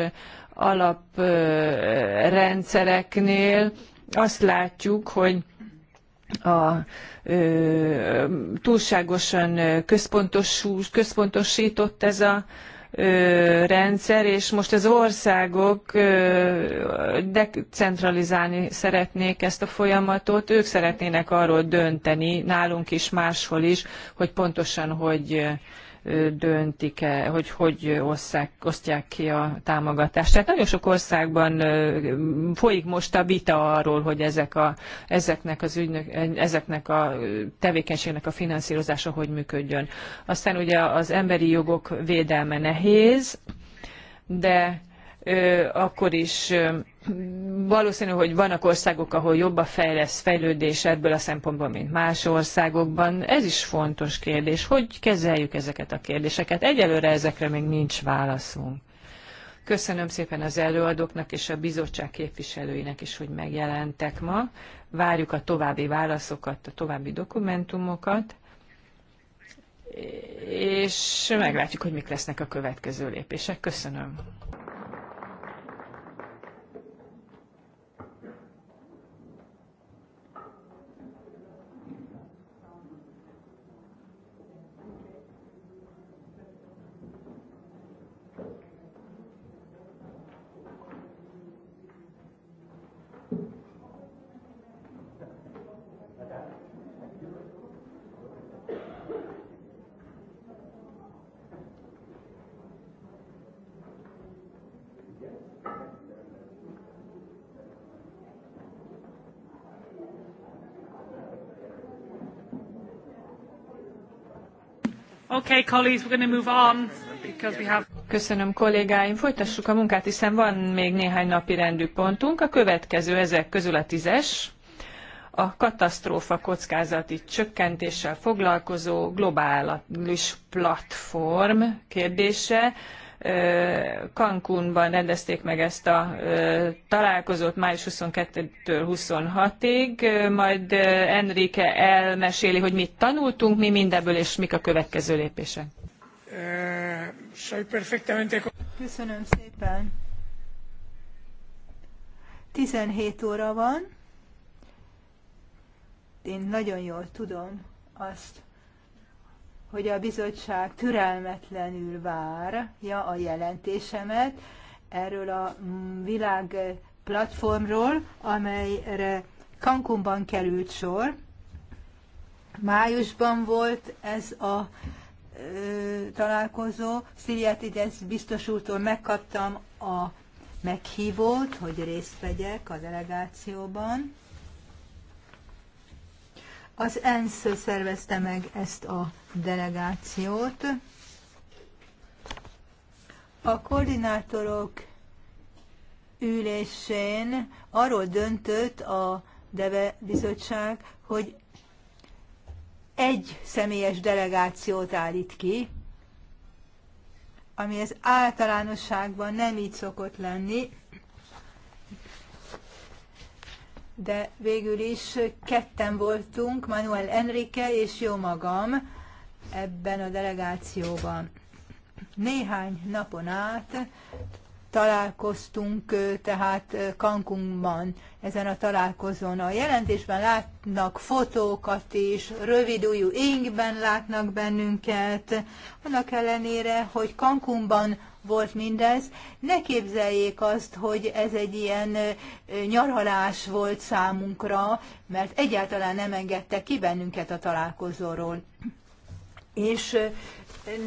alaprendszereknél azt látjuk, hogy a ö, túlságosan központosított ez a ö, rendszer, és most az országok ö, decentralizálni szeretnék ezt a folyamatot, ők szeretnének arról dönteni, nálunk is, máshol is, hogy pontosan hogy döntik-e, hogy hogy osszák, osztják ki a támogatást. Tehát nagyon sok országban folyik most a vita arról, hogy ezek a, ezeknek, az ügynök, ezeknek a tevékenységnek a finanszírozása hogy működjön. Aztán ugye az emberi jogok védelme nehéz, de akkor is valószínű, hogy vannak országok, ahol jobb a fejlesz fejlődés ebből a szempontból, mint más országokban. Ez is fontos kérdés. Hogy kezeljük ezeket a kérdéseket? Egyelőre ezekre még nincs válaszunk. Köszönöm szépen az előadóknak és a bizottság képviselőinek is, hogy megjelentek ma. Várjuk a további válaszokat, a további dokumentumokat, és meglátjuk, hogy mik lesznek a következő lépések. Köszönöm. Okay, colleagues, we're going to move on because we have... Köszönöm kollégáim, folytassuk a munkát, hiszen van még néhány napi rendű pontunk. A következő ezek közül a tízes, a katasztrófa kockázati csökkentéssel foglalkozó globális platform kérdése Cancúnban rendezték meg ezt a találkozót május 22-től 26-ig, majd Enrique elmeséli, hogy mit tanultunk mi mindebből, és mik a következő lépések. Köszönöm szépen. 17 óra van. Én nagyon jól tudom azt, hogy a bizottság türelmetlenül várja a jelentésemet erről a mm, világ platformról, amelyre Cancunban került sor. Májusban volt ez a ö, találkozó. Sziliatides biztos úrtól megkaptam a meghívót, hogy részt vegyek a delegációban. Az ENSZ szervezte meg ezt a delegációt. A koordinátorok ülésén arról döntött a DEVE bizottság, hogy egy személyes delegációt állít ki, ami ez általánosságban nem így szokott lenni. de végül is ketten voltunk, Manuel Enrique és jó magam ebben a delegációban. Néhány napon át találkoztunk tehát Cancunban ezen a találkozón. A jelentésben látnak fotókat is, újú ingben látnak bennünket, annak ellenére, hogy Cancunban volt mindez. Ne képzeljék azt, hogy ez egy ilyen nyaralás volt számunkra, mert egyáltalán nem engedte ki bennünket a találkozóról. És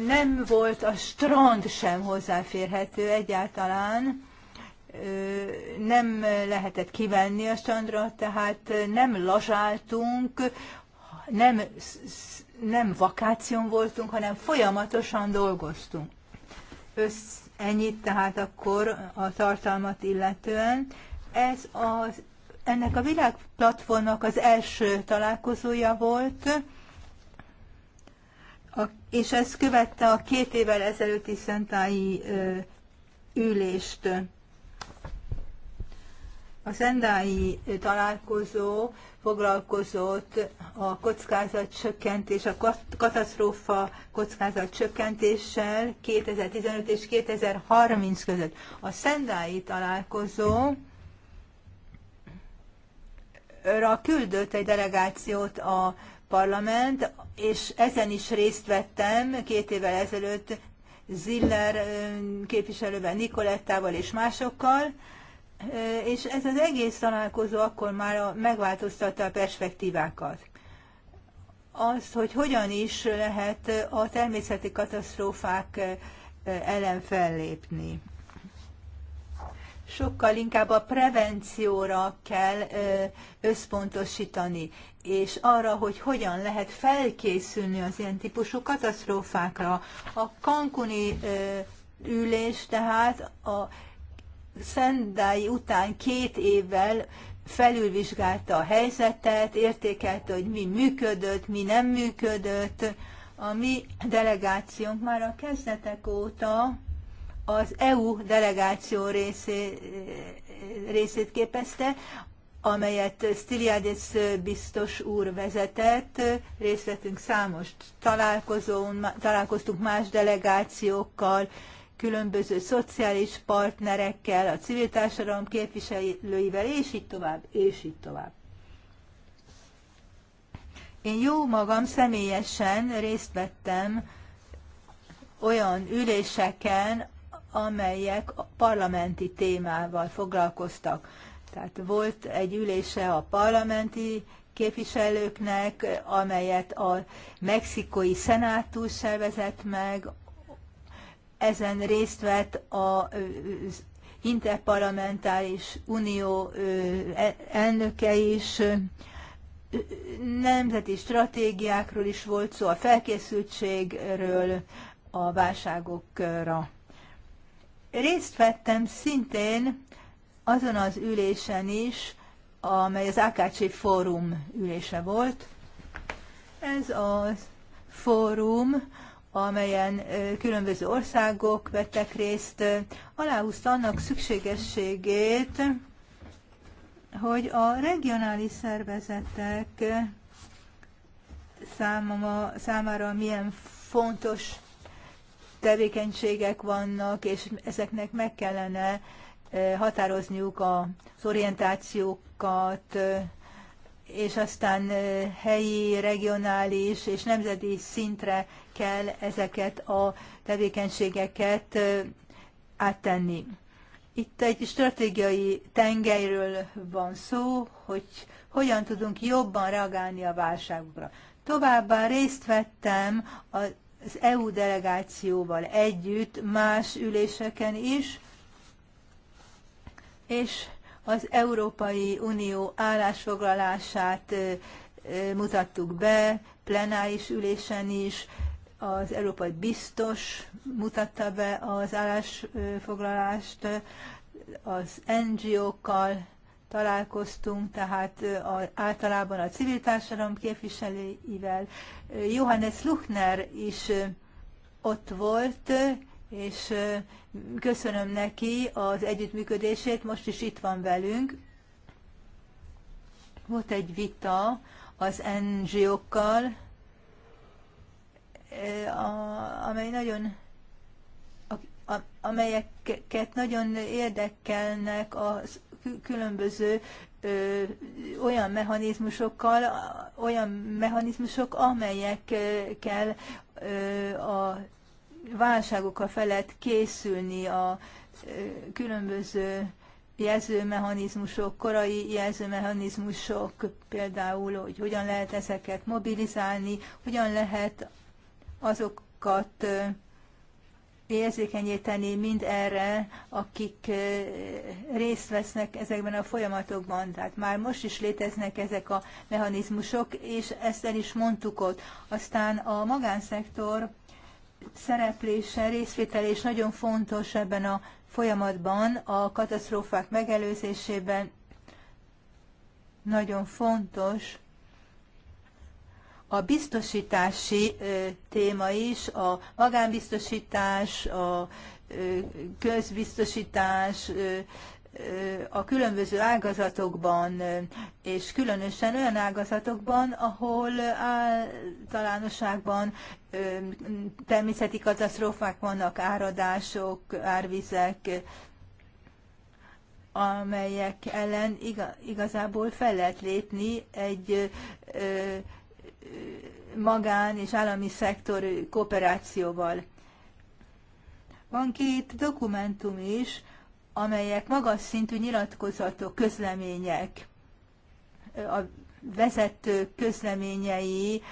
nem volt a strand sem hozzáférhető egyáltalán, nem lehetett kivenni a strandra, tehát nem lazsáltunk, nem, nem vakáción voltunk, hanem folyamatosan dolgoztunk. Össz, ennyit tehát akkor a tartalmat illetően. Ez az, ennek a világplatformnak az első találkozója volt, a, és ez követte a két évvel ezelőtti szentályi ülést. A szendái találkozó foglalkozott a kockázat csökkentés, a katasztrófa kockázat csökkentéssel 2015 és 2030 között. A szendái találkozó küldött egy delegációt a parlament, és ezen is részt vettem két évvel ezelőtt Ziller képviselővel, Nikolettával és másokkal és ez az egész találkozó akkor már megváltoztatta a perspektívákat. Azt, hogy hogyan is lehet a természeti katasztrófák ellen fellépni. Sokkal inkább a prevencióra kell összpontosítani, és arra, hogy hogyan lehet felkészülni az ilyen típusú katasztrófákra. A kankuni ülés tehát a Szendai után két évvel felülvizsgálta a helyzetet, értékelte, hogy mi működött, mi nem működött. A mi delegációnk már a kezdetek óta az EU delegáció részé, részét képezte, amelyet Stiliadis biztos úr vezetett. részletünk számos találkozón, találkoztunk más delegációkkal, különböző szociális partnerekkel, a civil társadalom képviselőivel, és így tovább, és így tovább. Én jó magam személyesen részt vettem olyan üléseken, amelyek parlamenti témával foglalkoztak. Tehát volt egy ülése a parlamenti képviselőknek, amelyet a mexikói szenátus szervezett meg, ezen részt vett a interparlamentális unió e, elnöke is, nemzeti stratégiákról is volt szó, a felkészültségről, a válságokra. Részt vettem szintén azon az ülésen is, amely az AKC Fórum ülése volt. Ez a fórum amelyen különböző országok vettek részt, aláhúzta annak szükségességét, hogy a regionális szervezetek számoma, számára milyen fontos tevékenységek vannak, és ezeknek meg kellene határozniuk az orientációkat, és aztán helyi, regionális és nemzeti szintre kell ezeket a tevékenységeket áttenni. Itt egy stratégiai tengelyről van szó, hogy hogyan tudunk jobban reagálni a válságokra. Továbbá részt vettem az EU delegációval együtt más üléseken is, és az Európai Unió állásfoglalását mutattuk be, plenáris ülésen is, az Európai Biztos mutatta be az állásfoglalást, az NGO-kkal találkoztunk, tehát általában a civil társadalom képviselőivel. Johannes Luchner is ott volt, és köszönöm neki az együttműködését, most is itt van velünk. Volt egy vita az NGO-kkal, amely nagyon amelyeket nagyon érdekelnek a különböző ö, olyan mechanizmusokkal, olyan mechanizmusok, amelyekkel ö, a válságokra fel lehet készülni a különböző jelzőmechanizmusok, korai jelzőmechanizmusok, például, hogy hogyan lehet ezeket mobilizálni, hogyan lehet azokat érzékenyíteni mind erre, akik részt vesznek ezekben a folyamatokban. Tehát már most is léteznek ezek a mechanizmusok, és ezt el is mondtuk ott. Aztán a magánszektor szereplése, részvétele is nagyon fontos ebben a folyamatban, a katasztrófák megelőzésében nagyon fontos a biztosítási téma is, a magánbiztosítás, a közbiztosítás, a különböző ágazatokban, és különösen olyan ágazatokban, ahol általánosságban természeti katasztrófák vannak, áradások, árvizek, amelyek ellen igazából fel lehet lépni egy magán és állami szektor kooperációval. Van két dokumentum is, amelyek magas szintű nyilatkozatok, közlemények, a vezető közleményei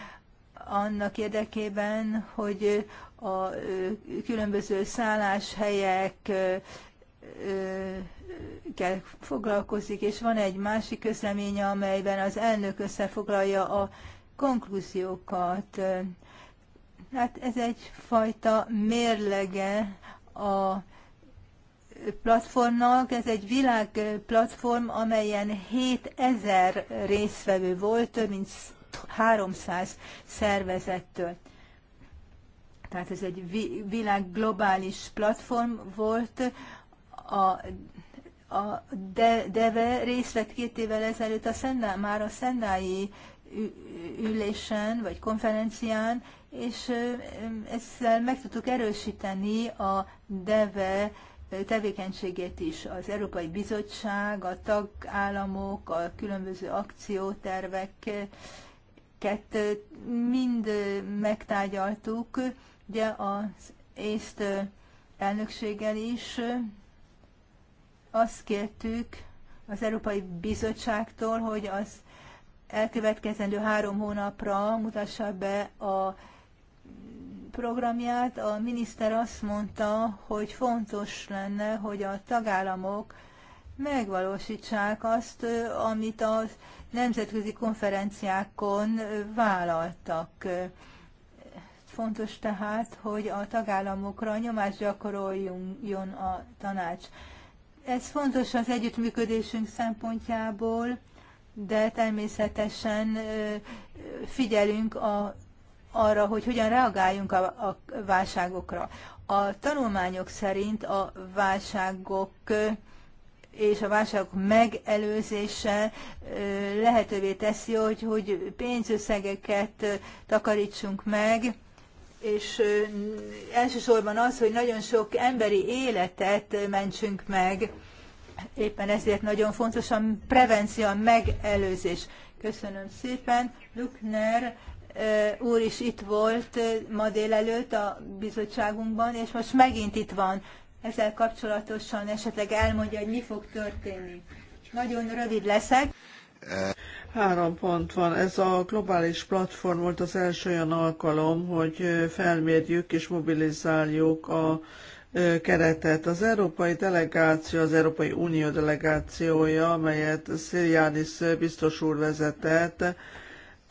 annak érdekében, hogy a különböző szálláshelyek kell foglalkozik, és van egy másik közleménye, amelyben az elnök összefoglalja a konklúziókat. Hát ez egyfajta mérlege a platformnak. Ez egy világplatform, amelyen 7000 részvevő volt, több mint 300 szervezettől. Tehát ez egy világ globális platform volt. A a Deve részt vett két évvel ezelőtt a Szendá, már a szendái ülésen vagy konferencián, és ezzel meg tudtuk erősíteni a Deve tevékenységét is. Az Európai Bizottság, a tagállamok, a különböző akcióterveket mind megtárgyaltuk, ugye az észt elnökséggel is azt kértük az Európai Bizottságtól, hogy az elkövetkezendő három hónapra mutassa be a programját, a miniszter azt mondta, hogy fontos lenne, hogy a tagállamok megvalósítsák azt, amit a nemzetközi konferenciákon vállaltak. Fontos tehát, hogy a tagállamokra nyomást gyakoroljon a tanács. Ez fontos az együttműködésünk szempontjából, de természetesen figyelünk a arra, hogy hogyan reagáljunk a, a válságokra. A tanulmányok szerint a válságok és a válságok megelőzése lehetővé teszi, hogy, hogy pénzösszegeket takarítsunk meg, és elsősorban az, hogy nagyon sok emberi életet mentsünk meg. Éppen ezért nagyon fontos a prevencia, a megelőzés. Köszönöm szépen. Lukner úr is itt volt ma délelőtt a bizottságunkban, és most megint itt van. Ezzel kapcsolatosan esetleg elmondja, hogy mi fog történni. Nagyon rövid leszek. Három pont van. Ez a globális platform volt az első olyan alkalom, hogy felmérjük és mobilizáljuk a keretet. Az európai delegáció, az Európai Unió delegációja, amelyet Sziliánis biztos úr vezetett,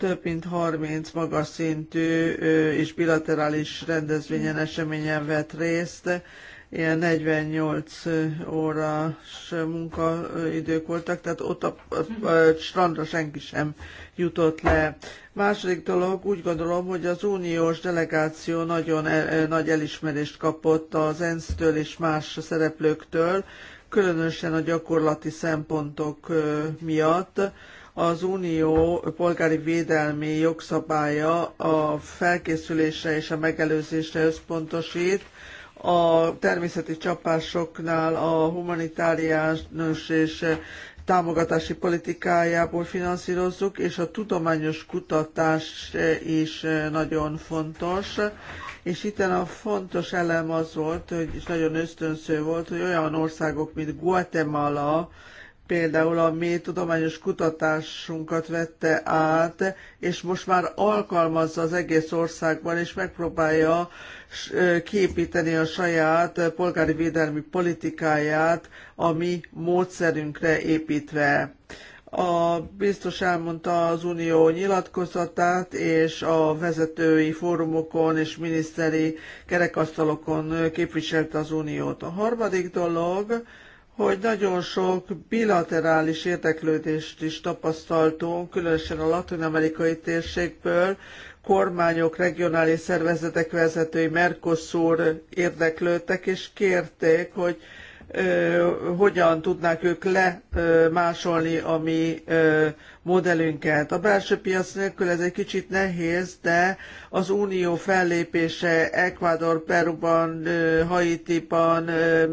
több mint 30 magas szintű és bilaterális rendezvényen, eseményen vett részt. Ilyen 48 órás munkaidők voltak, tehát ott a, a, a strandra senki sem jutott le. Második dolog, úgy gondolom, hogy az uniós delegáció nagyon el, e, nagy elismerést kapott az ENSZ-től és más szereplőktől, különösen a gyakorlati szempontok miatt az Unió polgári védelmi jogszabálya a felkészülésre és a megelőzésre összpontosít, a természeti csapásoknál a humanitáriánus és támogatási politikájából finanszírozzuk, és a tudományos kutatás is nagyon fontos. És itt a fontos elem az volt, hogy, és nagyon ösztönző volt, hogy olyan országok, mint Guatemala, például a mi tudományos kutatásunkat vette át, és most már alkalmazza az egész országban, és megpróbálja képíteni a saját polgári védelmi politikáját a mi módszerünkre építve. A biztos elmondta az unió nyilatkozatát, és a vezetői fórumokon és miniszteri kerekasztalokon képviselte az uniót. A harmadik dolog, hogy nagyon sok bilaterális érdeklődést is tapasztaltunk, különösen a latin-amerikai térségből, kormányok, regionális szervezetek vezetői, Mercosur érdeklődtek, és kérték, hogy ö, hogyan tudnák ők lemásolni a mi ö, modellünket. A belső piac nélkül ez egy kicsit nehéz, de az unió fellépése Ecuador, Peruban, Haitiban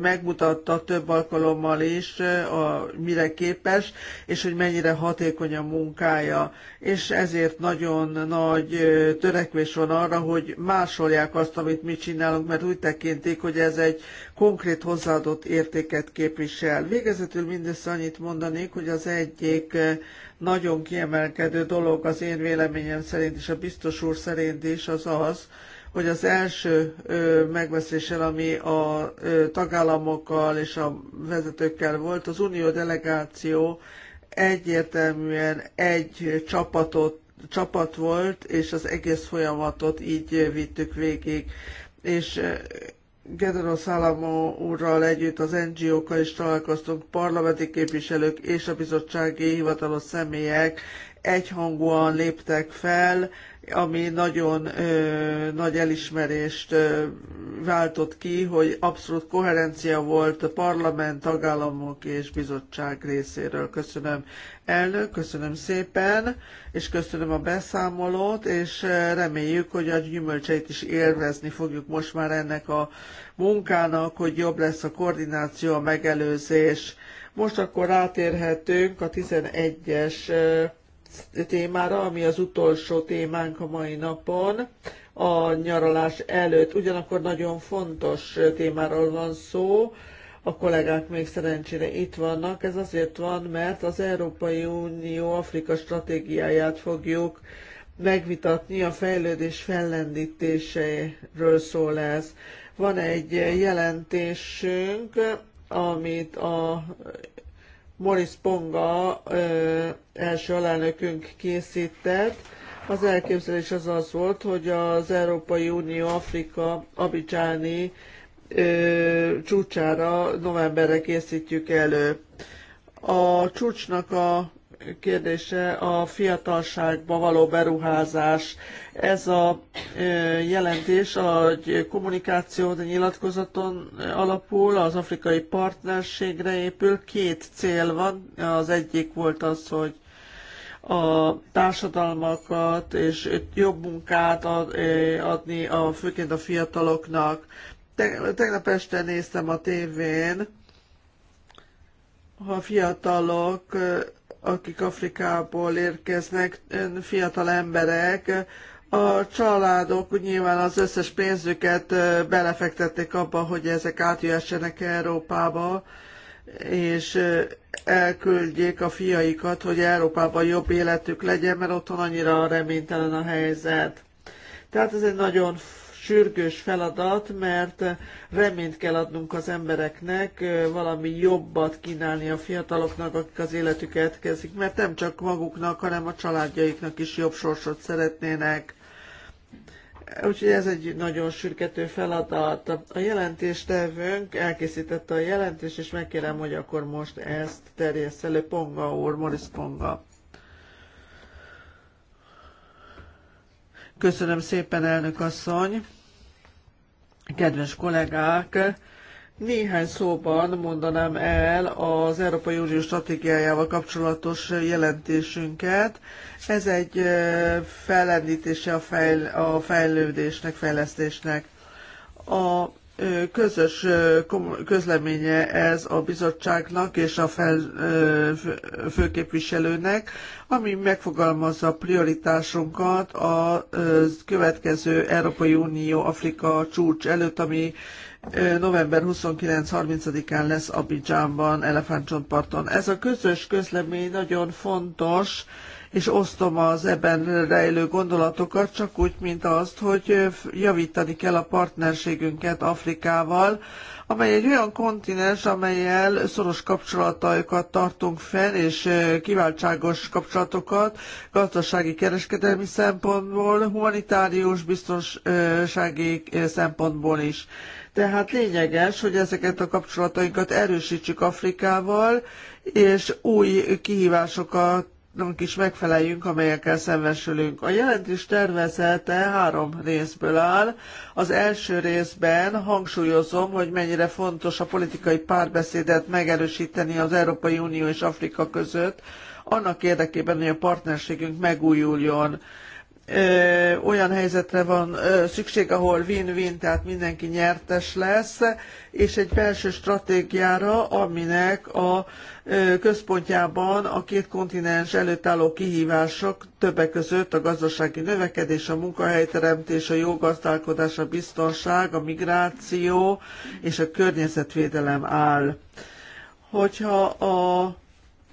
megmutatta több alkalommal is, a, mire képes, és hogy mennyire hatékony a munkája. És ezért nagyon nagy törekvés van arra, hogy másolják azt, amit mi csinálunk, mert úgy tekintik, hogy ez egy konkrét hozzáadott értéket képvisel. Végezetül mindössze annyit mondanék, hogy az egyik nagyon kiemelkedő dolog az én véleményem szerint és a biztos úr szerint is az az, hogy az első megbeszélésen, ami a tagállamokkal és a vezetőkkel volt, az unió delegáció egyértelműen egy csapatot, csapat volt, és az egész folyamatot így vittük végig és Gedero Salamo úrral együtt az NGO-kkal is találkoztunk, parlamenti képviselők és a bizottsági hivatalos személyek egyhangúan léptek fel, ami nagyon ö, nagy elismerést ö, váltott ki, hogy abszolút koherencia volt a parlament, tagállamok és bizottság részéről. Köszönöm elnök, köszönöm szépen, és köszönöm a beszámolót, és reméljük, hogy a gyümölcseit is élvezni fogjuk most már ennek a munkának, hogy jobb lesz a koordináció, a megelőzés. Most akkor rátérhetünk a 11-es témára, ami az utolsó témánk a mai napon, a nyaralás előtt. Ugyanakkor nagyon fontos témáról van szó, a kollégák még szerencsére itt vannak. Ez azért van, mert az Európai Unió Afrika stratégiáját fogjuk megvitatni, a fejlődés fellendítéséről szól ez. Van egy jelentésünk, amit a Moris Ponga ö, első alelnökünk készített. Az elképzelés az az volt, hogy az Európai Unió Afrika Abidjáni ö, csúcsára novemberre készítjük elő. A csúcsnak a kérdése a fiatalságba való beruházás. Ez a jelentés a kommunikáció nyilatkozaton alapul, az afrikai partnerségre épül. Két cél van, az egyik volt az, hogy a társadalmakat és jobb munkát adni a, főként a fiataloknak. Tegnap este néztem a tévén, ha fiatalok akik Afrikából érkeznek, fiatal emberek, a családok nyilván az összes pénzüket belefektették abba, hogy ezek átjöhessenek Európába, és elküldjék a fiaikat, hogy Európában jobb életük legyen, mert otthon annyira reménytelen a helyzet. Tehát ez egy nagyon sürgős feladat, mert reményt kell adnunk az embereknek, valami jobbat kínálni a fiataloknak, akik az életüket kezdik, mert nem csak maguknak, hanem a családjaiknak is jobb sorsot szeretnének. Úgyhogy ez egy nagyon sürgető feladat. A jelentéstevőnk elkészítette a jelentést, és megkérem, hogy akkor most ezt terjessz elő Ponga úr, Moris Ponga. Köszönöm szépen, elnök asszony! Kedves kollégák! Néhány szóban mondanám el az Európai Unió stratégiájával kapcsolatos jelentésünket. Ez egy fellendítése a, a fejlődésnek, fejlesztésnek. A közös közleménye ez a bizottságnak és a fel, főképviselőnek, ami megfogalmazza a prioritásunkat a következő Európai Unió-Afrika csúcs előtt, ami november 29-30-án lesz Abidjánban, Elefántcsontparton. Ez a közös közlemény nagyon fontos, és osztom az ebben rejlő gondolatokat, csak úgy, mint azt, hogy javítani kell a partnerségünket Afrikával, amely egy olyan kontinens, amelyel szoros kapcsolataikat tartunk fenn, és kiváltságos kapcsolatokat gazdasági kereskedelmi szempontból, humanitárius biztonsági szempontból is. Tehát lényeges, hogy ezeket a kapcsolatainkat erősítsük Afrikával, és új kihívásokat is megfeleljünk, amelyekkel szembesülünk. A jelentés tervezete három részből áll. Az első részben hangsúlyozom, hogy mennyire fontos a politikai párbeszédet megerősíteni az Európai Unió és Afrika között, annak érdekében, hogy a partnerségünk megújuljon ö, olyan helyzetre van ö, szükség, ahol win-win, tehát mindenki nyertes lesz, és egy belső stratégiára, aminek a ö, központjában a két kontinens előtt álló kihívások többek között a gazdasági növekedés, a munkahelyteremtés, a jó gazdálkodás, a biztonság, a migráció és a környezetvédelem áll. Hogyha a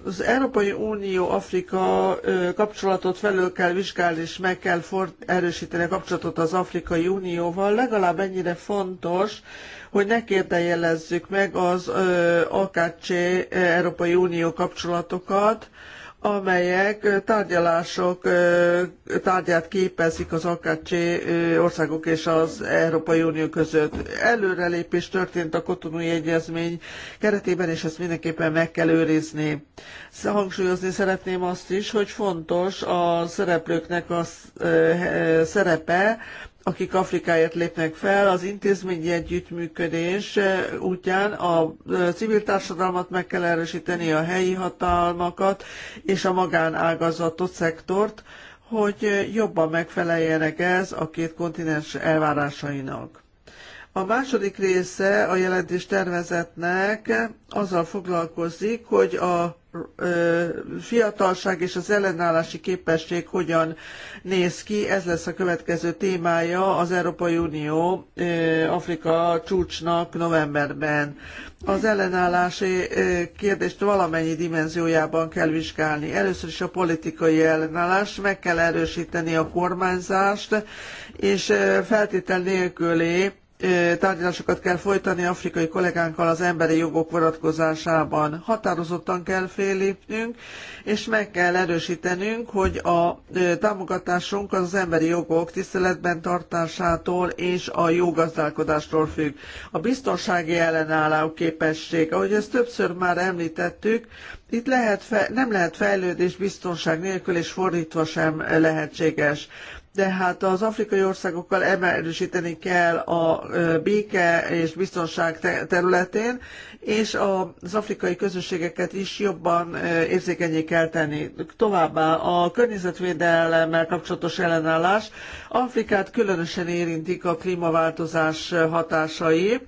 az Európai Unió-Afrika kapcsolatot felül kell vizsgálni, és meg kell erősíteni a kapcsolatot az Afrikai Unióval. Legalább ennyire fontos, hogy ne kérdejelezzük meg az AKC Európai Unió kapcsolatokat, amelyek tárgyalások tárgyát képezik az AKC országok és az Európai Unió között. Előrelépés történt a Kotonui Egyezmény keretében, és ezt mindenképpen meg kell őrizni. Hangsúlyozni szeretném azt is, hogy fontos a szereplőknek a szerepe akik Afrikáért lépnek fel, az intézményi együttműködés eh, útján a eh, civil társadalmat meg kell erősíteni, a helyi hatalmakat és a magánágazatot, szektort, hogy eh, jobban megfeleljenek ez a két kontinens elvárásainak. A második része a jelentés tervezetnek azzal foglalkozik, hogy a fiatalság és az ellenállási képesség hogyan néz ki. Ez lesz a következő témája az Európai Unió Afrika csúcsnak novemberben. Az ellenállási kérdést valamennyi dimenziójában kell vizsgálni. Először is a politikai ellenállás, meg kell erősíteni a kormányzást, és feltétel nélküli tárgyalásokat kell folytani afrikai kollégánkkal az emberi jogok vonatkozásában. Határozottan kell félépnünk, és meg kell erősítenünk, hogy a támogatásunk az, az emberi jogok tiszteletben tartásától és a jó gazdálkodástól függ. A biztonsági ellenálló képesség, ahogy ezt többször már említettük, itt lehet, nem lehet fejlődés biztonság nélkül, és fordítva sem lehetséges de hát az afrikai országokkal emelősíteni kell a béke és biztonság területén, és az afrikai közösségeket is jobban érzékenyé kell tenni. Továbbá a környezetvédelemmel kapcsolatos ellenállás Afrikát különösen érintik a klímaváltozás hatásai,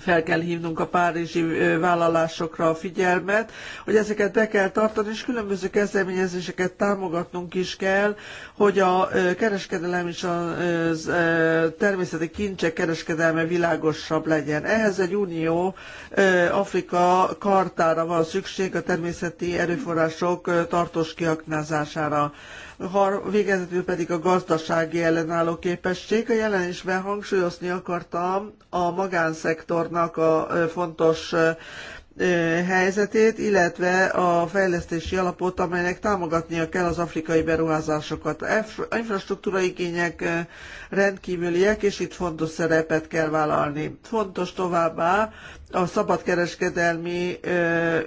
fel kell hívnunk a párizsi vállalásokra a figyelmet, hogy ezeket be kell tartani, és különböző kezdeményezéseket támogatnunk is kell, hogy a kereskedelem és a természeti kincsek kereskedelme világosabb legyen. Ehhez egy unió Afrika kartára van szükség a természeti erőforrások tartós kiaknázására har, végezetül pedig a gazdasági ellenálló képesség. A jelenésben hangsúlyozni akartam a magánszektornak a fontos helyzetét, illetve a fejlesztési alapot, amelynek támogatnia kell az afrikai beruházásokat. A infrastruktúra igények rendkívüliek, és itt fontos szerepet kell vállalni. Fontos továbbá a szabadkereskedelmi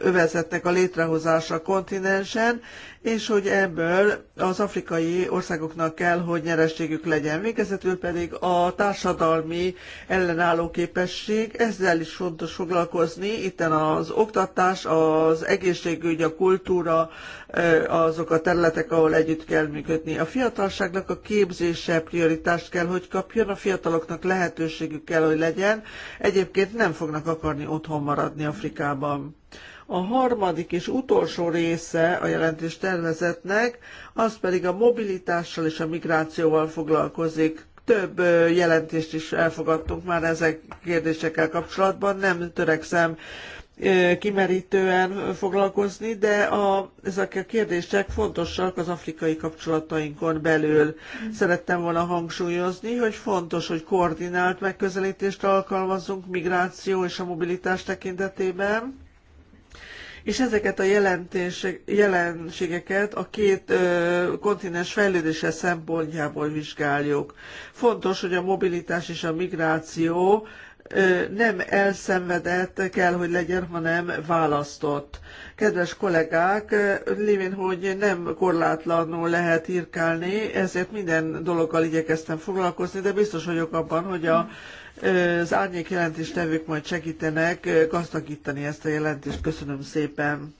övezetnek a létrehozása kontinensen, és hogy ebből az afrikai országoknak kell, hogy nyerességük legyen. Végezetül pedig a társadalmi ellenálló képesség, ezzel is fontos foglalkozni, itten az oktatás, az egészségügy, a kultúra, azok a területek, ahol együtt kell működni. A fiatalságnak a képzése prioritást kell, hogy kapjon, a fiataloknak lehetőségük kell, hogy legyen, egyébként nem fognak akarni akarni otthon maradni Afrikában. A harmadik és utolsó része a jelentés tervezetnek, az pedig a mobilitással és a migrációval foglalkozik. Több jelentést is elfogadtunk már ezek kérdésekkel kapcsolatban, nem törekszem kimerítően foglalkozni, de a, ezek a kérdések fontosak az afrikai kapcsolatainkon belül. Szerettem volna hangsúlyozni, hogy fontos, hogy koordinált megközelítést alkalmazunk migráció és a mobilitás tekintetében, és ezeket a jelenségeket a két ö, kontinens fejlődése szempontjából vizsgáljuk. Fontos, hogy a mobilitás és a migráció nem elszenvedett kell, hogy legyen, hanem választott. Kedves kollégák, lévén, hogy nem korlátlanul lehet írkálni, ezért minden dologgal igyekeztem foglalkozni, de biztos vagyok abban, hogy a, az árnyék jelentéstevők majd segítenek gazdagítani ezt a jelentést. Köszönöm szépen!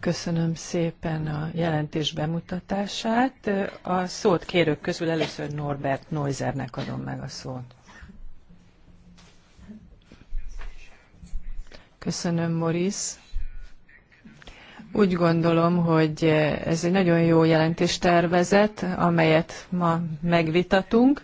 Köszönöm szépen a jelentés bemutatását. A szót kérők közül először Norbert Neuzernek adom meg a szót. Köszönöm, Moris. Úgy gondolom, hogy ez egy nagyon jó jelentéstervezet, amelyet ma megvitatunk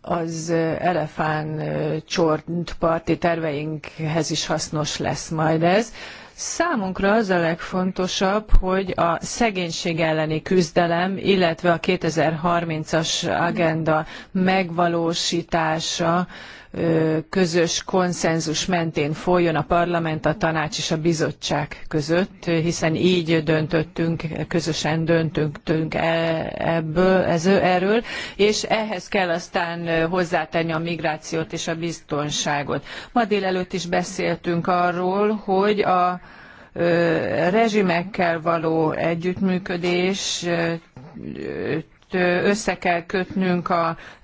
az elefán csortparti terveinkhez is hasznos lesz majd ez. Számunkra az a legfontosabb, hogy a szegénység elleni küzdelem, illetve a 2030-as agenda megvalósítása, közös konszenzus mentén folyjon a parlament, a tanács és a bizottság között, hiszen így döntöttünk, közösen döntöttünk e, ebből, ez, erről, és ehhez kell aztán hozzátenni a migrációt és a biztonságot. Ma délelőtt is beszéltünk arról, hogy a rezsimekkel való együttműködés ezt össze kell kötnünk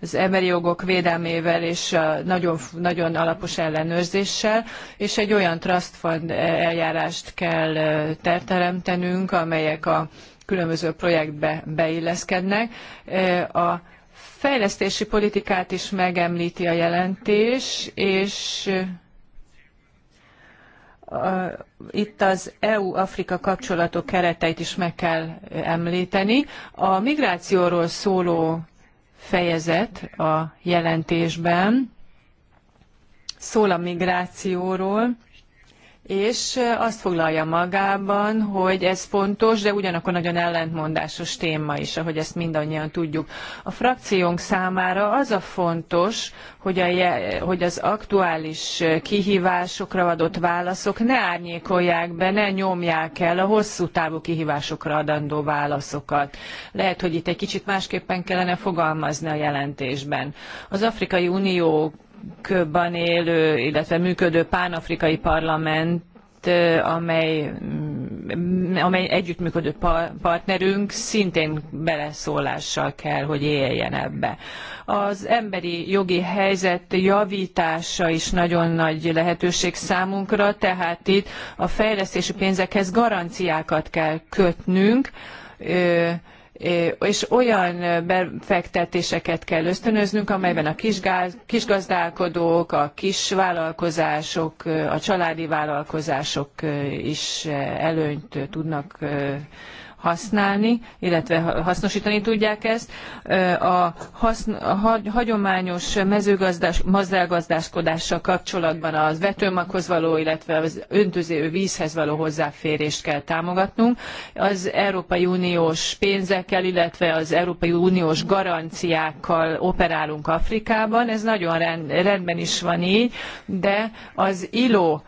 az emberi jogok védelmével és nagyon, nagyon alapos ellenőrzéssel, és egy olyan trust fund eljárást kell terteremtenünk, amelyek a különböző projektbe beilleszkednek. A fejlesztési politikát is megemlíti a jelentés, és itt az EU-Afrika kapcsolatok kereteit is meg kell említeni. A migrációról szóló fejezet a jelentésben szól a migrációról, és azt foglalja magában, hogy ez fontos, de ugyanakkor nagyon ellentmondásos téma is, ahogy ezt mindannyian tudjuk. A frakciónk számára az a fontos, hogy, a, hogy az aktuális kihívásokra adott válaszok ne árnyékolják be, ne nyomják el a hosszú távú kihívásokra adandó válaszokat. Lehet, hogy itt egy kicsit másképpen kellene fogalmazni a jelentésben. Az Afrikai Unió Irakban élő, illetve működő pánafrikai parlament, eh, amely, mm, amely együttműködő partnerünk szintén beleszólással kell, hogy éljen ebbe. Az emberi jogi helyzet javítása is nagyon nagy lehetőség számunkra, tehát itt a fejlesztési pénzekhez garanciákat kell kötnünk, eh, és olyan befektetéseket kell ösztönöznünk, amelyben a kisgazdálkodók, a kisvállalkozások, a családi vállalkozások is előnyt tudnak használni, illetve hasznosítani tudják ezt. A, haszn, a hagyományos mezőgazdálkodással kapcsolatban az vetőmaghoz való, illetve az öntöző vízhez való hozzáférést kell támogatnunk. Az Európai Uniós pénzekkel, illetve az Európai Uniós garanciákkal operálunk Afrikában. Ez nagyon rendben is van így, de az ILO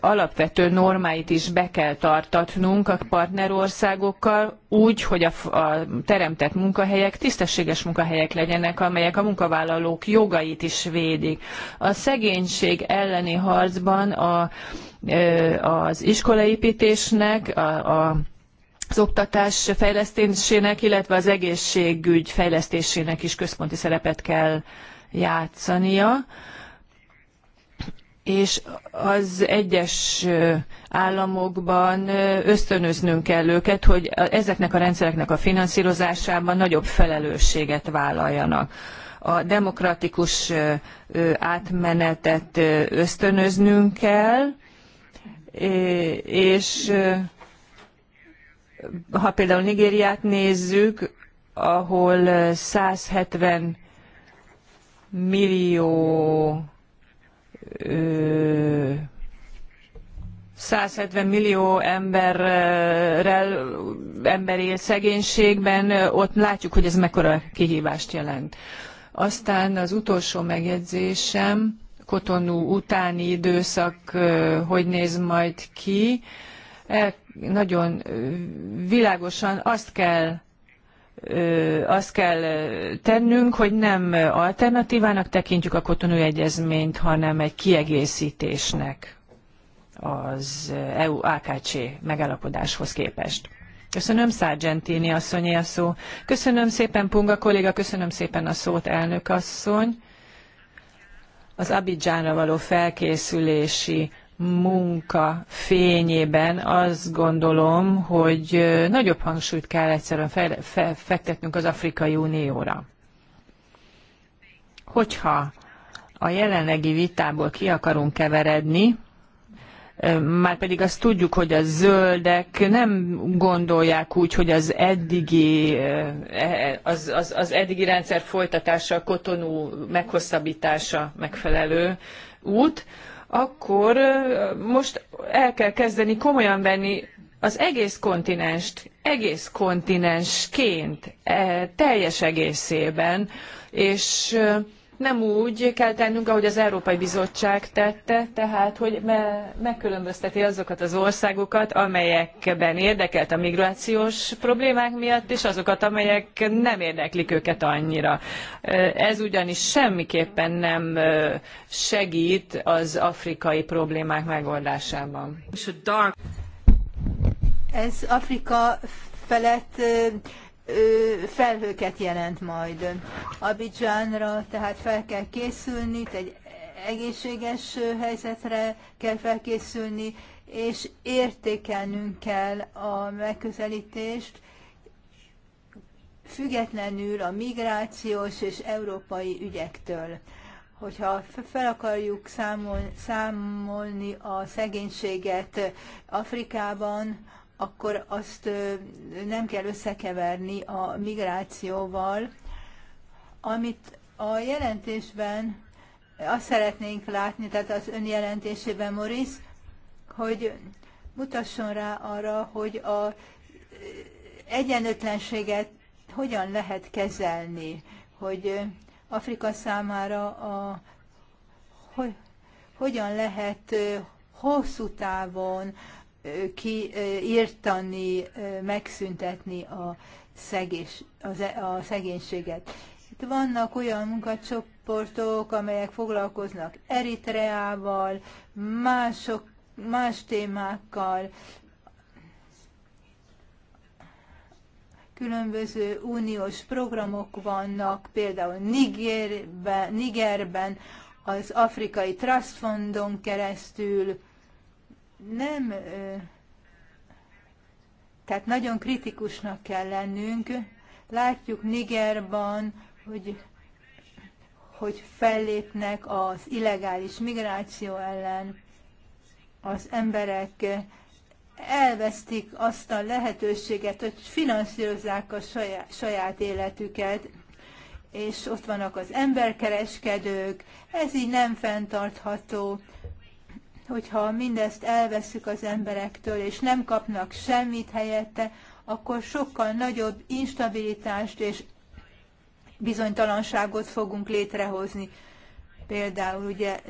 alapvető normáit is be kell tartatnunk a partnerországokkal, úgy, hogy a, a teremtett munkahelyek tisztességes munkahelyek legyenek, amelyek a munkavállalók jogait is védik. A szegénység elleni harcban a, az iskolaépítésnek, a, a az oktatás fejlesztésének, illetve az egészségügy fejlesztésének is központi szerepet kell játszania és az egyes államokban ösztönöznünk kell őket, hogy ezeknek a rendszereknek a finanszírozásában nagyobb felelősséget vállaljanak. A demokratikus átmenetet ösztönöznünk kell, és ha például Nigériát nézzük, ahol 170 millió 170 millió emberrel, ember él szegénységben, ott látjuk, hogy ez mekkora kihívást jelent. Aztán az utolsó megjegyzésem, Kotonú utáni időszak hogy néz majd ki. E, nagyon világosan azt kell azt kell tennünk, hogy nem alternatívának tekintjük a kotonú egyezményt, hanem egy kiegészítésnek az EU-AKC megállapodáshoz képest. Köszönöm Sargentini asszonyé a szó. Köszönöm szépen Punga kolléga, köszönöm szépen a szót elnök asszony. Az Abidjánra való felkészülési munka fényében azt gondolom, hogy nagyobb hangsúlyt kell egyszerűen fe, fe, fektetnünk az Afrikai Unióra. Hogyha a jelenlegi vitából ki akarunk keveredni, már pedig azt tudjuk, hogy a zöldek nem gondolják úgy, hogy az eddigi, e, az, az, az eddigi rendszer folytatása, a kotonú meghosszabbítása megfelelő út, akkor most el kell kezdeni komolyan venni az egész kontinenst, egész kontinensként, e, teljes egészében, és nem úgy kell tennünk, ahogy az Európai Bizottság tette, tehát hogy me- megkülönbözteti azokat az országokat, amelyekben érdekelt a migrációs problémák miatt, és azokat, amelyek nem érdeklik őket annyira. Ez ugyanis semmiképpen nem segít az afrikai problémák megoldásában. Ez Afrika felett felhőket jelent majd. Abidjánra tehát fel kell készülni, egy egészséges helyzetre kell felkészülni, és értékelnünk kell a megközelítést, függetlenül a migrációs és európai ügyektől. Hogyha fel akarjuk számol, számolni a szegénységet Afrikában, akkor azt nem kell összekeverni a migrációval, amit a jelentésben azt szeretnénk látni, tehát az ön jelentésében, Morisz, hogy mutasson rá arra, hogy a egyenlőtlenséget hogyan lehet kezelni, hogy Afrika számára a, hogy, hogyan lehet hosszú távon kiírtani, megszüntetni a, szegés, az, e, a szegénységet. Itt vannak olyan munkacsoportok, amelyek foglalkoznak Eritreával, mások, más témákkal, különböző uniós programok vannak, például Nigerben, Nigerben az Afrikai Trust Fundon keresztül, nem, tehát nagyon kritikusnak kell lennünk. Látjuk Nigerban, hogy, hogy fellépnek az illegális migráció ellen az emberek elvesztik azt a lehetőséget, hogy finanszírozzák a saját, saját életüket, és ott vannak az emberkereskedők, ez így nem fenntartható hogyha mindezt elveszük az emberektől, és nem kapnak semmit helyette, akkor sokkal nagyobb instabilitást és bizonytalanságot fogunk létrehozni. Például ugye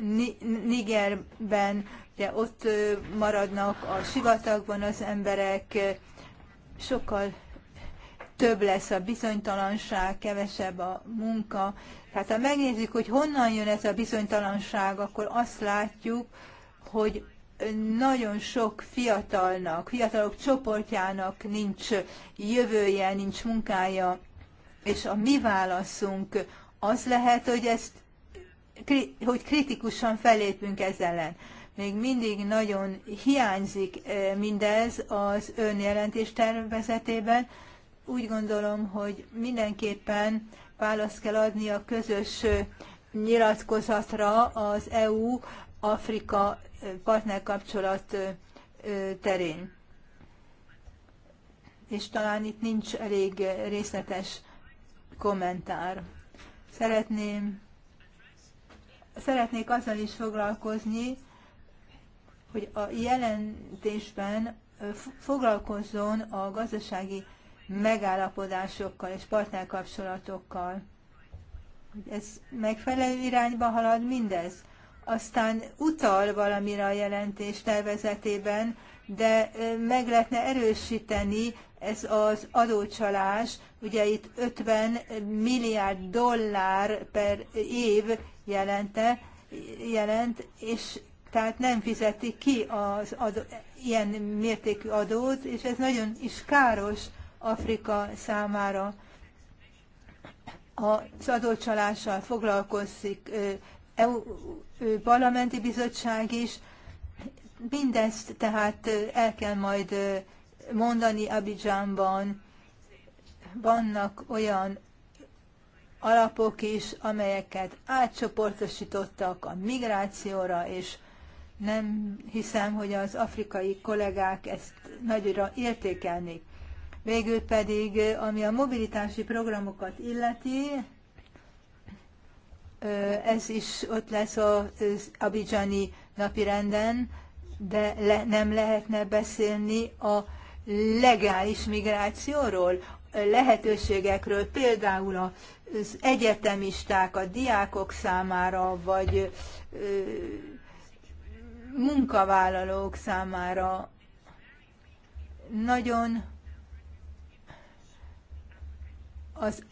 Nigerben, ugye ott maradnak a sivatagban az emberek, sokkal több lesz a bizonytalanság, kevesebb a munka. Tehát ha megnézzük, hogy honnan jön ez a bizonytalanság, akkor azt látjuk, hogy nagyon sok fiatalnak, fiatalok csoportjának nincs jövője, nincs munkája, és a mi válaszunk az lehet, hogy ezt hogy kritikusan felépünk ez ellen. Még mindig nagyon hiányzik eh, mindez az önjelentés tervezetében. Úgy gondolom, hogy mindenképpen választ kell adni a közös eh, nyilatkozatra az EU Afrika partnerkapcsolat terén. És talán itt nincs elég részletes kommentár. Szeretném, szeretnék azzal is foglalkozni, hogy a jelentésben foglalkozzon a gazdasági megállapodásokkal és partnerkapcsolatokkal. Ez megfelelő irányba halad mindez? aztán utal valamire a jelentés tervezetében, de meg lehetne erősíteni ez az adócsalás, ugye itt 50 milliárd dollár per év jelente, jelent, és tehát nem fizeti ki az adó, ilyen mértékű adót, és ez nagyon is káros Afrika számára. Az adócsalással foglalkozik parlamenti bizottság is. Mindezt tehát el kell majd mondani Abidjanban. Vannak olyan alapok is, amelyeket átcsoportosítottak a migrációra, és nem hiszem, hogy az afrikai kollégák ezt nagyra értékelnék. Végül pedig, ami a mobilitási programokat illeti, ez is ott lesz az abidzsani napirenden, de le, nem lehetne beszélni a legális migrációról, lehetőségekről, például az egyetemisták, a diákok számára, vagy munkavállalók számára nagyon az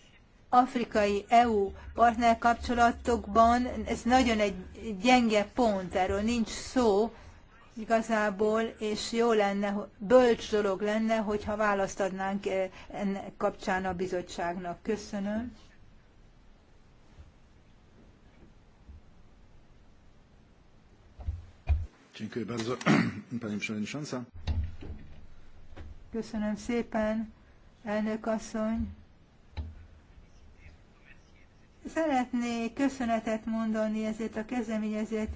afrikai-EU partnerkapcsolatokban ez nagyon egy gyenge pont, erről nincs szó igazából, és jó lenne, bölcs dolog lenne, hogyha választ adnánk eh, ennek kapcsán a bizottságnak. Köszönöm. Köszönöm szépen, elnök asszony. Szeretnék köszönetet mondani ezért a kezdeményezért,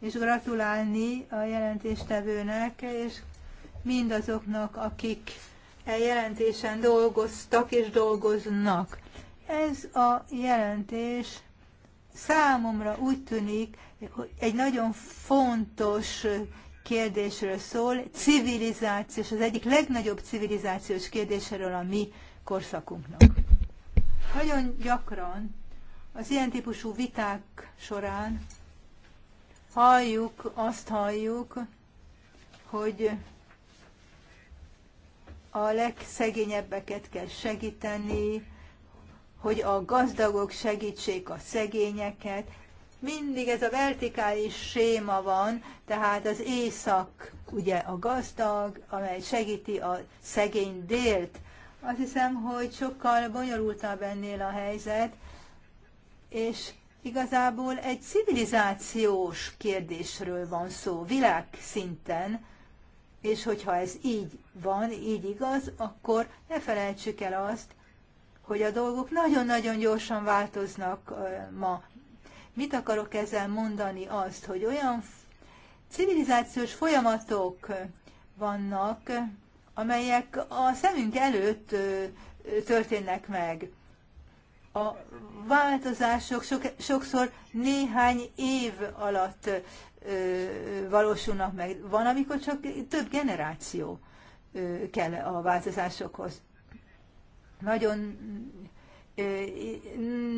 és gratulálni a jelentéstevőnek, és mindazoknak, akik e jelentésen dolgoztak és dolgoznak. Ez a jelentés számomra úgy tűnik, hogy egy nagyon fontos kérdésről szól, civilizációs, az egyik legnagyobb civilizációs kérdéséről a mi korszakunknak. Nagyon gyakran az ilyen típusú viták során halljuk, azt halljuk, hogy a legszegényebbeket kell segíteni, hogy a gazdagok segítsék a szegényeket. Mindig ez a vertikális séma van, tehát az észak ugye a gazdag, amely segíti a szegény délt, azt hiszem, hogy sokkal bonyolultabb ennél a helyzet, és igazából egy civilizációs kérdésről van szó, világszinten, és hogyha ez így van, így igaz, akkor ne felejtsük el azt, hogy a dolgok nagyon-nagyon gyorsan változnak ma. Mit akarok ezzel mondani azt, hogy olyan civilizációs folyamatok vannak, amelyek a szemünk előtt történnek meg. A változások sok, sokszor néhány év alatt ö, valósulnak meg. Van, amikor csak több generáció ö, kell a változásokhoz. Nagyon ö,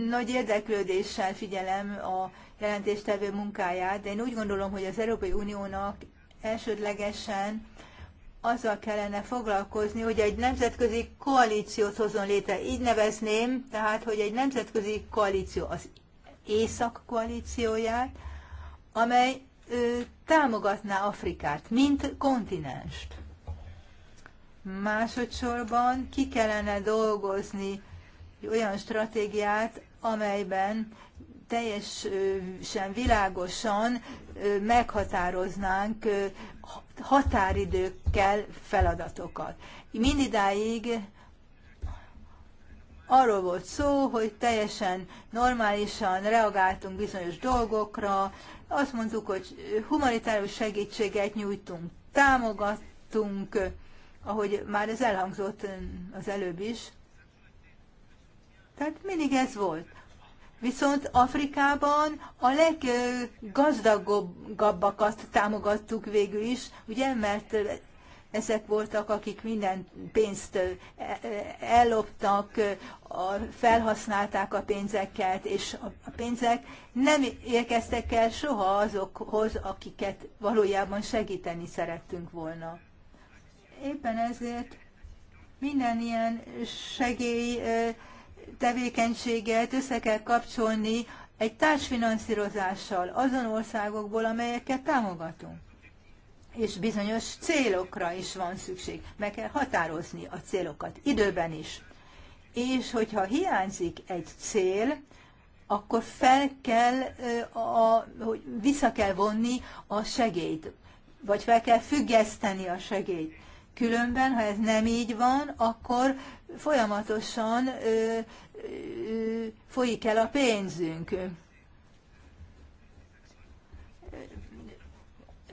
nagy érdeklődéssel figyelem a jelentéstevő munkáját, de én úgy gondolom, hogy az Európai Uniónak elsődlegesen azzal kellene foglalkozni, hogy egy nemzetközi koalíciót hozzon létre. Így nevezném, tehát, hogy egy nemzetközi koalíció az Észak koalícióját, amely ö, támogatná Afrikát, mint kontinenst. Másodszorban ki kellene dolgozni egy olyan stratégiát, amelyben teljesen világosan meghatároznánk határidőkkel feladatokat. Mindidáig arról volt szó, hogy teljesen normálisan reagáltunk bizonyos dolgokra, azt mondtuk, hogy humanitárius segítséget nyújtunk, támogattunk, ahogy már ez elhangzott az előbb is. Tehát mindig ez volt. Viszont Afrikában a leggazdagabbakat támogattuk végül is, ugye, mert ezek voltak, akik minden pénzt e, e, elloptak, felhasználták a pénzeket, és a pénzek nem érkeztek el soha azokhoz, akiket valójában segíteni szerettünk volna. Éppen ezért minden ilyen segély e, tevékenységet össze kell kapcsolni egy társfinanszírozással azon országokból, amelyeket támogatunk. És bizonyos célokra is van szükség. Meg kell határozni a célokat időben is. És hogyha hiányzik egy cél, akkor fel kell, a, hogy vissza kell vonni a segélyt, vagy fel kell függeszteni a segélyt. Különben, ha ez nem így van, akkor folyamatosan folyik el a pénzünk.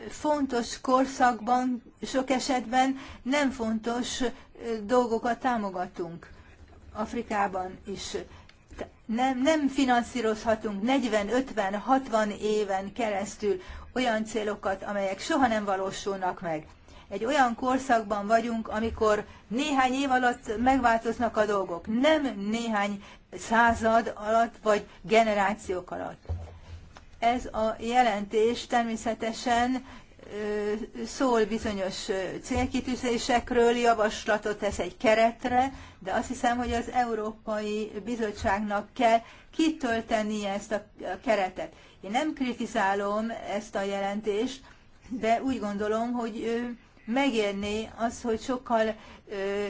Fontos korszakban sok esetben nem fontos dolgokat támogatunk. Afrikában is nem, nem finanszírozhatunk 40, 50, 60 éven keresztül olyan célokat, amelyek soha nem valósulnak meg. Egy olyan korszakban vagyunk, amikor néhány év alatt megváltoznak a dolgok, nem néhány század alatt vagy generációk alatt. Ez a jelentés természetesen szól bizonyos célkitűzésekről, javaslatot tesz egy keretre, de azt hiszem, hogy az Európai Bizottságnak kell kitölteni ezt a keretet. Én nem kritizálom ezt a jelentést, de úgy gondolom, hogy megérni az, hogy sokkal ö,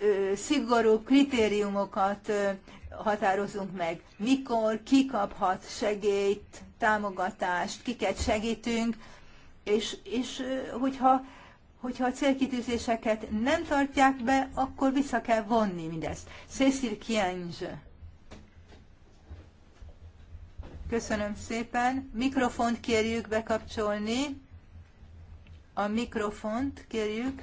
ö, szigorú kritériumokat ö, határozunk meg. Mikor, ki kaphat segélyt, támogatást, kiket segítünk, és, és hogyha, hogyha a célkitűzéseket nem tartják be, akkor vissza kell vonni mindezt. Cécil Kienge. Köszönöm szépen. Mikrofont kérjük bekapcsolni. A mikrofont kérjük.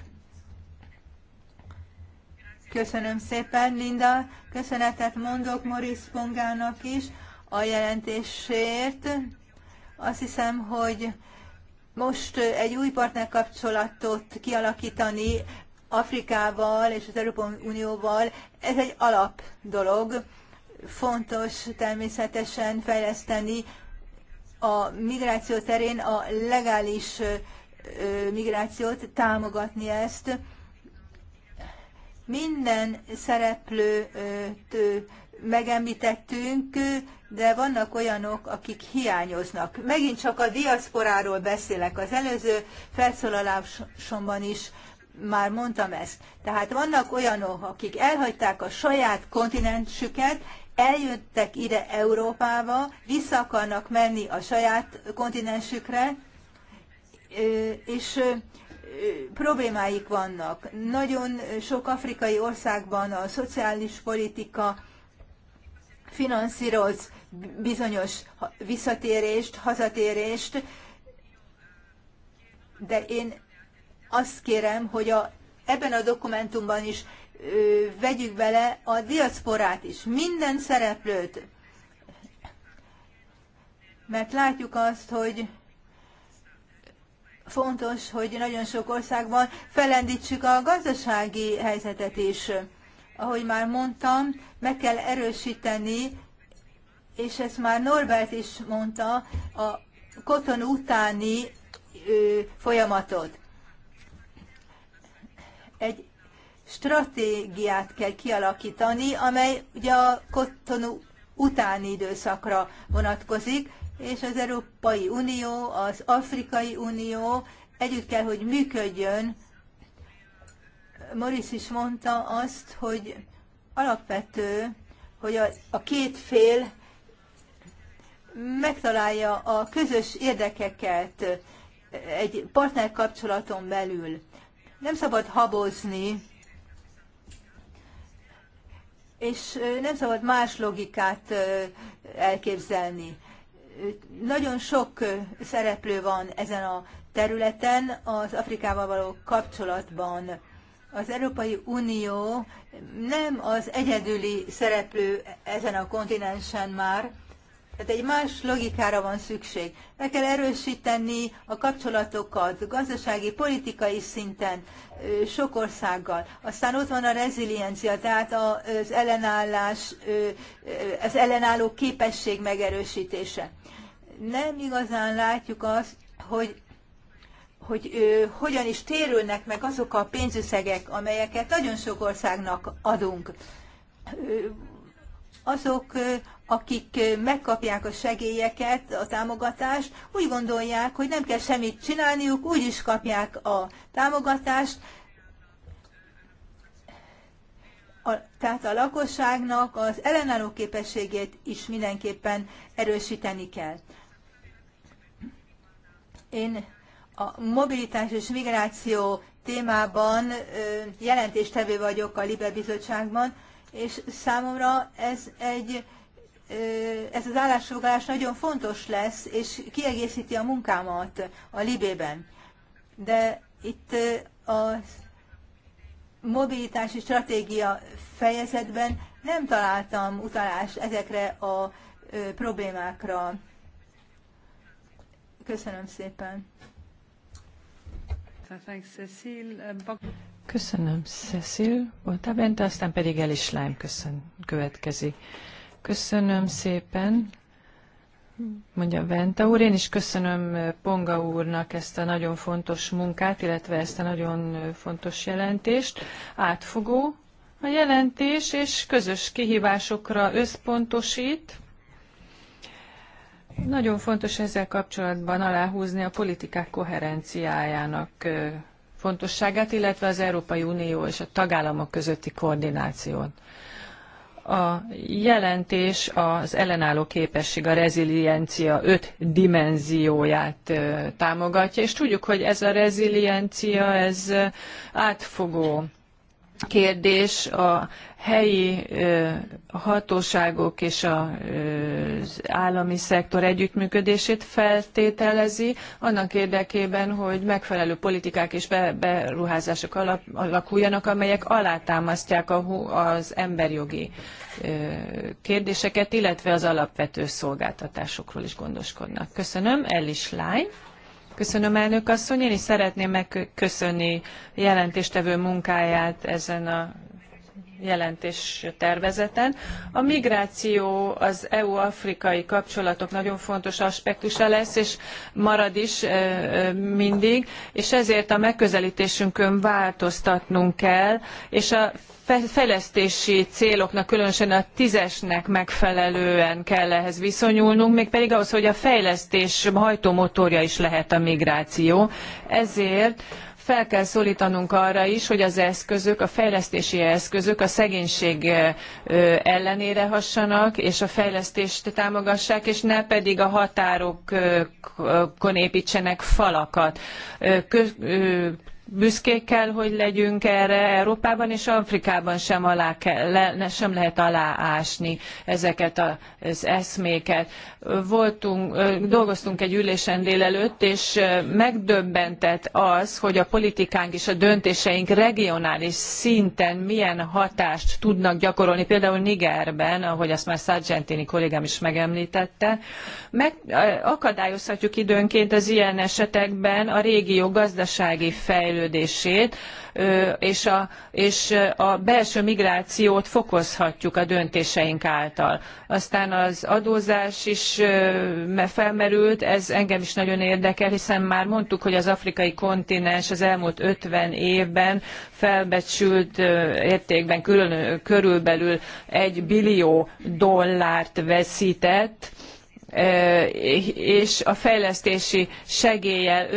Köszönöm szépen, Linda. Köszönetet mondok Morris Pongának is a jelentésért. Azt hiszem, hogy most egy új partnerkapcsolatot kialakítani Afrikával és az Európai Unióval, ez egy alap dolog. Fontos természetesen fejleszteni a migráció terén a legális migrációt, támogatni ezt. Minden szereplőt megemlítettünk, de vannak olyanok, akik hiányoznak. Megint csak a diaszporáról beszélek. Az előző felszólalásomban is már mondtam ezt. Tehát vannak olyanok, akik elhagyták a saját kontinensüket, eljöttek ide Európába, vissza akarnak menni a saját kontinensükre, és problémáik vannak. Nagyon sok afrikai országban a szociális politika finanszíroz bizonyos visszatérést, hazatérést, de én azt kérem, hogy a, ebben a dokumentumban is ö, vegyük bele a diaszporát is, minden szereplőt, mert látjuk azt, hogy fontos, hogy nagyon sok országban felendítsük a gazdasági helyzetet is. Ahogy már mondtam, meg kell erősíteni, és ezt már Norbert is mondta, a koton utáni folyamatot. Egy stratégiát kell kialakítani, amely ugye a koton utáni időszakra vonatkozik, és az Európai Unió, az Afrikai Unió együtt kell, hogy működjön. Morris is mondta azt, hogy alapvető, hogy a, a két fél megtalálja a közös érdekeket egy partnerkapcsolaton belül. Nem szabad habozni, és nem szabad más logikát elképzelni nagyon sok szereplő van ezen a területen az Afrikával való kapcsolatban. Az Európai Unió nem az egyedüli szereplő ezen a kontinensen már, tehát egy más logikára van szükség. Le kell erősíteni a kapcsolatokat gazdasági, politikai szinten sok országgal. Aztán ott van a reziliencia, tehát az ellenállás, az ellenálló képesség megerősítése. Nem igazán látjuk azt, hogy hogy ö, hogyan is térülnek meg azok a pénzüszegek, amelyeket nagyon sok országnak adunk azok, akik megkapják a segélyeket, a támogatást, úgy gondolják, hogy nem kell semmit csinálniuk, úgy is kapják a támogatást. A, tehát a lakosságnak az ellenálló képességét is mindenképpen erősíteni kell. Én a mobilitás és migráció témában jelentéstevő vagyok a Libe Bizottságban, és számomra ez egy ez az állásfoglalás nagyon fontos lesz, és kiegészíti a munkámat a Libében. De itt a mobilitási stratégia fejezetben nem találtam utalást ezekre a problémákra. Köszönöm szépen. Köszönöm, Cecil. Voltál bent, aztán pedig el is Lime köszön, következik. Köszönöm szépen, mondja Venta úr. Én is köszönöm eh, Ponga úrnak ezt a nagyon fontos munkát, illetve ezt a nagyon eh, fontos jelentést. Átfogó a jelentés, és közös kihívásokra összpontosít. Nagyon fontos ezzel kapcsolatban aláhúzni a politikák koherenciájának eh, fontosságát, illetve az Európai Unió és a tagállamok közötti koordinációt. A jelentés az ellenálló képesség, a reziliencia öt dimenzióját támogatja, és tudjuk, hogy ez a reziliencia, ez átfogó kérdés a helyi hatóságok és az állami szektor együttműködését feltételezi, annak érdekében, hogy megfelelő politikák és beruházások alakuljanak, amelyek alátámasztják az emberjogi kérdéseket, illetve az alapvető szolgáltatásokról is gondoskodnak. Köszönöm, Ellis Lány. Köszönöm, elnök asszony. Én is szeretném megköszönni jelentéstevő munkáját ezen a jelentés tervezeten. A migráció az EU-afrikai kapcsolatok nagyon fontos aspektusa lesz, és marad is mindig, és ezért a megközelítésünkön változtatnunk kell, és a fejlesztési céloknak, különösen a tízesnek megfelelően kell ehhez viszonyulnunk, mégpedig ahhoz, hogy a fejlesztés hajtómotorja is lehet a migráció. Ezért fel kell szólítanunk arra is, hogy az eszközök, a fejlesztési eszközök a szegénység ellenére hassanak, és a fejlesztést támogassák, és ne pedig a határokon építsenek falakat büszkék kell, hogy legyünk erre Európában, és Afrikában sem, alá kell, le, sem lehet aláásni ezeket az eszméket. Voltunk, dolgoztunk egy ülésen délelőtt, és megdöbbentett az, hogy a politikánk és a döntéseink regionális szinten milyen hatást tudnak gyakorolni, például Nigerben, ahogy azt már Sargentini kollégám is megemlítette. Meg, akadályozhatjuk időnként az ilyen esetekben a régió gazdasági fejlődését fejlődését, és a, és a belső migrációt fokozhatjuk a döntéseink által. Aztán az adózás is felmerült, ez engem is nagyon érdekel, hiszen már mondtuk, hogy az afrikai kontinens az elmúlt 50 évben felbecsült értékben körülbelül egy billió dollárt veszített, és a fejlesztési segéllyel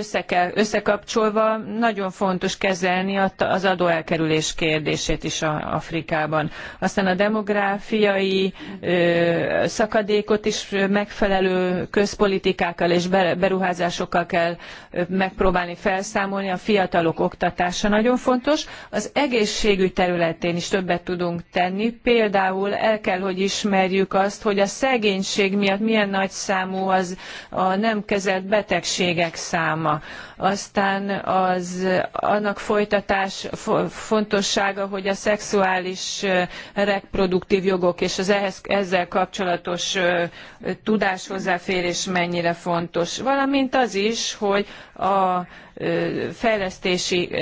összekapcsolva nagyon fontos kezelni az adóelkerülés kérdését is Afrikában. Aztán a demográfiai szakadékot is megfelelő közpolitikákkal és beruházásokkal kell megpróbálni felszámolni. A fiatalok oktatása nagyon fontos. Az egészségügy területén is többet tudunk tenni. Például el kell, hogy ismerjük azt, hogy a szegénység miatt milyen nagy nagyszámú számú az a nem kezelt betegségek száma aztán az, annak folytatás fontossága, hogy a szexuális reproduktív jogok és az ehhez, ezzel kapcsolatos tudás hozzáférés mennyire fontos, valamint az is, hogy a fejlesztési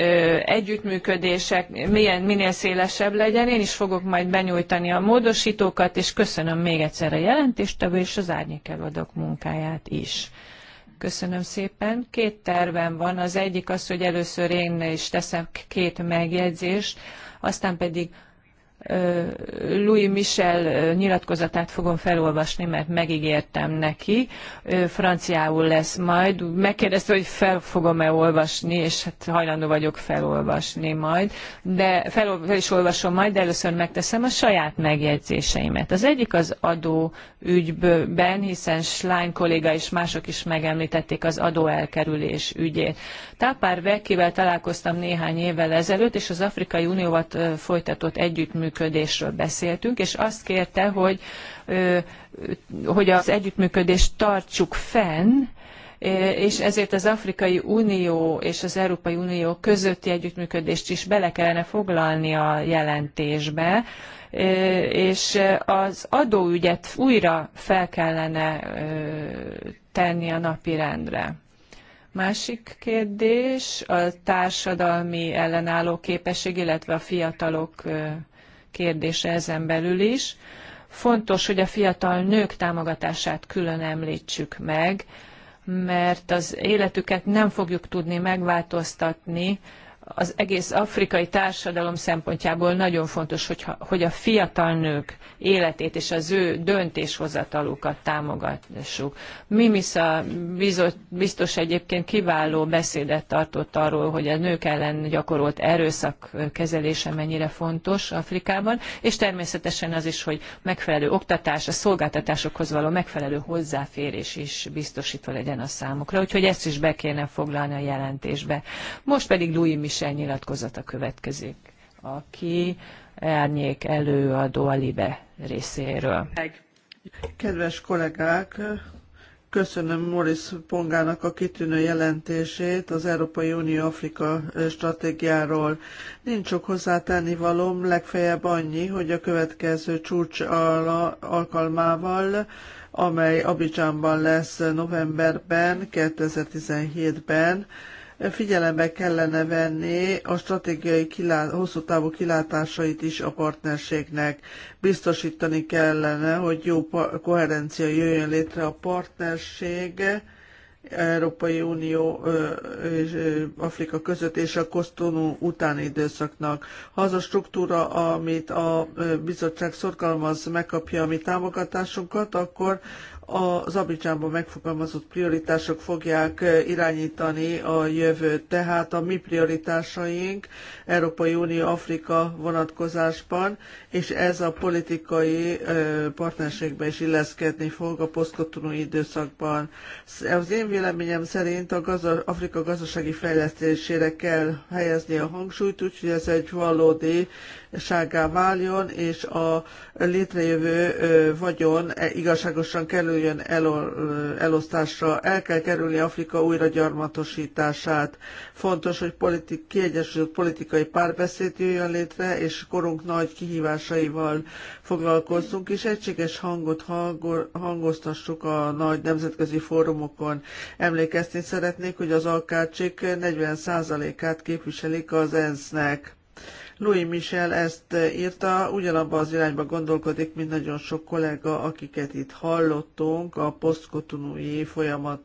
együttműködések milyen, minél szélesebb legyen. Én is fogok majd benyújtani a módosítókat, és köszönöm még egyszer a jelentéstevő és az árnyékelőadók munkáját is. Köszönöm szépen. Két tervem van. Az egyik az, hogy először én is teszem két megjegyzést, aztán pedig Louis Michel nyilatkozatát fogom felolvasni, mert megígértem neki. Franciául lesz majd. Megkérdezte, hogy fel fogom-e olvasni, és hát hajlandó vagyok felolvasni majd. De fel, is olvasom majd, de először megteszem a saját megjegyzéseimet. Az egyik az adó ügyben, hiszen Schlein kolléga és mások is megemlítették az adóelkerülés ügyét. Tápár Vekivel találkoztam néhány évvel ezelőtt, és az Afrikai Unióval folytatott együttműködésről beszéltünk, és azt kérte, hogy, hogy az együttműködést tartsuk fenn, és ezért az Afrikai Unió és az Európai Unió közötti együttműködést is bele kellene foglalni a jelentésbe, és az adóügyet újra fel kellene tenni a napirendre. Másik kérdés a társadalmi ellenálló képesség, illetve a fiatalok kérdése ezen belül is. Fontos, hogy a fiatal nők támogatását külön említsük meg, mert az életüket nem fogjuk tudni megváltoztatni, az egész afrikai társadalom szempontjából nagyon fontos, hogy, hogy a fiatal nők életét és az ő döntéshozatalukat támogassuk. Mimisa biztos egyébként kiváló beszédet tartott arról, hogy a nők ellen gyakorolt erőszak kezelése mennyire fontos Afrikában, és természetesen az is, hogy megfelelő oktatás, a szolgáltatásokhoz való megfelelő hozzáférés is biztosítva legyen a számukra. Úgyhogy ezt is be kéne foglalni a jelentésbe. Most pedig Louis Michel Michel nyilatkozata következik, aki elnyék előadó a Libe részéről. Kedves kollégák, köszönöm Morris Pongának a kitűnő jelentését az Európai Unió Afrika stratégiáról. Nincs sok hozzátenni valóm, legfeljebb annyi, hogy a következő csúcs alkalmával amely Abidjanban lesz novemberben, 2017-ben, figyelembe kellene venni a stratégiai kilát, hosszú távú kilátásait is a partnerségnek. Biztosítani kellene, hogy jó koherencia jöjjön létre a partnerség, Európai Unió és Afrika között és a Kosztonú utáni időszaknak. Ha az a struktúra, amit a bizottság szorgalmaz, megkapja a mi támogatásunkat, akkor az Abidzsánban megfogalmazott prioritások fogják irányítani a jövőt. Tehát a mi prioritásaink Európai Unió Afrika vonatkozásban, és ez a politikai partnerségbe is illeszkedni fog a posztkotonú időszakban. Az én véleményem szerint a gazda, Afrika gazdasági fejlesztésére kell helyezni a hangsúlyt, úgyhogy ez egy valódi ságá váljon, és a létrejövő vagyon e, igazságosan kerüljön elosztásra. El kell kerülni Afrika újra gyarmatosítását. Fontos, hogy politik, kiegyensúlyozott politikai párbeszéd jöjjön létre, és korunk nagy kihívásaival foglalkozzunk, és egységes hangot hangoztassuk a nagy nemzetközi fórumokon. Emlékezni szeretnék, hogy az alkácsik 40%-át képviselik az ENSZ-nek. Louis Michel ezt írta, ugyanabban az irányba gondolkodik, mint nagyon sok kollega, akiket itt hallottunk a posztkotonúi folyamat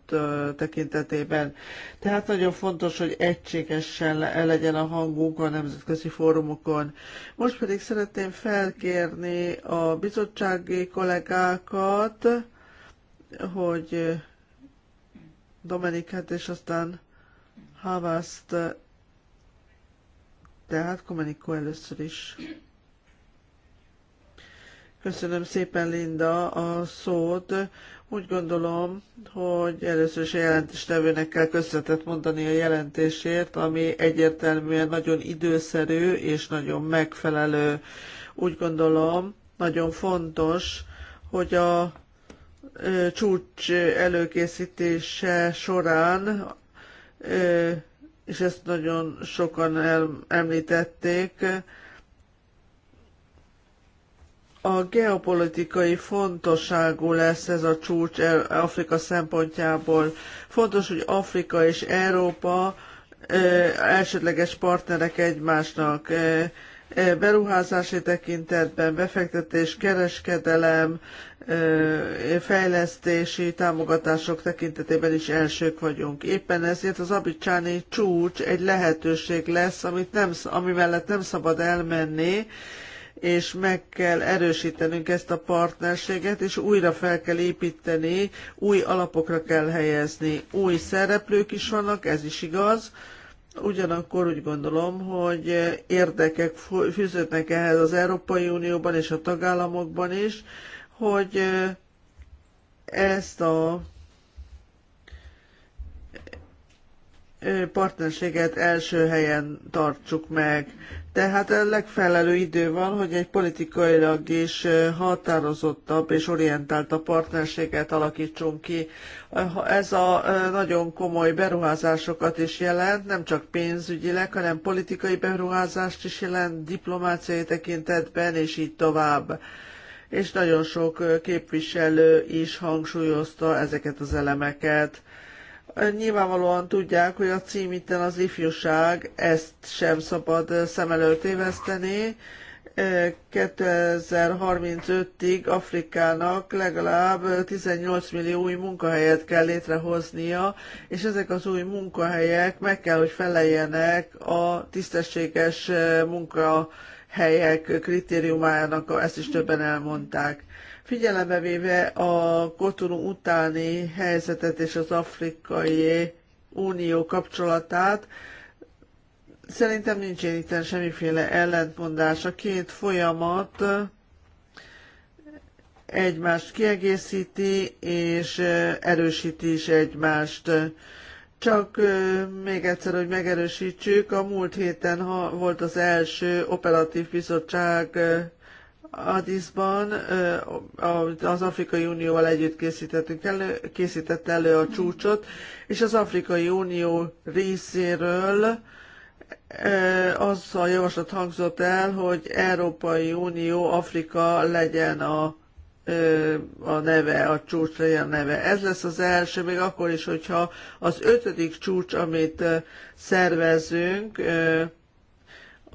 tekintetében. Tehát nagyon fontos, hogy egységesen legyen a hangunk a nemzetközi fórumokon. Most pedig szeretném felkérni a bizottsági kollégákat, hogy Dominikát és aztán Havaszt tehát Komenikó először is. Köszönöm szépen, Linda, a szót. Úgy gondolom, hogy először is a jelentéstevőnek kell köszönetet mondani a jelentésért, ami egyértelműen nagyon időszerű és nagyon megfelelő. Úgy gondolom, nagyon fontos, hogy a csúcs előkészítése során és ezt nagyon sokan el, említették, a geopolitikai fontosságú lesz ez a csúcs Afrika szempontjából. Fontos, hogy Afrika és Európa elsődleges partnerek egymásnak. E, beruházási tekintetben, befektetés, kereskedelem, e, fejlesztési támogatások tekintetében is elsők vagyunk. Éppen ezért az abicsáni csúcs egy lehetőség lesz, amit nem, ami mellett nem szabad elmenni, és meg kell erősítenünk ezt a partnerséget, és újra fel kell építeni, új alapokra kell helyezni. Új szereplők is vannak, ez is igaz, Ugyanakkor úgy gondolom, hogy érdekek fűződnek ehhez az Európai Unióban és a tagállamokban is, hogy ezt a partnerséget első helyen tartsuk meg. Tehát a legfelelő idő van, hogy egy politikailag is határozottabb és orientáltabb partnerséget alakítsunk ki. Ez a nagyon komoly beruházásokat is jelent, nem csak pénzügyileg, hanem politikai beruházást is jelent, diplomáciai tekintetben, és így tovább. És nagyon sok képviselő is hangsúlyozta ezeket az elemeket nyilvánvalóan tudják, hogy a cím itten az ifjúság, ezt sem szabad eh, szem előtt éveszteni. 2035-ig eh, Afrikának legalább 18 eh, millió új munkahelyet kell létrehoznia, és ezek az új munkahelyek meg kell, hogy feleljenek a tisztességes munkahelyek kritériumának, ezt is többen elmondták figyelembe véve a Kotonu utáni helyzetet és az Afrikai Unió kapcsolatát, szerintem nincsen itt semmiféle ellentmondás. A két folyamat egymást kiegészíti és erősíti is egymást. Csak még egyszer, hogy megerősítsük, a múlt héten volt az első operatív bizottság Addisban az Afrikai Unióval együtt készítettünk elő, készített elő a csúcsot, és az Afrikai Unió részéről az a javaslat hangzott el, hogy Európai Unió Afrika legyen a, a neve, a csúcs legyen a neve. Ez lesz az első, még akkor is, hogyha az ötödik csúcs, amit szervezünk,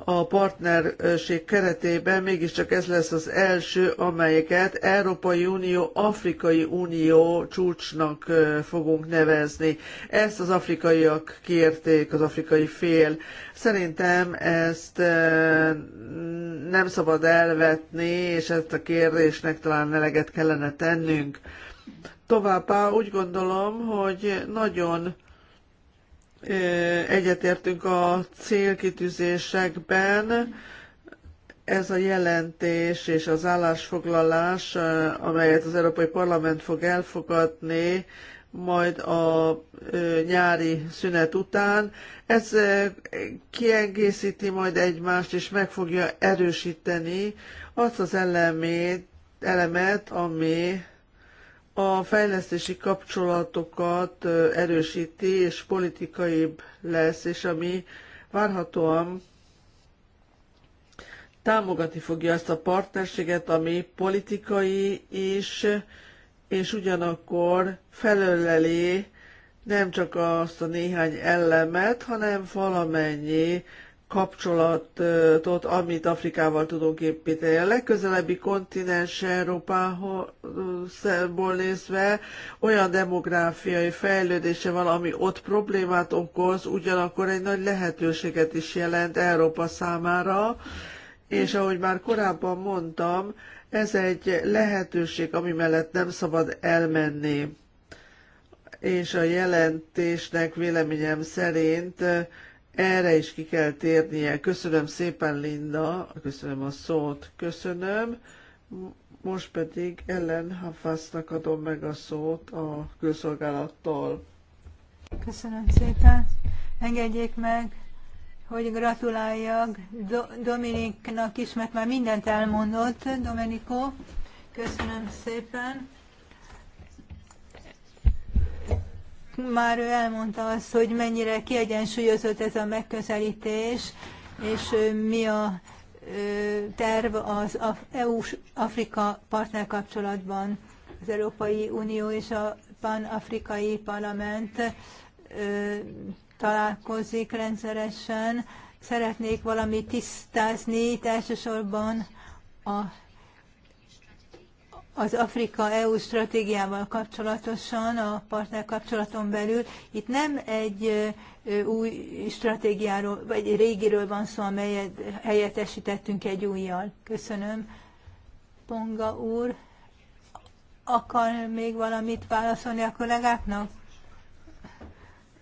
a partnerség keretében mégiscsak ez lesz az első, amelyeket Európai Unió, Afrikai Unió csúcsnak fogunk nevezni. Ezt az afrikaiak kérték, az afrikai fél. Szerintem ezt nem szabad elvetni, és ezt a kérdésnek talán eleget kellene tennünk. Továbbá úgy gondolom, hogy nagyon egyetértünk a célkitűzésekben. Ez a jelentés és az állásfoglalás, amelyet az Európai Parlament fog elfogadni, majd a nyári szünet után. Ez kiegészíti majd egymást, és meg fogja erősíteni azt az elemét, elemet, ami a fejlesztési kapcsolatokat erősíti és politikaibb lesz, és ami várhatóan támogatni fogja ezt a partnerséget, ami politikai is, és ugyanakkor felöleli nem csak azt a néhány elemet, hanem valamennyi kapcsolatot, amit Afrikával tudunk építeni. A legközelebbi kontinens Európából nézve olyan demográfiai fejlődése van, ami ott problémát okoz, ugyanakkor egy nagy lehetőséget is jelent Európa számára, és ahogy már korábban mondtam, ez egy lehetőség, ami mellett nem szabad elmenni. És a jelentésnek véleményem szerint erre is ki kell térnie. Köszönöm szépen, Linda, köszönöm a szót, köszönöm. Most pedig Ellen Hafasznak adom meg a szót a külszolgálattól. Köszönöm szépen. Engedjék meg, hogy gratuláljak Do- Dominiknak is, mert már mindent elmondott, Domenico. Köszönöm szépen. már ő elmondta azt, hogy mennyire kiegyensúlyozott ez a megközelítés, és mi a terv az EU-Afrika partner kapcsolatban. Az Európai Unió és a Pan-Afrikai Parlament találkozik rendszeresen. Szeretnék valamit tisztázni, elsősorban a az Afrika-EU stratégiával kapcsolatosan, a partner kapcsolaton belül. Itt nem egy új stratégiáról, vagy egy régiről van szó, amelyet helyettesítettünk egy újjal. Köszönöm. Ponga úr, akar még valamit válaszolni a kollégáknak?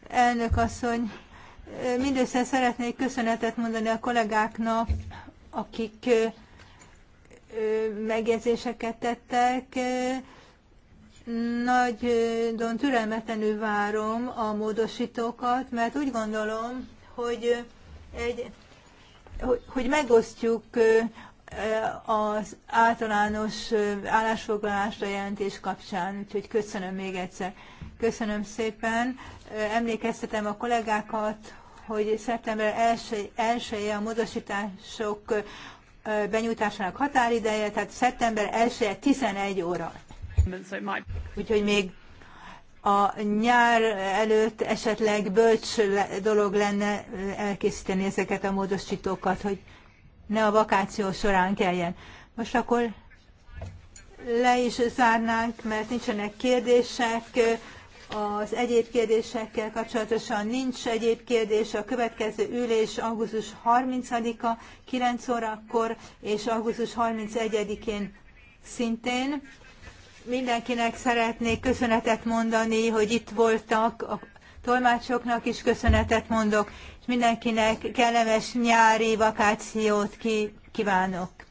Elnök asszony, mindössze szeretnék köszönetet mondani a kollégáknak, akik megjegyzéseket tettek. Nagyon türelmetlenül várom a módosítókat, mert úgy gondolom, hogy, egy, hogy megosztjuk az általános állásfoglalásra jelentés kapcsán, úgyhogy köszönöm még egyszer. Köszönöm szépen. Emlékeztetem a kollégákat, hogy szeptember 1 -e a módosítások benyújtásának határideje, tehát szeptember 1 -e 11 óra. Úgyhogy még a nyár előtt esetleg bölcs dolog lenne elkészíteni ezeket a módosítókat, hogy ne a vakáció során kelljen. Most akkor le is zárnánk, mert nincsenek kérdések, az egyéb kérdésekkel kapcsolatosan nincs egyéb kérdés. A következő ülés augusztus 30-a 9 órakor és augusztus 31-én szintén. Mindenkinek szeretnék köszönetet mondani, hogy itt voltak, a tolmácsoknak is köszönetet mondok, és mindenkinek kellemes nyári vakációt kívánok.